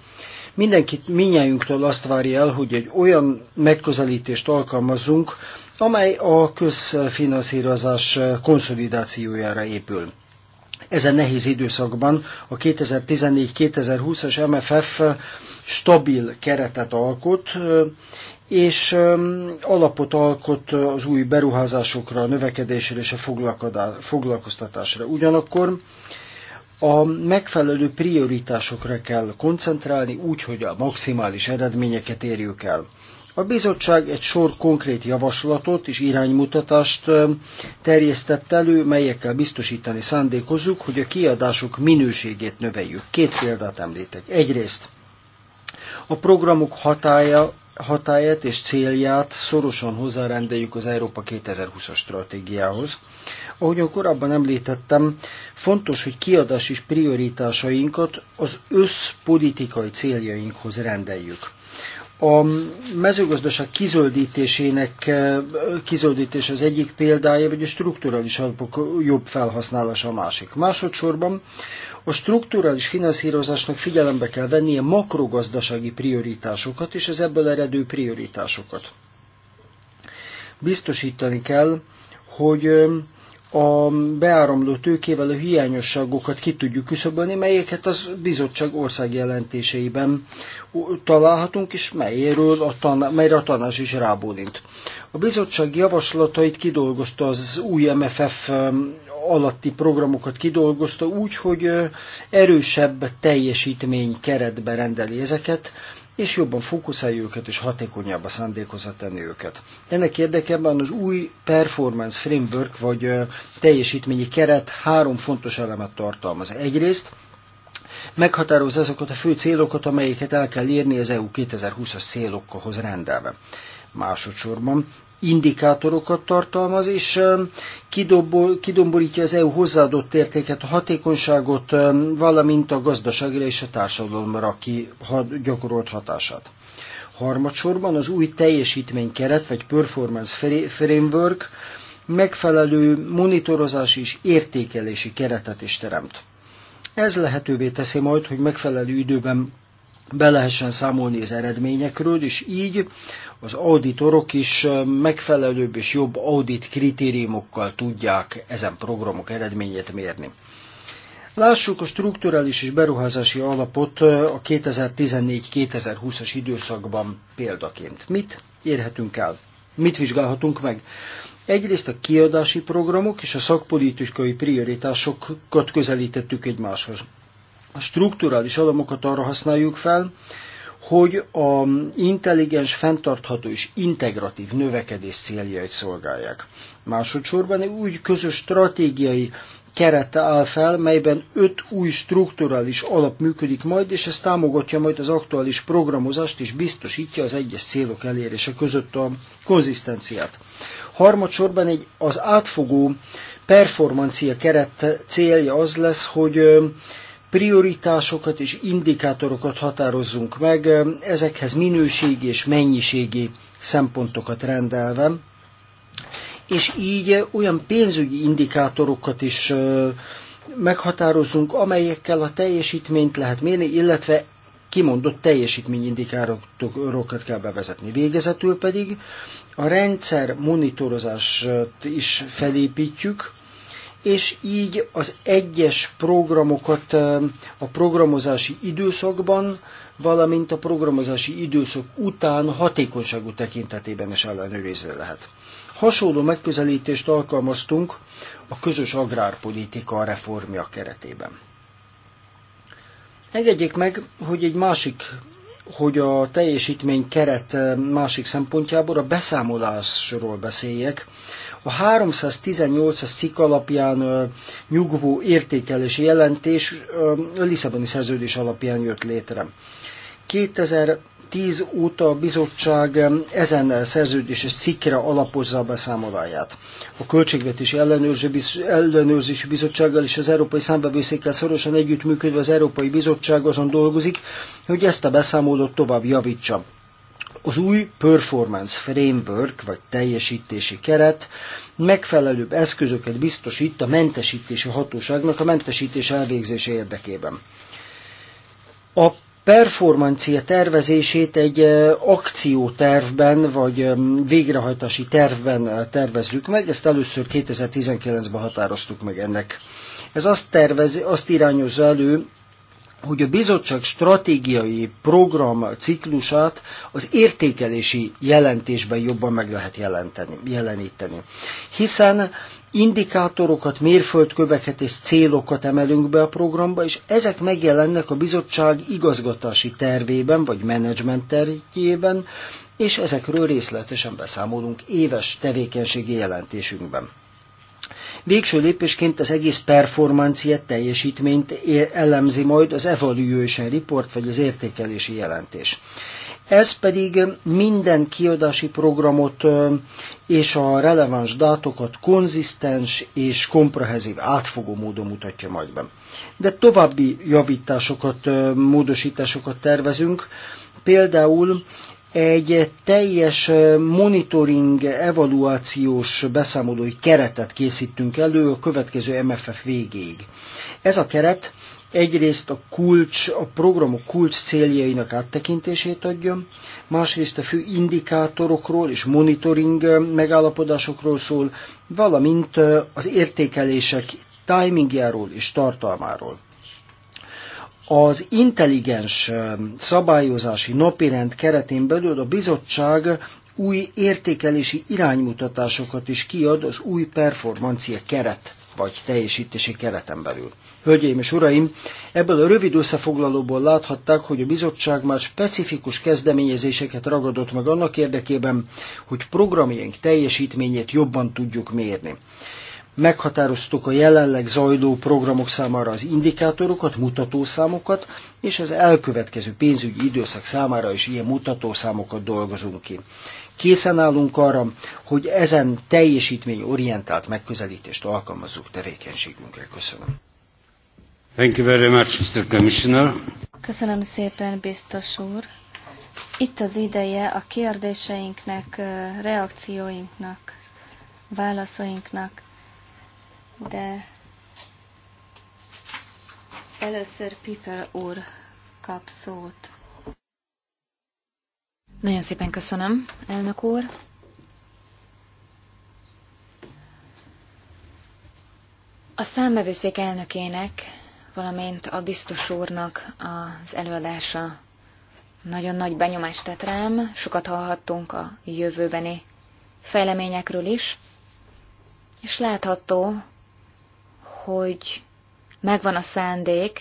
Mindenkit minnyájunktól azt várja el, hogy egy olyan megközelítést alkalmazzunk, amely a közfinanszírozás konszolidációjára épül ezen nehéz időszakban a 2014-2020-as MFF stabil keretet alkot, és alapot alkot az új beruházásokra, a növekedésre és a foglalkoztatásra. Ugyanakkor a megfelelő prioritásokra kell koncentrálni, úgy, hogy a maximális eredményeket érjük el. A bizottság egy sor konkrét javaslatot és iránymutatást terjesztett elő, melyekkel biztosítani szándékozzuk, hogy a kiadások minőségét növeljük. Két példát említek. Egyrészt a programok hatája, hatáját és célját szorosan hozzárendeljük az Európa 2020-as stratégiához. Ahogyan korábban említettem, fontos, hogy kiadás és prioritásainkat az összpolitikai céljainkhoz rendeljük. A mezőgazdaság kizöldítésének eh, kizöldítés az egyik példája, vagy a strukturális alapok jobb felhasználása a másik. Másodszorban a strukturális finanszírozásnak figyelembe kell vennie makrogazdasági prioritásokat és az ebből eredő prioritásokat. Biztosítani kell, hogy eh, a beáramló tőkével a hiányosságokat ki tudjuk küszöbölni, melyeket az bizottság ország jelentéseiben találhatunk, és melyről a tan- melyre a tanás is rábólint. A bizottság javaslatait kidolgozta az új MFF um, alatti programokat kidolgozta úgy, hogy uh, erősebb teljesítmény keretbe rendeli ezeket, és jobban fókuszálja őket, és hatékonyabb a szándékozza tenni őket. Ennek érdekében az új performance framework, vagy teljesítményi keret három fontos elemet tartalmaz. Egyrészt meghatározza azokat a fő célokat, amelyeket el kell érni az EU 2020-as célokhoz rendelve. Másodszorban indikátorokat tartalmaz, és um, kidobol, kidomborítja az EU hozzáadott értéket, a hatékonyságot, um, valamint a gazdaságra és a társadalomra ki gyakorolt hatását. Harmadsorban az új teljesítménykeret, vagy performance framework megfelelő monitorozás és értékelési keretet is teremt. Ez lehetővé teszi majd, hogy megfelelő időben be lehessen számolni az eredményekről, és így az auditorok is megfelelőbb és jobb audit kritériumokkal tudják ezen programok eredményét mérni. Lássuk a strukturális és beruházási alapot a 2014-2020-as időszakban példaként. Mit érhetünk el? Mit vizsgálhatunk meg? Egyrészt a kiadási programok és a szakpolitikai prioritásokat közelítettük egymáshoz a strukturális alamokat arra használjuk fel, hogy a intelligens, fenntartható és integratív növekedés céljait szolgálják. Másodszorban új közös stratégiai kerete áll fel, melyben öt új strukturális alap működik majd, és ez támogatja majd az aktuális programozást, és biztosítja az egyes célok elérése között a konzisztenciát. Harmadsorban egy, az átfogó performancia keret célja az lesz, hogy prioritásokat és indikátorokat határozzunk meg, ezekhez minőségi és mennyiségi szempontokat rendelve, és így olyan pénzügyi indikátorokat is meghatározzunk, amelyekkel a teljesítményt lehet mérni, illetve kimondott teljesítményindikátorokat kell bevezetni. Végezetül pedig a rendszer monitorozást is felépítjük, és így az egyes programokat a programozási időszakban, valamint a programozási időszak után hatékonyságú tekintetében is ellenőrizni lehet. Hasonló megközelítést alkalmaztunk a közös agrárpolitika reformja keretében. Engedjék meg, hogy egy másik hogy a teljesítmény keret másik szempontjából a beszámolásról beszéljek, a 318-as cikk alapján nyugvó értékelési jelentés a Lisszaboni szerződés alapján jött létre. 2010 óta a bizottság ezen és cikkre alapozza a beszámolóját. A Költségvetési Ellenőrzési Bizottsággal és az Európai Számbevőszékkel szorosan együttműködve az Európai Bizottság azon dolgozik, hogy ezt a beszámolót tovább javítsa az új performance framework, vagy teljesítési keret megfelelőbb eszközöket biztosít a mentesítési hatóságnak a mentesítés elvégzése érdekében. A performancia tervezését egy akciótervben vagy végrehajtási tervben tervezzük meg, ezt először 2019-ben határoztuk meg ennek. Ez azt, tervezi, azt irányozza elő, hogy a bizottság stratégiai program ciklusát az értékelési jelentésben jobban meg lehet jelenteni, jeleníteni. Hiszen indikátorokat, mérföldköveket és célokat emelünk be a programba, és ezek megjelennek a bizottság igazgatási tervében, vagy menedzsment tervében, és ezekről részletesen beszámolunk éves tevékenységi jelentésünkben. Végső lépésként az egész performanciát, teljesítményt elemzi majd az Evaluation Report, vagy az értékelési jelentés. Ez pedig minden kiadási programot és a releváns dátokat konzisztens és komprehenzív átfogó módon mutatja majd be. De további javításokat, módosításokat tervezünk, Például egy teljes monitoring evaluációs beszámolói keretet készítünk elő a következő MFF végéig. Ez a keret egyrészt a kulcs, a programok kulcs céljainak áttekintését adja, másrészt a fő indikátorokról és monitoring megállapodásokról szól, valamint az értékelések timingjáról és tartalmáról az intelligens szabályozási napirend keretén belül a bizottság új értékelési iránymutatásokat is kiad az új performancia keret vagy teljesítési kereten belül. Hölgyeim és uraim, ebből a rövid összefoglalóból láthatták, hogy a bizottság már specifikus kezdeményezéseket ragadott meg annak érdekében, hogy programjaink teljesítményét jobban tudjuk mérni meghatároztuk a jelenleg zajló programok számára az indikátorokat, mutatószámokat, és az elkövetkező pénzügyi időszak számára is ilyen mutatószámokat dolgozunk ki. Készen állunk arra, hogy ezen teljesítményorientált megközelítést alkalmazzuk tevékenységünkre. Köszönöm. Thank you very much, Mr. Commissioner. Köszönöm szépen, biztos úr. Itt az ideje a kérdéseinknek, reakcióinknak, válaszainknak de először pipel úr kap szót. Nagyon szépen köszönöm, elnök úr. A számbevőszék elnökének, valamint a biztos úrnak az előadása nagyon nagy benyomást tett rám, sokat hallhattunk a jövőbeni fejleményekről is, és látható, hogy megvan a szándék,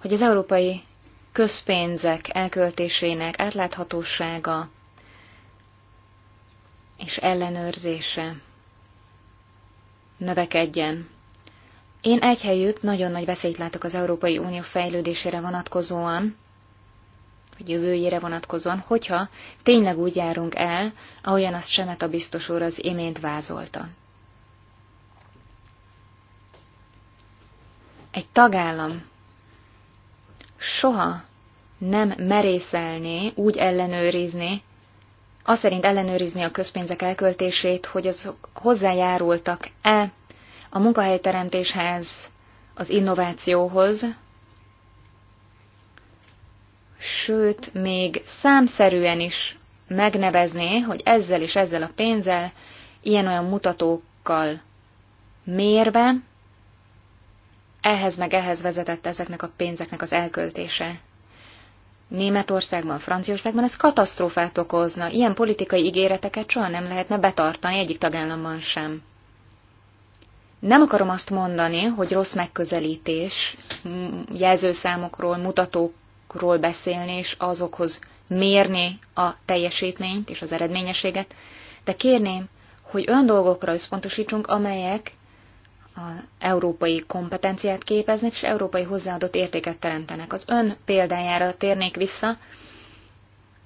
hogy az európai közpénzek elköltésének átláthatósága és ellenőrzése növekedjen. Én egy helyütt nagyon nagy veszélyt látok az Európai Unió fejlődésére vonatkozóan, vagy jövőjére vonatkozóan, hogyha tényleg úgy járunk el, ahogyan azt Semet a biztos úr az imént vázolta. egy tagállam soha nem merészelné úgy ellenőrizni, azt szerint ellenőrizni a közpénzek elköltését, hogy azok hozzájárultak-e a munkahelyteremtéshez, az innovációhoz, sőt, még számszerűen is megnevezné, hogy ezzel és ezzel a pénzzel, ilyen-olyan mutatókkal mérve ehhez meg ehhez vezetett ezeknek a pénzeknek az elköltése. Németországban, Franciaországban ez katasztrófát okozna. Ilyen politikai ígéreteket soha nem lehetne betartani egyik tagállamban sem. Nem akarom azt mondani, hogy rossz megközelítés jelzőszámokról, mutatókról beszélni, és azokhoz mérni a teljesítményt és az eredményességet, de kérném, hogy olyan dolgokra összpontosítsunk, amelyek az európai kompetenciát képeznek, és európai hozzáadott értéket teremtenek. Az ön példájára térnék vissza,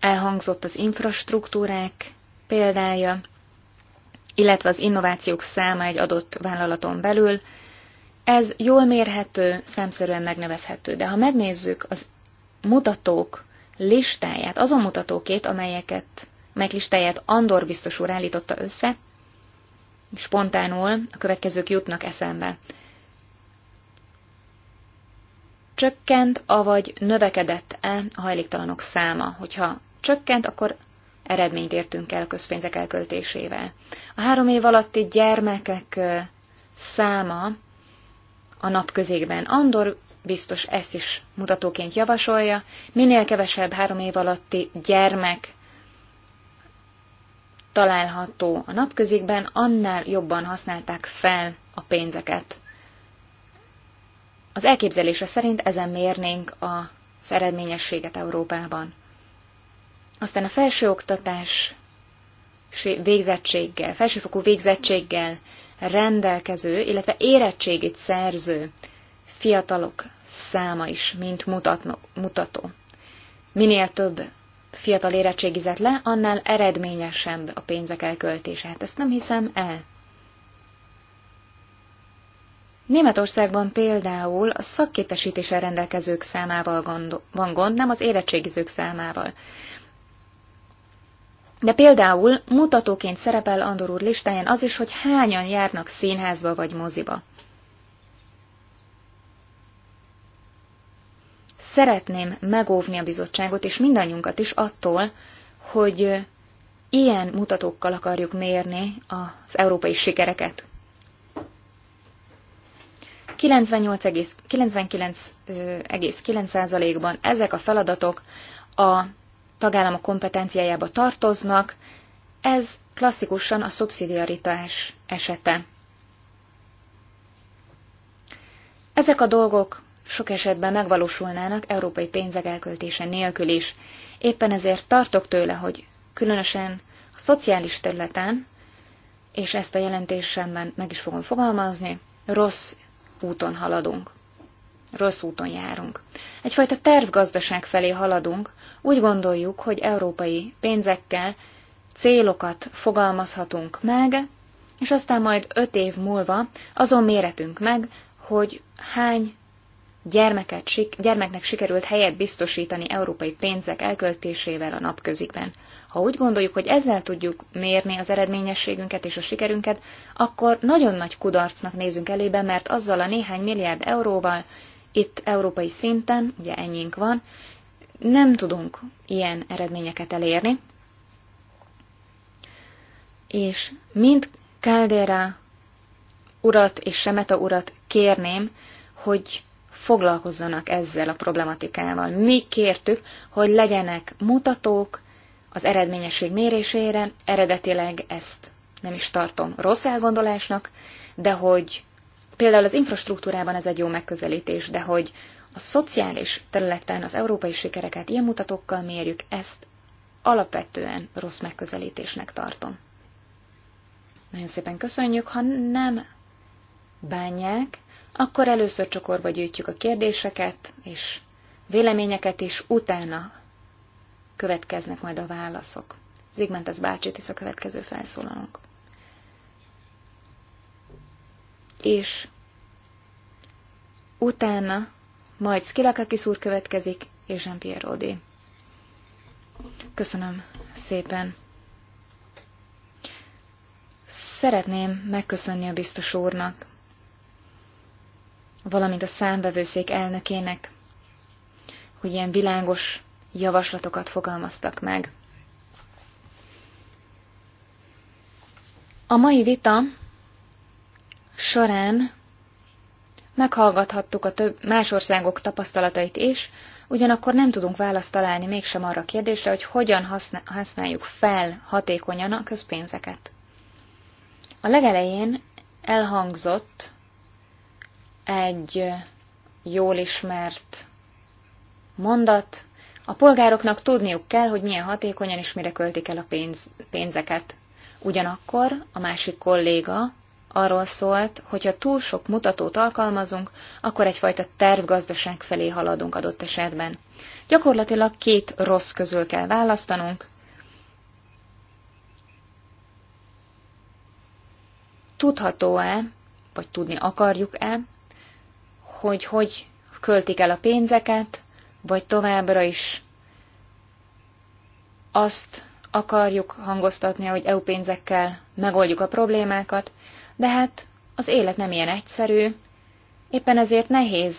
elhangzott az infrastruktúrák példája, illetve az innovációk száma egy adott vállalaton belül. Ez jól mérhető, számszerűen megnevezhető, de ha megnézzük az mutatók listáját, azon mutatókét, amelyeket, meglistáját, listáját Andor biztos úr állította össze, spontánul a következők jutnak eszembe. Csökkent, avagy növekedett-e a hajléktalanok száma? Hogyha csökkent, akkor eredményt értünk el közpénzek elköltésével. A három év alatti gyermekek száma a nap közékben. Andor biztos ezt is mutatóként javasolja, minél kevesebb három év alatti gyermek található a napközikben, annál jobban használták fel a pénzeket. Az elképzelése szerint ezen mérnénk a eredményességet Európában. Aztán a felsőoktatás végzettséggel, felsőfokú végzettséggel rendelkező, illetve érettségét szerző fiatalok száma is, mint mutatno, mutató. Minél több fiatal érettségizett le, annál eredményesebb a pénzek elköltése. Hát ezt nem hiszem el. Németországban például a szakképesítéssel rendelkezők számával gond, van gond, nem az érettségizők számával. De például mutatóként szerepel Andor úr listáján az is, hogy hányan járnak színházba vagy moziba. Szeretném megóvni a bizottságot és mindannyiunkat is attól, hogy ilyen mutatókkal akarjuk mérni az európai sikereket. 99,9%-ban ezek a feladatok a tagállamok kompetenciájába tartoznak, ez klasszikusan a szubszidiaritás esete. Ezek a dolgok sok esetben megvalósulnának európai pénzek elköltése nélkül is. Éppen ezért tartok tőle, hogy különösen a szociális területen, és ezt a jelentésemben meg is fogom fogalmazni, rossz úton haladunk. Rossz úton járunk. Egyfajta tervgazdaság felé haladunk, úgy gondoljuk, hogy európai pénzekkel célokat fogalmazhatunk meg, és aztán majd öt év múlva azon méretünk meg, hogy hány gyermeket, gyermeknek sikerült helyet biztosítani európai pénzek elköltésével a napközikben. Ha úgy gondoljuk, hogy ezzel tudjuk mérni az eredményességünket és a sikerünket, akkor nagyon nagy kudarcnak nézünk elébe, mert azzal a néhány milliárd euróval, itt európai szinten, ugye ennyink van, nem tudunk ilyen eredményeket elérni. És mind Caldera urat és Semeta urat kérném, hogy foglalkozzanak ezzel a problematikával. Mi kértük, hogy legyenek mutatók az eredményesség mérésére, eredetileg ezt nem is tartom rossz elgondolásnak, de hogy például az infrastruktúrában ez egy jó megközelítés, de hogy a szociális területen az európai sikereket ilyen mutatókkal mérjük, ezt alapvetően rossz megközelítésnek tartom. Nagyon szépen köszönjük, ha nem bánják, akkor először csokorba gyűjtjük a kérdéseket, és véleményeket, és utána következnek majd a válaszok. Zigmentes bácsit hisz a következő felszólalunk. És utána majd Skilakakis úr következik, és Jean-Pierre Odé. Köszönöm szépen. Szeretném megköszönni a biztos úrnak valamint a számvevőszék elnökének, hogy ilyen világos javaslatokat fogalmaztak meg. A mai vita során meghallgathattuk a több más országok tapasztalatait is, ugyanakkor nem tudunk választ találni mégsem arra a kérdésre, hogy hogyan használjuk fel hatékonyan a közpénzeket. A legelején elhangzott egy jól ismert mondat. A polgároknak tudniuk kell, hogy milyen hatékonyan és mire költik el a pénz, pénzeket. Ugyanakkor a másik kolléga arról szólt, hogy ha túl sok mutatót alkalmazunk, akkor egyfajta tervgazdaság felé haladunk adott esetben. Gyakorlatilag két rossz közül kell választanunk. Tudható-e, vagy tudni akarjuk-e, hogy hogy költik el a pénzeket, vagy továbbra is azt akarjuk hangoztatni, hogy EU pénzekkel megoldjuk a problémákat, de hát az élet nem ilyen egyszerű, éppen ezért nehéz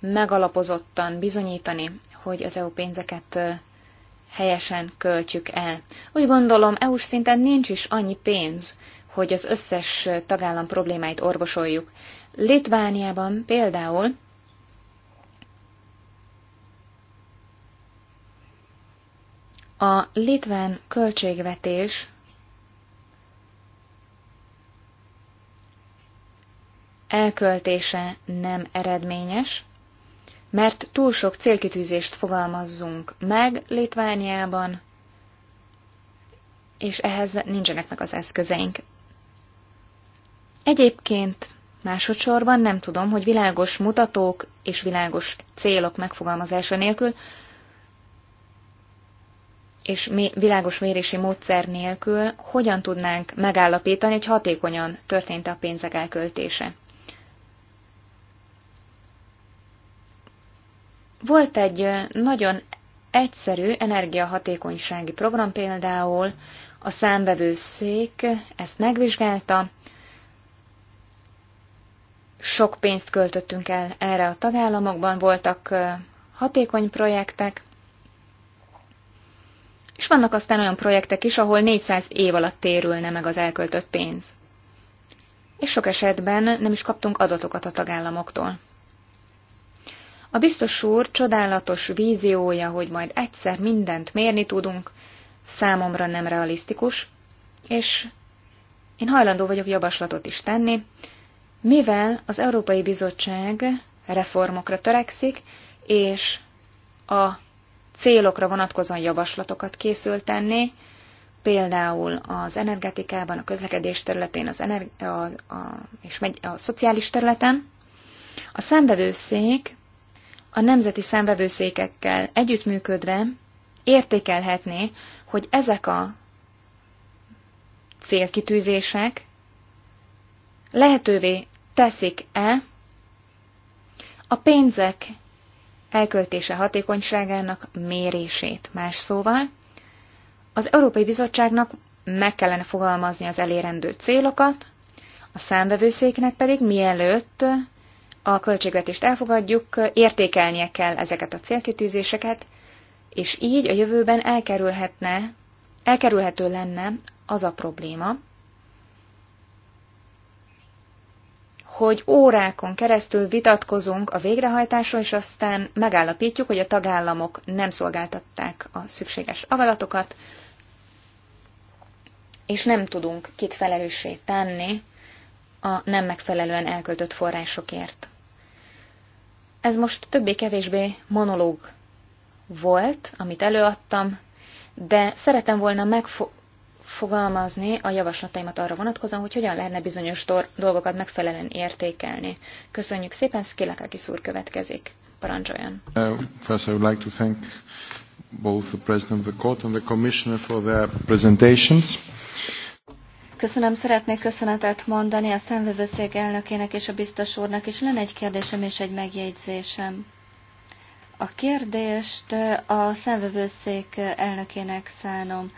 megalapozottan bizonyítani, hogy az EU pénzeket helyesen költjük el. Úgy gondolom, EU-s szinten nincs is annyi pénz, hogy az összes tagállam problémáit orvosoljuk. Litvániában például a litván költségvetés elköltése nem eredményes, mert túl sok célkitűzést fogalmazzunk meg Litvániában, és ehhez nincsenek meg az eszközeink. Egyébként másodszorban nem tudom, hogy világos mutatók és világos célok megfogalmazása nélkül, és világos mérési módszer nélkül hogyan tudnánk megállapítani, hogy hatékonyan történt a pénzek elköltése. Volt egy nagyon egyszerű energiahatékonysági program például, a számbevőszék ezt megvizsgálta, sok pénzt költöttünk el erre a tagállamokban, voltak hatékony projektek, és vannak aztán olyan projektek is, ahol 400 év alatt térülne meg az elköltött pénz. És sok esetben nem is kaptunk adatokat a tagállamoktól. A biztos úr csodálatos víziója, hogy majd egyszer mindent mérni tudunk, számomra nem realisztikus, és én hajlandó vagyok javaslatot is tenni, mivel az Európai Bizottság reformokra törekszik, és a célokra vonatkozóan javaslatokat készül tenni, például az energetikában, a közlekedés területén, az ener- a, a, és megy, a szociális területen. A számvevőszék a nemzeti számvevőszékekkel együttműködve értékelhetné, hogy ezek a célkitűzések lehetővé teszik-e a pénzek elköltése hatékonyságának mérését. Más szóval, az Európai Bizottságnak meg kellene fogalmazni az elérendő célokat, a számbevőszéknek pedig mielőtt a költségvetést elfogadjuk, értékelnie kell ezeket a célkitűzéseket, és így a jövőben elkerülhetne, elkerülhető lenne az a probléma, hogy órákon keresztül vitatkozunk a végrehajtásról, és aztán megállapítjuk, hogy a tagállamok nem szolgáltatták a szükséges avalatokat, és nem tudunk kit felelőssé tenni a nem megfelelően elköltött forrásokért. Ez most többé-kevésbé monológ volt, amit előadtam, de szeretem volna megfo- fogalmazni a javaslataimat arra vonatkozóan, hogy hogyan lehetne bizonyos dolgokat megfelelően értékelni. Köszönjük szépen, Skilakaki szúr következik. Parancsoljon. Uh, first I would like to thank both the President of the Court and the Commissioner for their presentations. Köszönöm, szeretnék köszönetet mondani a szemvevőszék elnökének és a biztos úrnak, és lenne egy kérdésem és egy megjegyzésem. A kérdést a szemvevőszék elnökének szánom.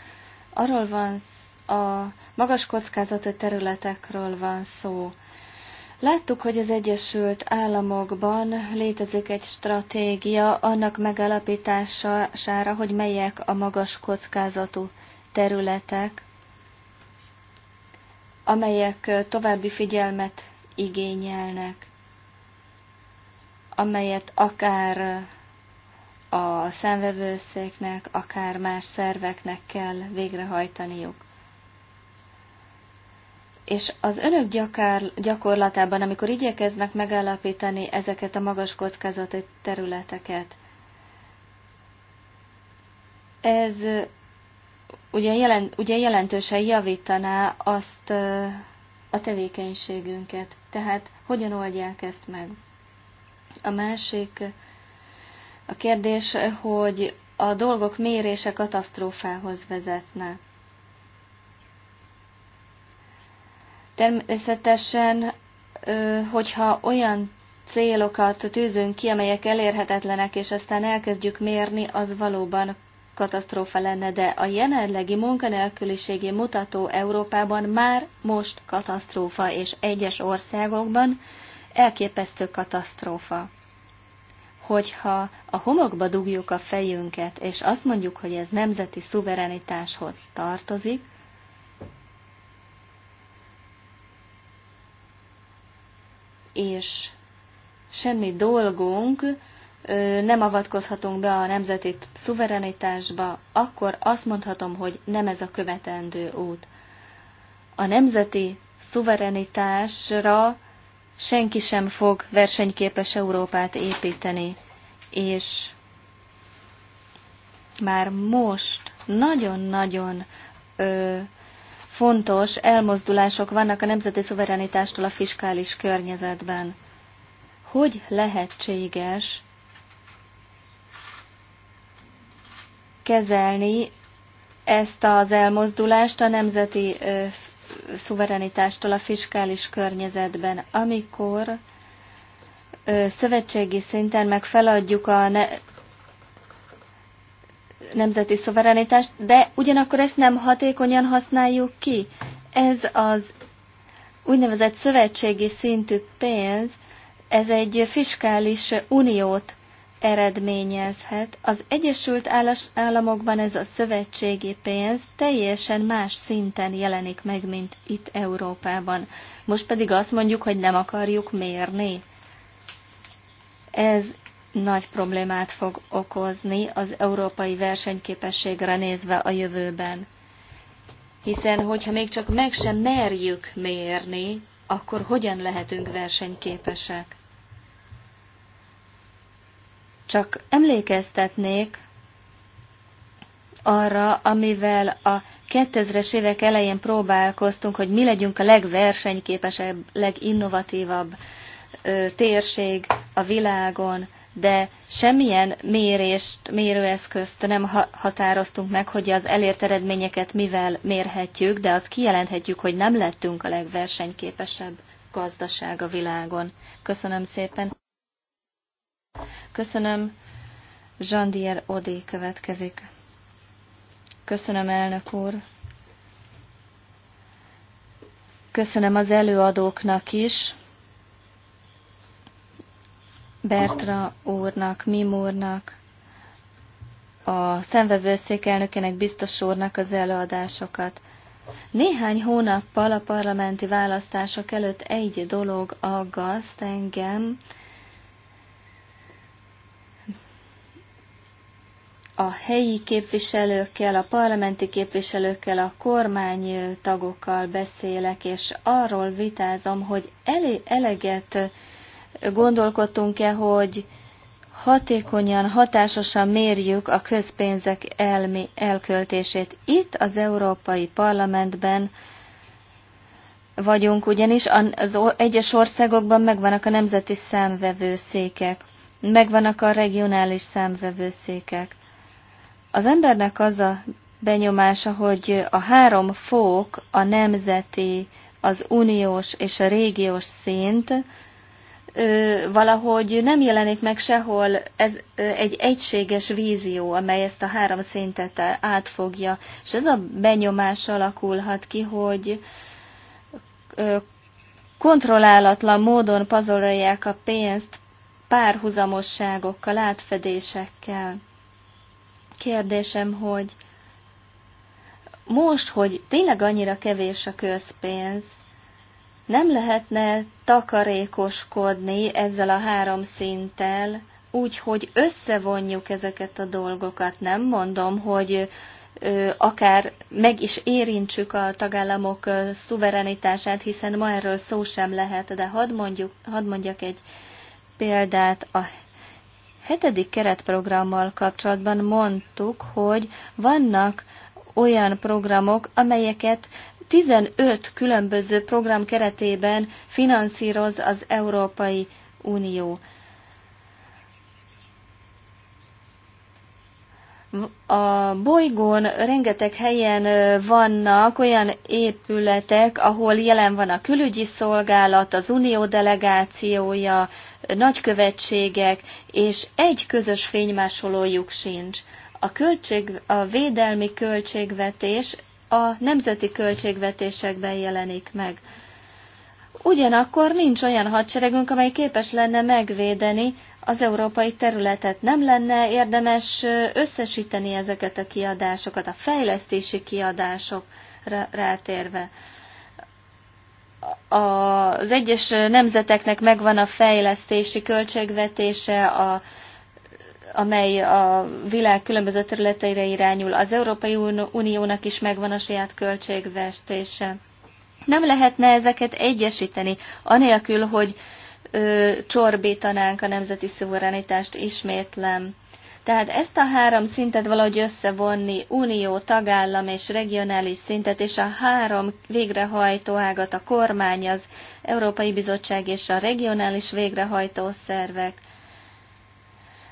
Arról van a magas kockázatú területekről van szó. Láttuk, hogy az Egyesült Államokban létezik egy stratégia annak megalapítására, hogy melyek a magas kockázatú területek, amelyek további figyelmet igényelnek, amelyet akár a számvevőszéknek, akár más szerveknek kell végrehajtaniuk. És az önök gyakár, gyakorlatában, amikor igyekeznek megállapítani ezeket a magas kockázati területeket, ez ugye, jelent, ugye jelentősen javítaná azt a tevékenységünket. Tehát hogyan oldják ezt meg? A másik a kérdés, hogy a dolgok mérése katasztrófához vezetne. Természetesen, hogyha olyan célokat tűzünk ki, amelyek elérhetetlenek, és aztán elkezdjük mérni, az valóban katasztrófa lenne, de a jelenlegi munkanélküliségi mutató Európában már most katasztrófa, és egyes országokban elképesztő katasztrófa hogyha a homokba dugjuk a fejünket, és azt mondjuk, hogy ez nemzeti szuverenitáshoz tartozik, és semmi dolgunk, nem avatkozhatunk be a nemzeti szuverenitásba, akkor azt mondhatom, hogy nem ez a követendő út. A nemzeti szuverenitásra senki sem fog versenyképes Európát építeni, és már most nagyon-nagyon fontos elmozdulások vannak a nemzeti szuverenitástól a fiskális környezetben. Hogy lehetséges kezelni ezt az elmozdulást a nemzeti szuverenitástól a fiskális környezetben, amikor szövetségi szinten meg feladjuk a ne nemzeti szuverenitást, de ugyanakkor ezt nem hatékonyan használjuk ki. Ez az úgynevezett szövetségi szintű pénz, ez egy fiskális uniót eredményezhet. Az Egyesült Államokban ez a szövetségi pénz teljesen más szinten jelenik meg, mint itt Európában. Most pedig azt mondjuk, hogy nem akarjuk mérni. Ez nagy problémát fog okozni az európai versenyképességre nézve a jövőben. Hiszen, hogyha még csak meg sem merjük mérni, akkor hogyan lehetünk versenyképesek? Csak emlékeztetnék arra, amivel a 2000-es évek elején próbálkoztunk, hogy mi legyünk a legversenyképesebb, leginnovatívabb ö, térség a világon, de semmilyen mérést, mérőeszközt nem ha határoztunk meg, hogy az elért eredményeket mivel mérhetjük, de azt kijelenthetjük, hogy nem lettünk a legversenyképesebb gazdaság a világon. Köszönöm szépen! Köszönöm. Jean-Dier Odé következik. Köszönöm, elnök úr. Köszönöm az előadóknak is, Bertra úrnak, Mim úrnak, a szenvevőszék elnökének, biztos úrnak az előadásokat. Néhány hónappal a parlamenti választások előtt egy dolog aggaszt engem, a helyi képviselőkkel, a parlamenti képviselőkkel, a kormány tagokkal beszélek, és arról vitázom, hogy elé eleget gondolkodtunk-e, hogy hatékonyan, hatásosan mérjük a közpénzek elmi elköltését. Itt az Európai Parlamentben vagyunk, ugyanis az egyes országokban megvannak a nemzeti számvevőszékek, megvannak a regionális számvevőszékek. Az embernek az a benyomása, hogy a három fók, a nemzeti, az uniós és a régiós szint ö, valahogy nem jelenik meg sehol ez, ö, egy egységes vízió, amely ezt a három szintet átfogja. És ez a benyomás alakulhat ki, hogy ö, kontrollálatlan módon pazarolják a pénzt párhuzamosságokkal, átfedésekkel kérdésem, hogy most, hogy tényleg annyira kevés a közpénz, nem lehetne takarékoskodni ezzel a három szinttel, úgy, hogy összevonjuk ezeket a dolgokat. Nem mondom, hogy ö, akár meg is érintsük a tagállamok ö, szuverenitását, hiszen ma erről szó sem lehet, de hadd, mondjuk, hadd mondjak egy példát a hetedik keretprogrammal kapcsolatban mondtuk, hogy vannak olyan programok, amelyeket 15 különböző program keretében finanszíroz az Európai Unió. A bolygón rengeteg helyen vannak olyan épületek, ahol jelen van a külügyi szolgálat, az unió delegációja, nagykövetségek, és egy közös fénymásolójuk sincs. A, költség, a védelmi költségvetés a nemzeti költségvetésekben jelenik meg. Ugyanakkor nincs olyan hadseregünk, amely képes lenne megvédeni az európai területet. Nem lenne érdemes összesíteni ezeket a kiadásokat, a fejlesztési kiadások rátérve az egyes nemzeteknek megvan a fejlesztési költségvetése, a, amely a világ különböző területeire irányul. Az Európai Uniónak is megvan a saját költségvetése. Nem lehetne ezeket egyesíteni, anélkül, hogy ö, csorbítanánk a nemzeti szuverenitást, ismétlem. Tehát ezt a három szintet valahogy összevonni, unió, tagállam és regionális szintet, és a három végrehajtó ágat, a kormány, az Európai Bizottság és a regionális végrehajtó szervek,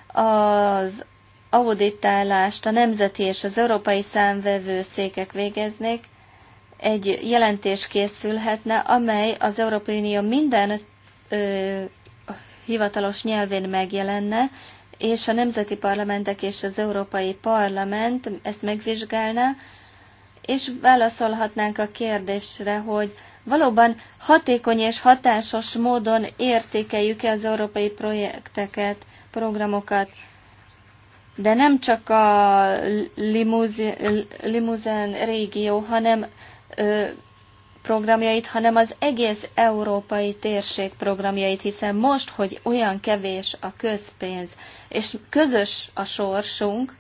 az auditálást a nemzeti és az európai székek végeznék, egy jelentés készülhetne, amely az Európai Unió minden ö, hivatalos nyelvén megjelenne, és a nemzeti parlamentek és az Európai Parlament ezt megvizsgálná, és válaszolhatnánk a kérdésre, hogy valóban hatékony és hatásos módon értékeljük-e az európai projekteket, programokat, de nem csak a limuzin régió, hanem ö, programjait, hanem az egész európai térség programjait, hiszen most, hogy olyan kevés a közpénz, és közös a sorsunk,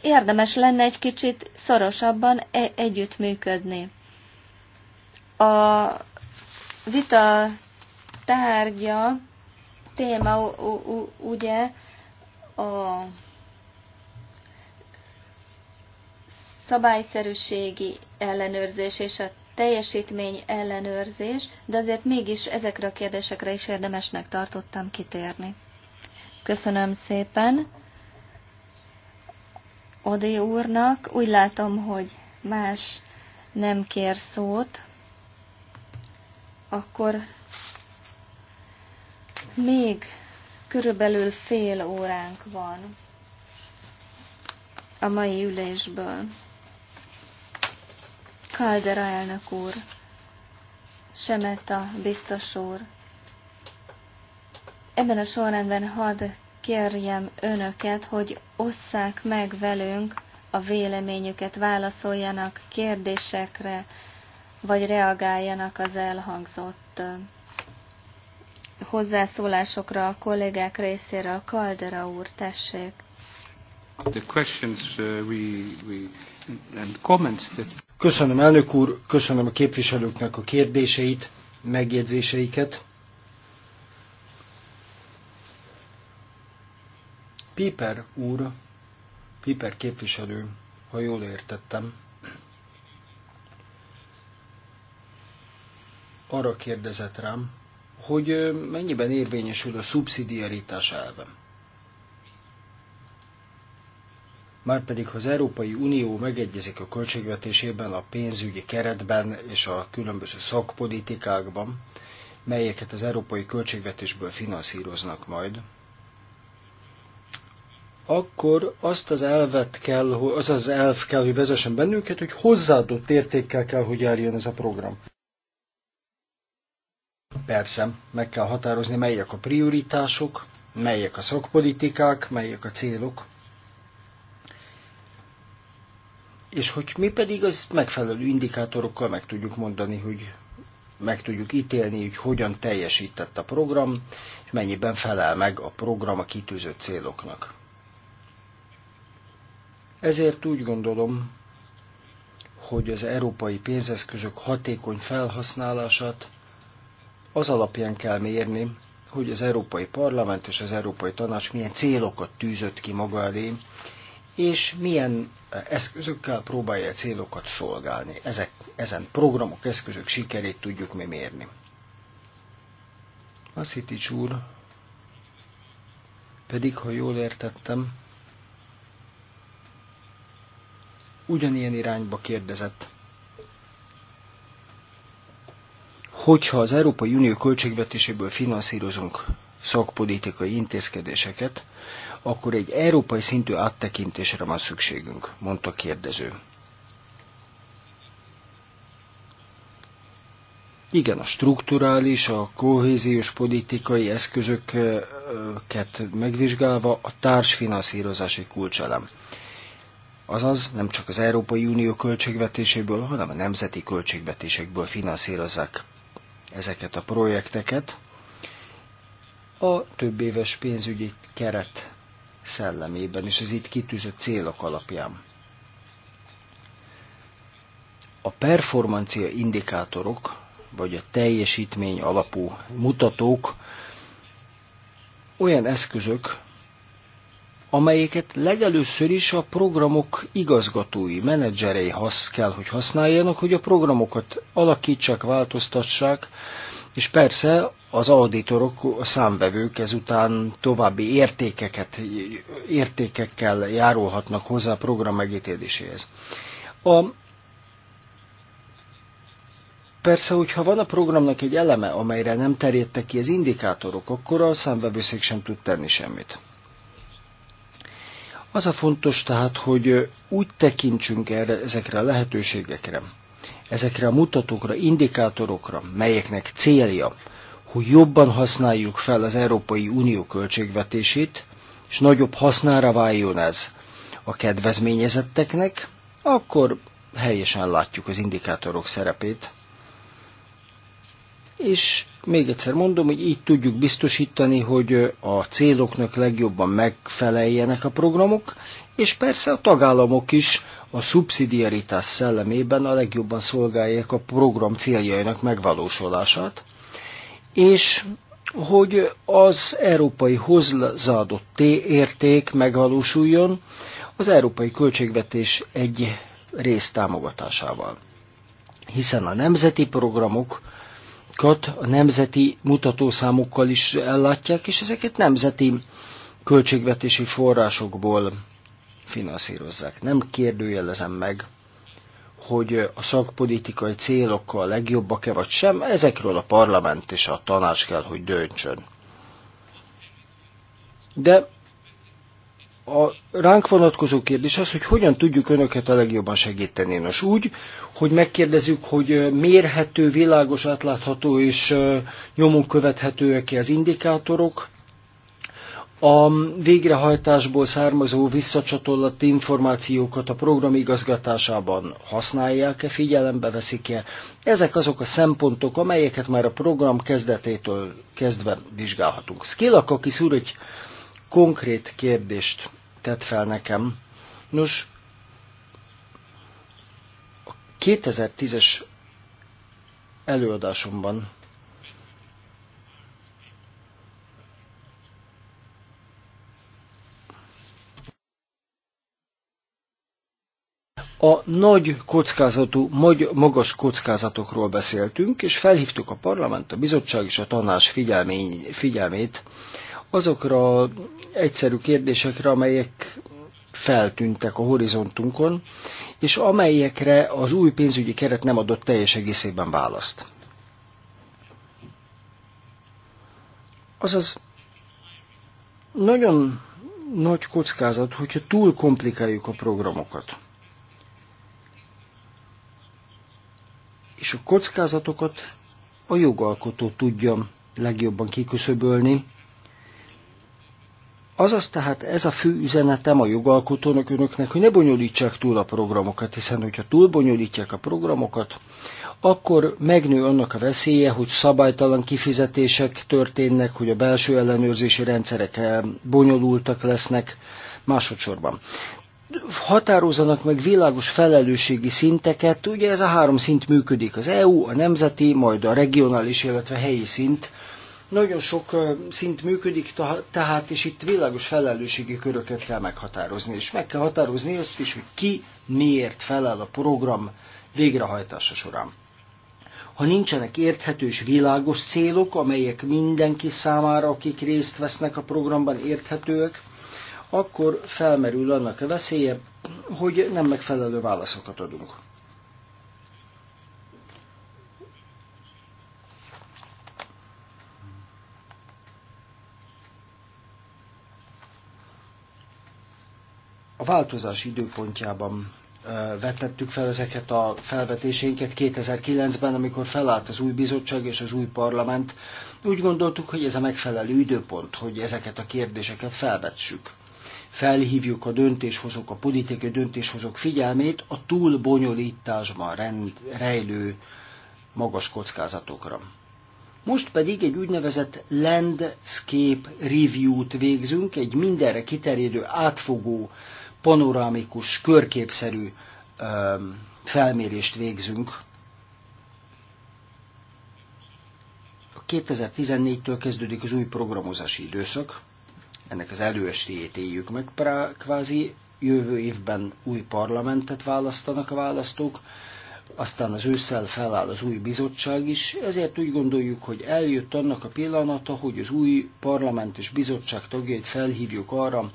érdemes lenne egy kicsit szorosabban e együttműködni. A vita tárgya, téma ugye a szabályszerűségi ellenőrzés és a teljesítmény ellenőrzés, de azért mégis ezekre a kérdésekre is érdemesnek tartottam kitérni. Köszönöm szépen Odé úrnak. Úgy látom, hogy más nem kér szót. Akkor még körülbelül fél óránk van a mai ülésből. Caldera elnök úr, Semeta biztos úr, ebben a sorrendben hadd kérjem önöket, hogy osszák meg velünk a véleményüket, válaszoljanak kérdésekre, vagy reagáljanak az elhangzott hozzászólásokra a kollégák részéről. A Kaldera úr, tessék! The questions uh, we, we, and comments that... Köszönöm elnök úr, köszönöm a képviselőknek a kérdéseit, megjegyzéseiket. Piper úr, Piper képviselő, ha jól értettem, arra kérdezett rám, hogy mennyiben érvényesül a szubszidiaritás elve? márpedig ha az Európai Unió megegyezik a költségvetésében, a pénzügyi keretben és a különböző szakpolitikákban, melyeket az európai költségvetésből finanszíroznak majd, akkor azt az elvet kell, az az elv kell, hogy vezessen bennünket, hogy hozzáadott értékkel kell, hogy járjon ez a program. Persze, meg kell határozni, melyek a prioritások, melyek a szakpolitikák, melyek a célok, és hogy mi pedig az megfelelő indikátorokkal meg tudjuk mondani, hogy meg tudjuk ítélni, hogy hogyan teljesített a program, és mennyiben felel meg a program a kitűzött céloknak. Ezért úgy gondolom, hogy az európai pénzeszközök hatékony felhasználását az alapján kell mérni, hogy az Európai Parlament és az Európai Tanács milyen célokat tűzött ki maga elé, és milyen eszközökkel próbálja célokat szolgálni. Ezek, ezen programok, eszközök sikerét tudjuk mi mérni. City Csúr pedig, ha jól értettem, ugyanilyen irányba kérdezett. Hogyha az Európai Unió költségvetéséből finanszírozunk szakpolitikai intézkedéseket, akkor egy európai szintű áttekintésre van szükségünk, mondta kérdező. Igen, a strukturális, a kohéziós politikai eszközöket megvizsgálva a társfinanszírozási kulcselem. Azaz nem csak az Európai Unió költségvetéséből, hanem a nemzeti költségvetésekből finanszírozzák ezeket a projekteket, a több éves pénzügyi keret szellemében és az itt kitűzött célok alapján. A performancia indikátorok, vagy a teljesítmény alapú mutatók olyan eszközök, amelyeket legelőször is a programok igazgatói, menedzserei hasz kell, hogy használjanak, hogy a programokat alakítsák, változtassák, és persze az auditorok, a számvevők ezután további értékeket, értékekkel járulhatnak hozzá a program megítéléséhez. A Persze, hogyha van a programnak egy eleme, amelyre nem terjedtek ki az indikátorok, akkor a számbevőszék sem tud tenni semmit. Az a fontos tehát, hogy úgy tekintsünk erre, ezekre a lehetőségekre, ezekre a mutatókra, indikátorokra, melyeknek célja, hogy jobban használjuk fel az Európai Unió költségvetését, és nagyobb hasznára váljon ez a kedvezményezetteknek, akkor helyesen látjuk az indikátorok szerepét. És még egyszer mondom, hogy így tudjuk biztosítani, hogy a céloknak legjobban megfeleljenek a programok, és persze a tagállamok is a szubszidiaritás szellemében a legjobban szolgálják a program céljainak megvalósulását, és hogy az európai hozzáadott t érték megvalósuljon az európai költségvetés egy rész támogatásával. Hiszen a nemzeti programok a nemzeti mutatószámokkal is ellátják, és ezeket nemzeti költségvetési forrásokból finanszírozzák. Nem kérdőjelezem meg, hogy a szakpolitikai célokkal legjobbak-e vagy sem, ezekről a parlament és a tanács kell, hogy döntsön. De a ránk vonatkozó kérdés az, hogy hogyan tudjuk önöket a legjobban segíteni. Nos, úgy, hogy megkérdezzük, hogy mérhető, világos, átlátható és nyomon követhetőek-e az indikátorok, a végrehajtásból származó visszacsatolott információkat a program igazgatásában használják-e, figyelembe veszik-e. Ezek azok a szempontok, amelyeket már a program kezdetétől kezdve vizsgálhatunk. aki szúr egy konkrét kérdést tett fel nekem. Nos, a 2010-es előadásomban a nagy kockázatú, magas kockázatokról beszéltünk, és felhívtuk a parlament, a bizottság és a tanás figyelmét azokra egyszerű kérdésekre, amelyek feltűntek a horizontunkon, és amelyekre az új pénzügyi keret nem adott teljes egészében választ. Azaz, nagyon nagy kockázat, hogyha túl komplikáljuk a programokat. és a kockázatokat a jogalkotó tudja legjobban kiküszöbölni. Azaz tehát ez a fő üzenetem a jogalkotónak önöknek, hogy ne bonyolítsák túl a programokat, hiszen hogyha túl bonyolítják a programokat, akkor megnő annak a veszélye, hogy szabálytalan kifizetések történnek, hogy a belső ellenőrzési rendszerek eh, bonyolultak lesznek másodszorban határozzanak meg világos felelősségi szinteket. Ugye ez a három szint működik, az EU, a nemzeti, majd a regionális, illetve helyi szint. Nagyon sok szint működik, tehát és itt világos felelősségi köröket kell meghatározni, és meg kell határozni azt is, hogy ki miért felel a program végrehajtása során. Ha nincsenek érthető és világos célok, amelyek mindenki számára, akik részt vesznek a programban érthetőek, akkor felmerül annak a veszélye, hogy nem megfelelő válaszokat adunk. A változás időpontjában e, vetettük fel ezeket a felvetéseinket 2009-ben, amikor felállt az új bizottság és az új parlament. Úgy gondoltuk, hogy ez a megfelelő időpont, hogy ezeket a kérdéseket felvetsük felhívjuk a döntéshozók, a politikai döntéshozók figyelmét a túl bonyolításban rend, rejlő magas kockázatokra. Most pedig egy úgynevezett landscape review-t végzünk, egy mindenre kiterjedő, átfogó, panorámikus, körképszerű um, felmérést végzünk. A 2014-től kezdődik az új programozási időszak, ennek az előestéjét éljük meg, kvázi jövő évben új parlamentet választanak a választók, aztán az ősszel feláll az új bizottság is, ezért úgy gondoljuk, hogy eljött annak a pillanata, hogy az új parlament és bizottság tagjait felhívjuk arra,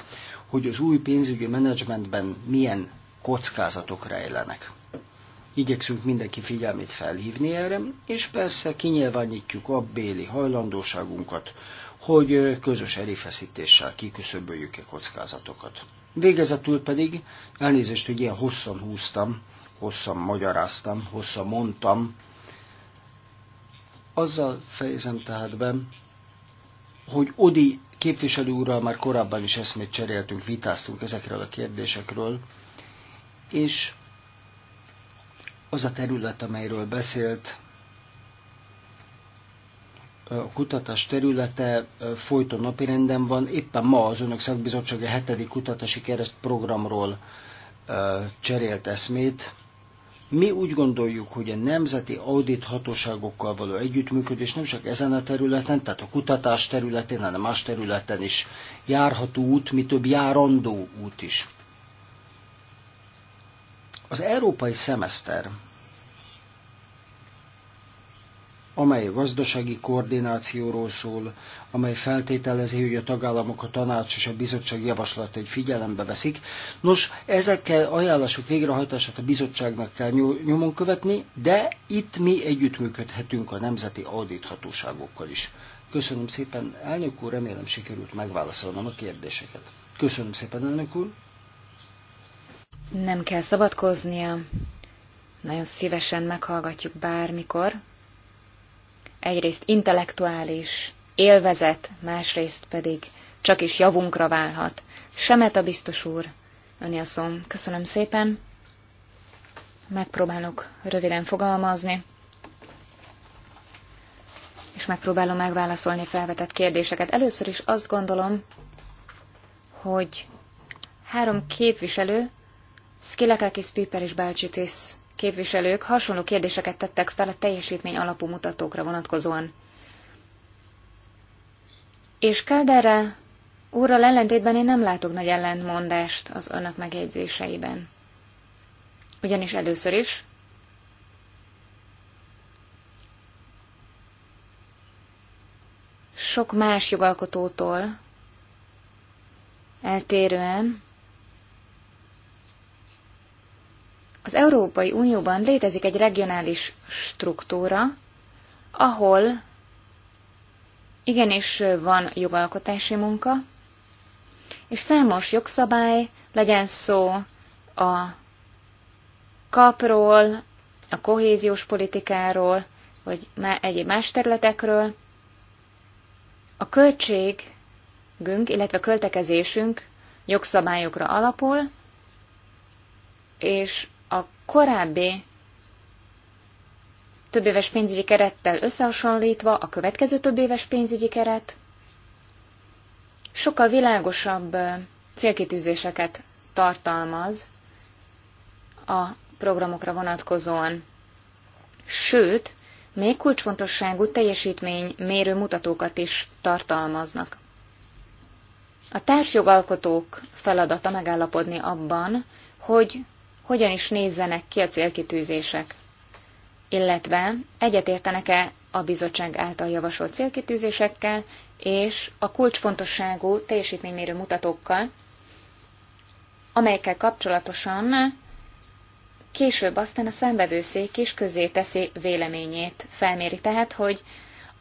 hogy az új pénzügyi menedzsmentben milyen kockázatok rejlenek. Igyekszünk mindenki figyelmét felhívni erre, és persze kinyilvánítjuk béli hajlandóságunkat, hogy közös erőfeszítéssel kiküszöböljük a kockázatokat. Végezetül pedig, elnézést, hogy ilyen hosszan húztam, hosszan magyaráztam, hosszan mondtam, azzal fejezem tehát be, hogy Odi képviselő úrral már korábban is eszmét cseréltünk, vitáztunk ezekről a kérdésekről, és az a terület, amelyről beszélt, a kutatás területe folyton napirenden van. Éppen ma az Önök Szakbizottsága hetedik kutatási keresztprogramról cserélt eszmét. Mi úgy gondoljuk, hogy a nemzeti audit hatóságokkal való együttműködés nem csak ezen a területen, tehát a kutatás területén, hanem más területen is járható út, mi több járandó út is. Az európai szemeszter amely gazdasági koordinációról szól, amely feltételezi, hogy a tagállamok, a tanács és a bizottság javaslatait figyelembe veszik. Nos, ezekkel ajánlások végrehajtását a bizottságnak kell nyomon követni, de itt mi együttműködhetünk a nemzeti audíthatóságokkal is. Köszönöm szépen, elnök úr, remélem sikerült megválaszolnom a kérdéseket. Köszönöm szépen, elnök úr. Nem kell szabadkoznia. Nagyon szívesen meghallgatjuk bármikor, egyrészt intellektuális, élvezet, másrészt pedig csak is javunkra válhat. Semet a biztos úr, öni Köszönöm szépen. Megpróbálok röviden fogalmazni, és megpróbálom megválaszolni felvetett kérdéseket. Először is azt gondolom, hogy három képviselő, Skilakakis, Piper és Balcsitis képviselők hasonló kérdéseket tettek fel a teljesítmény alapú mutatókra vonatkozóan. És Kelderre, úrral ellentétben én nem látok nagy ellentmondást az önök megjegyzéseiben. Ugyanis először is sok más jogalkotótól eltérően Európai Unióban létezik egy regionális struktúra, ahol igenis van jogalkotási munka, és számos jogszabály, legyen szó a kapról, a kohéziós politikáról, vagy egyéb más területekről, a költségünk, illetve a költekezésünk jogszabályokra alapul, és korábbi több éves pénzügyi kerettel összehasonlítva a következő több éves pénzügyi keret sokkal világosabb célkitűzéseket tartalmaz a programokra vonatkozóan. Sőt, még kulcsfontosságú teljesítmény mérő mutatókat is tartalmaznak. A társjogalkotók feladata megállapodni abban, hogy hogyan is nézzenek ki a célkitűzések, illetve egyetértenek-e a bizottság által javasolt célkitűzésekkel és a kulcsfontosságú teljesítménymérő mutatókkal, amelyekkel kapcsolatosan később aztán a szembevőszék is közé teszi véleményét. Felméri tehát, hogy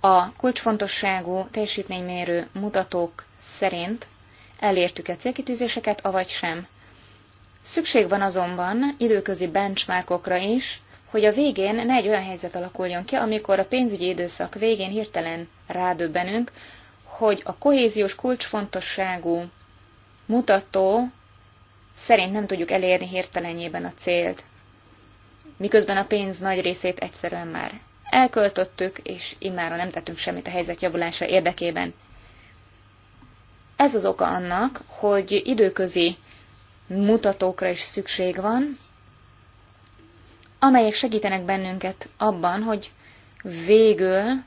a kulcsfontosságú teljesítménymérő mutatók szerint elértük-e célkitűzéseket, avagy sem. Szükség van azonban időközi benchmarkokra is, hogy a végén ne egy olyan helyzet alakuljon ki, amikor a pénzügyi időszak végén hirtelen rádöbbenünk, hogy a kohéziós kulcsfontosságú mutató szerint nem tudjuk elérni hirtelenjében a célt, miközben a pénz nagy részét egyszerűen már elköltöttük, és immáron nem tettünk semmit a helyzet javulása érdekében. Ez az oka annak, hogy időközi mutatókra is szükség van, amelyek segítenek bennünket abban, hogy végül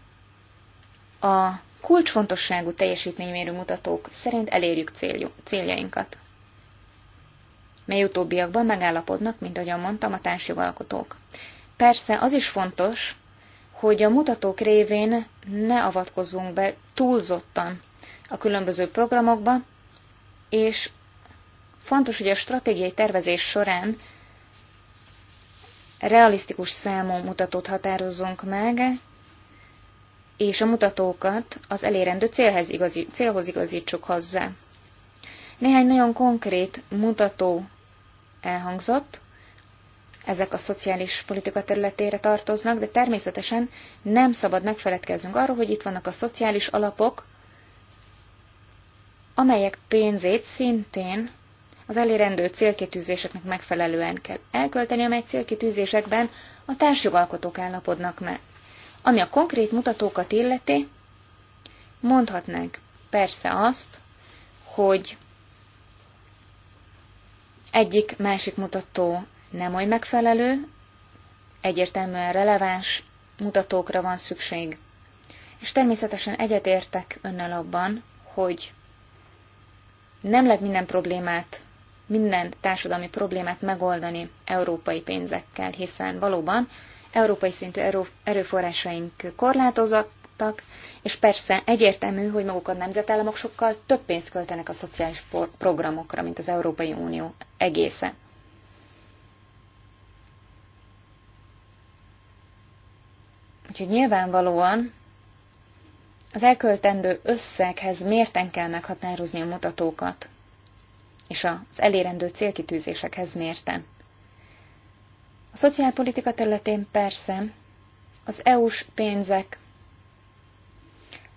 a kulcsfontosságú teljesítménymérő mutatók szerint elérjük céljú, céljainkat, mely utóbbiakban megállapodnak, mint ahogyan mondtam, a társjogalkotók. Persze az is fontos, hogy a mutatók révén ne avatkozzunk be túlzottan a különböző programokba, és Fontos, hogy a stratégiai tervezés során realisztikus számú mutatót határozzunk meg, és a mutatókat az elérendő célhez igazi, célhoz igazítsuk hozzá. Néhány nagyon konkrét mutató elhangzott, ezek a szociális politika területére tartoznak, de természetesen nem szabad megfeledkeznünk arról, hogy itt vannak a szociális alapok, amelyek pénzét szintén az elérendő célkitűzéseknek megfelelően kell elkölteni, amely célkitűzésekben a társjogalkotók állapodnak meg. Ami a konkrét mutatókat illeti, mondhatnánk persze azt, hogy egyik másik mutató nem oly megfelelő, egyértelműen releváns mutatókra van szükség. És természetesen egyetértek önnel abban, hogy nem lehet minden problémát minden társadalmi problémát megoldani európai pénzekkel, hiszen valóban európai szintű erőforrásaink korlátozottak, és persze egyértelmű, hogy maguk a nemzetállamok sokkal több pénzt költenek a szociális programokra, mint az Európai Unió egésze. Úgyhogy nyilvánvalóan az elköltendő összeghez mérten kell meghatározni a mutatókat és az elérendő célkitűzésekhez mérten. A szociálpolitika területén persze az EU-s pénzek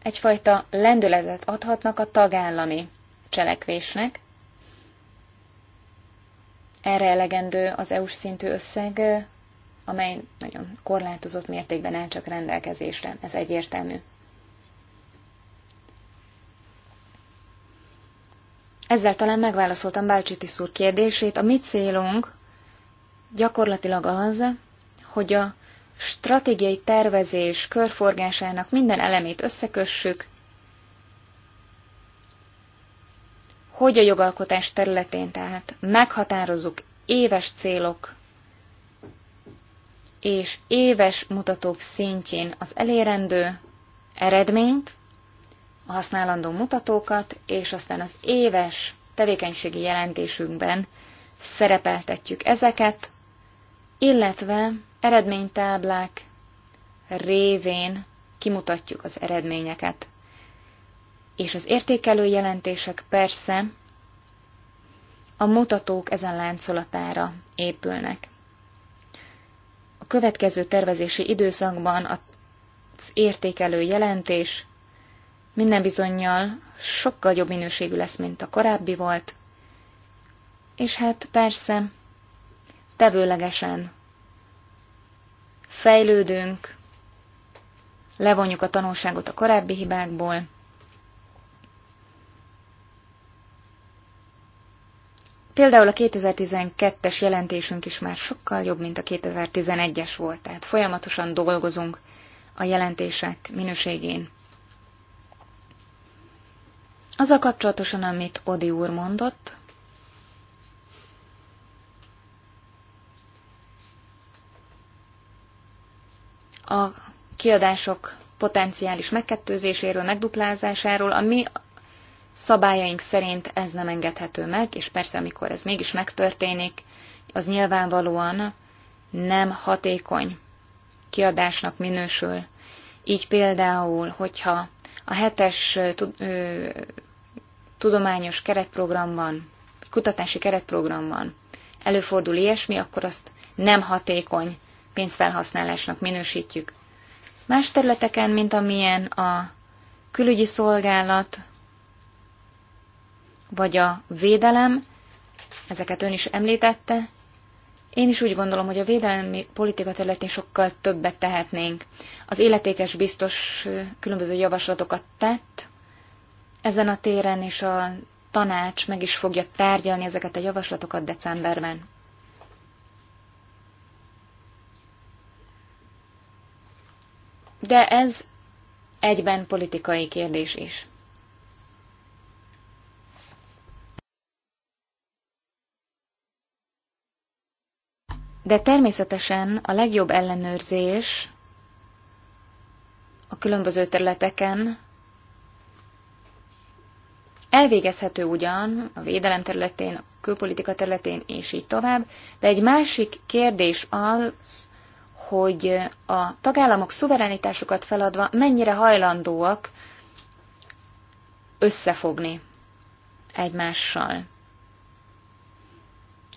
egyfajta lendületet adhatnak a tagállami cselekvésnek. Erre elegendő az EU-s szintű összeg, amely nagyon korlátozott mértékben áll csak rendelkezésre, ez egyértelmű. Ezzel talán megválaszoltam Bácsi Tiszúr kérdését. A mi célunk gyakorlatilag az, hogy a stratégiai tervezés körforgásának minden elemét összekössük, hogy a jogalkotás területén tehát meghatározzuk éves célok és éves mutatók szintjén az elérendő eredményt, használandó mutatókat, és aztán az éves tevékenységi jelentésünkben szerepeltetjük ezeket, illetve eredménytáblák révén kimutatjuk az eredményeket. És az értékelő jelentések persze a mutatók ezen láncolatára épülnek. A következő tervezési időszakban az értékelő jelentés minden bizonyal sokkal jobb minőségű lesz, mint a korábbi volt, és hát persze tevőlegesen fejlődünk, levonjuk a tanulságot a korábbi hibákból, Például a 2012-es jelentésünk is már sokkal jobb, mint a 2011-es volt, tehát folyamatosan dolgozunk a jelentések minőségén. Az a kapcsolatosan, amit Odi úr mondott, a kiadások potenciális megkettőzéséről, megduplázásáról, ami szabályaink szerint ez nem engedhető meg, és persze, amikor ez mégis megtörténik, az nyilvánvalóan nem hatékony kiadásnak minősül. Így például, hogyha a hetes tudományos keretprogramban, kutatási keretprogramban előfordul ilyesmi, akkor azt nem hatékony pénzfelhasználásnak minősítjük. Más területeken, mint amilyen a külügyi szolgálat, vagy a védelem, ezeket ön is említette, én is úgy gondolom, hogy a védelmi politika területén sokkal többet tehetnénk. Az életékes biztos különböző javaslatokat tett, ezen a téren és a tanács meg is fogja tárgyalni ezeket a javaslatokat decemberben. De ez egyben politikai kérdés is. De természetesen a legjobb ellenőrzés a különböző területeken Elvégezhető ugyan a védelem területén, a külpolitika területén, és így tovább, de egy másik kérdés az, hogy a tagállamok szuverenitásukat feladva mennyire hajlandóak összefogni egymással.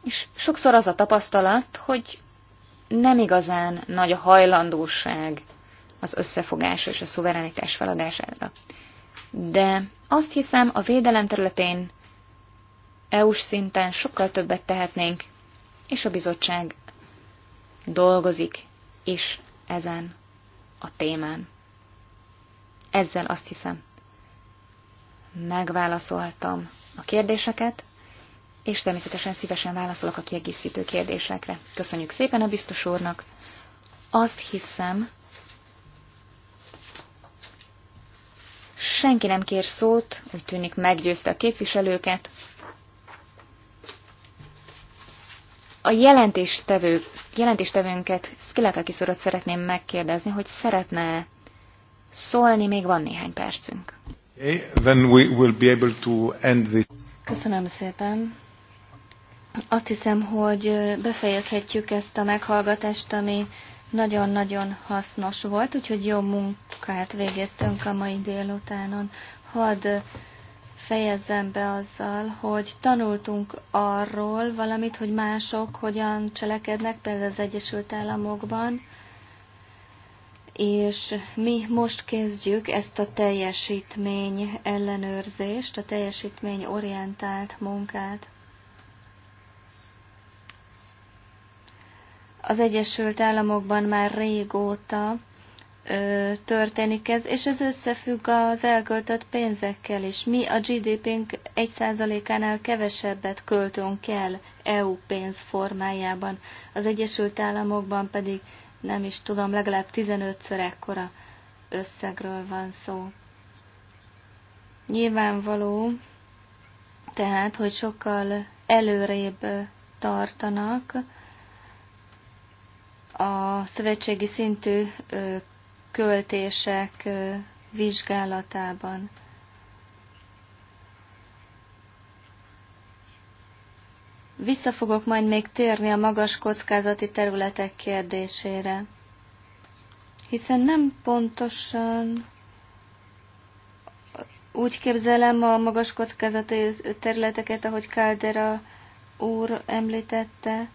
És sokszor az a tapasztalat, hogy nem igazán nagy a hajlandóság az összefogás és a szuverenitás feladására. De azt hiszem, a védelem területén EU-s szinten sokkal többet tehetnénk, és a bizottság dolgozik is ezen a témán. Ezzel azt hiszem, megválaszoltam a kérdéseket, és természetesen szívesen válaszolok a kiegészítő kérdésekre. Köszönjük szépen a biztos úrnak. Azt hiszem, Senki nem kér szót, úgy tűnik meggyőzte a képviselőket. A jelentéstevő, jelentéstevőnket, Skilakakis urat szeretném megkérdezni, hogy szeretne szólni, még van néhány percünk. Okay, then we will be able to end this. Köszönöm szépen. Azt hiszem, hogy befejezhetjük ezt a meghallgatást, ami nagyon-nagyon hasznos volt, úgyhogy jó munkát végeztünk a mai délutánon. Hadd fejezzem be azzal, hogy tanultunk arról valamit, hogy mások hogyan cselekednek, például az Egyesült Államokban, és mi most kezdjük ezt a teljesítmény ellenőrzést, a teljesítmény orientált munkát. Az Egyesült Államokban már régóta ö, történik ez, és ez összefügg az elköltött pénzekkel is. Mi a GDP-nk 1%-ánál kevesebbet költünk el EU pénz formájában, az Egyesült Államokban pedig nem is tudom, legalább 15-ször ekkora összegről van szó. Nyilvánvaló, tehát, hogy sokkal előrébb tartanak, a szövetségi szintű költések vizsgálatában. Vissza fogok majd még térni a magas kockázati területek kérdésére, hiszen nem pontosan úgy képzelem a magas kockázati területeket, ahogy Caldera úr említette,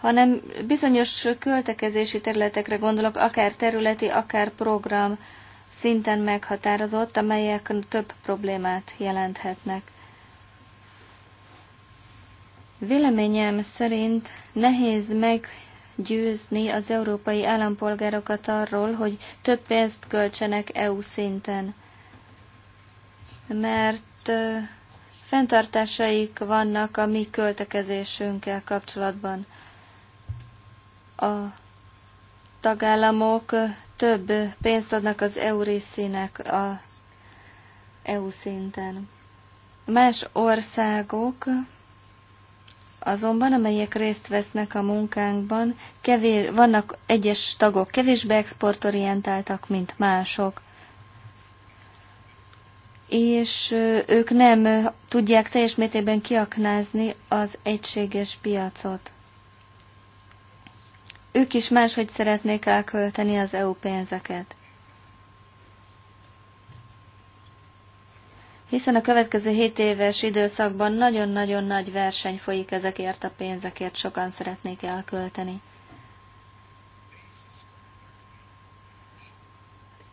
hanem bizonyos költekezési területekre gondolok, akár területi, akár program szinten meghatározott, amelyek több problémát jelenthetnek. Véleményem szerint nehéz meggyőzni az európai állampolgárokat arról, hogy több pénzt költsenek EU szinten, mert fenntartásaik vannak a mi költekezésünkkel kapcsolatban a tagállamok több pénzt adnak az EU részének a EU szinten. Más országok azonban, amelyek részt vesznek a munkánkban, kevés, vannak egyes tagok kevésbé exportorientáltak, mint mások. És ők nem tudják teljes mértékben kiaknázni az egységes piacot ők is máshogy szeretnék elkölteni az EU pénzeket. Hiszen a következő 7 éves időszakban nagyon-nagyon nagy verseny folyik ezekért a pénzekért, sokan szeretnék elkölteni.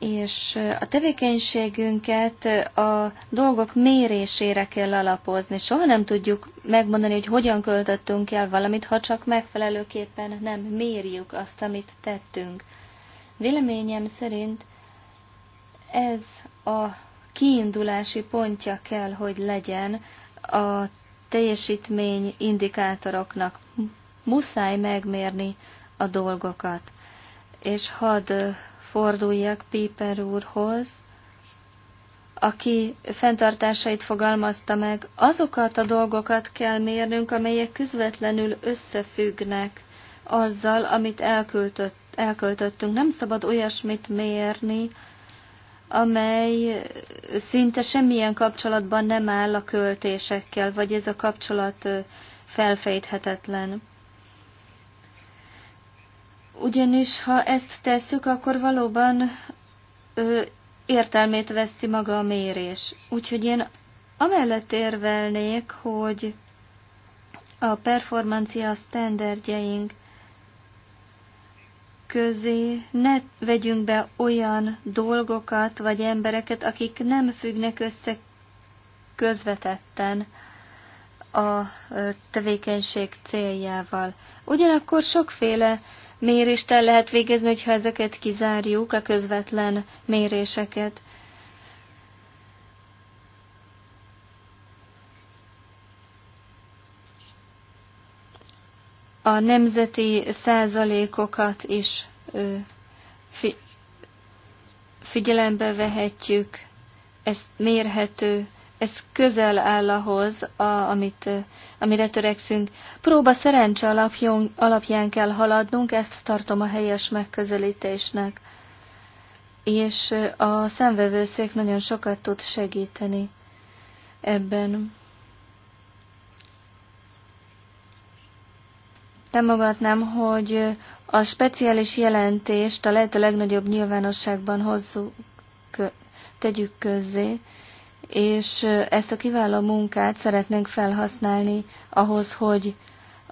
és a tevékenységünket a dolgok mérésére kell alapozni. Soha nem tudjuk megmondani, hogy hogyan költöttünk el valamit, ha csak megfelelőképpen nem mérjük azt, amit tettünk. Véleményem szerint ez a kiindulási pontja kell, hogy legyen a teljesítmény indikátoroknak. Muszáj megmérni a dolgokat. És hadd forduljak Piper úrhoz, aki fenntartásait fogalmazta meg, azokat a dolgokat kell mérnünk, amelyek közvetlenül összefüggnek azzal, amit elköltött, elköltöttünk. Nem szabad olyasmit mérni, amely szinte semmilyen kapcsolatban nem áll a költésekkel, vagy ez a kapcsolat felfejthetetlen. Ugyanis, ha ezt tesszük, akkor valóban ö, értelmét veszti maga a mérés. Úgyhogy én amellett érvelnék, hogy a performancia standardjeink közé ne vegyünk be olyan dolgokat vagy embereket, akik nem függnek össze közvetetten a tevékenység céljával. Ugyanakkor sokféle mérést el lehet végezni, hogyha ezeket kizárjuk, a közvetlen méréseket. A nemzeti százalékokat is fi figyelembe vehetjük, ez mérhető ez közel áll ahhoz, a, amit, amire törekszünk. Próba szerencse alapján, alapján kell haladnunk, ezt tartom a helyes megközelítésnek. És a szemvevőszék nagyon sokat tud segíteni ebben. Támogatnám, hogy a speciális jelentést a lehető legnagyobb nyilvánosságban hozzuk, tegyük közzé, és ezt a kiváló munkát szeretnénk felhasználni ahhoz, hogy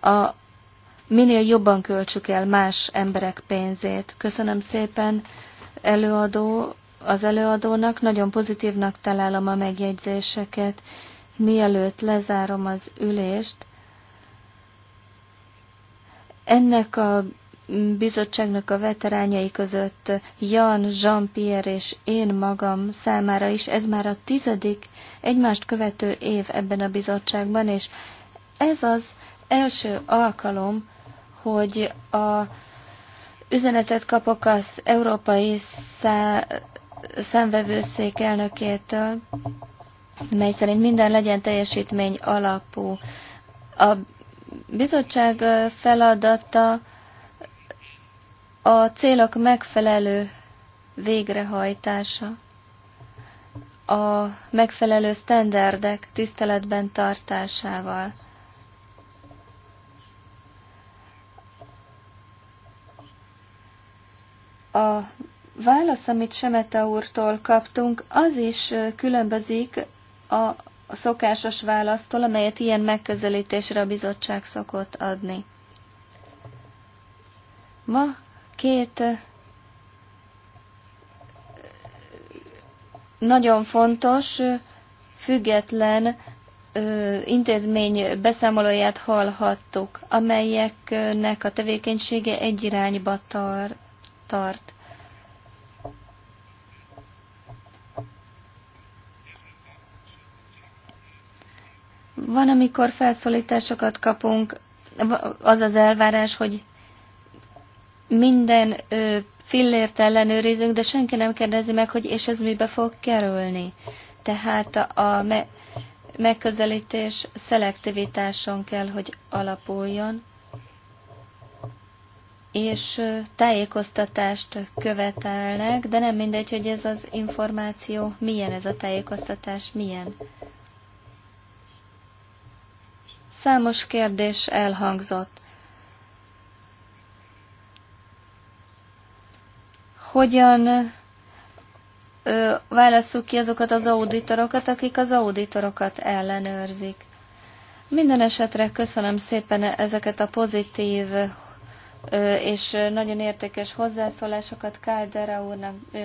a minél jobban költsük el más emberek pénzét. Köszönöm szépen előadó, az előadónak, nagyon pozitívnak találom a megjegyzéseket. Mielőtt lezárom az ülést, ennek a bizottságnak a veterányai között Jan, Jean-Pierre és én magam számára is. Ez már a tizedik egymást követő év ebben a bizottságban, és ez az első alkalom, hogy a üzenetet kapok az Európai Szá Szemvevőszék elnökétől, mely szerint minden legyen teljesítmény alapú. A bizottság feladata a célok megfelelő végrehajtása, a megfelelő sztenderdek tiszteletben tartásával. A válasz, amit Semeta úrtól kaptunk, az is különbözik a szokásos választól, amelyet ilyen megközelítésre a bizottság szokott adni. Ma Két nagyon fontos, független intézmény beszámolóját hallhattuk, amelyeknek a tevékenysége egy irányba tar tart. Van, amikor felszólításokat kapunk, az az elvárás, hogy minden ö, fillért ellenőrizünk, de senki nem kérdezi meg, hogy és ez mibe fog kerülni. Tehát a me megközelítés szelektivitáson kell, hogy alapuljon, és tájékoztatást követelnek, de nem mindegy, hogy ez az információ milyen, ez a tájékoztatás milyen. Számos kérdés elhangzott. hogyan ö, válasszuk ki azokat az auditorokat, akik az auditorokat ellenőrzik. Minden esetre köszönöm szépen ezeket a pozitív ö, és nagyon értékes hozzászólásokat Káldera úrnak, ö,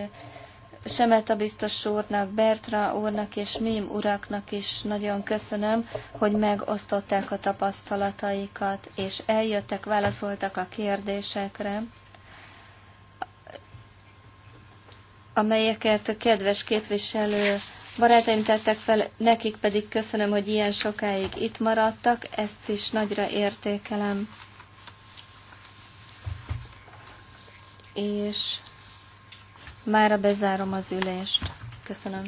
Semeta biztos úrnak, Bertra úrnak és Mim uraknak is nagyon köszönöm, hogy megosztották a tapasztalataikat, és eljöttek, válaszoltak a kérdésekre. amelyeket a kedves képviselő barátaim tettek fel, nekik pedig köszönöm, hogy ilyen sokáig itt maradtak, ezt is nagyra értékelem. És mára bezárom az ülést. Köszönöm.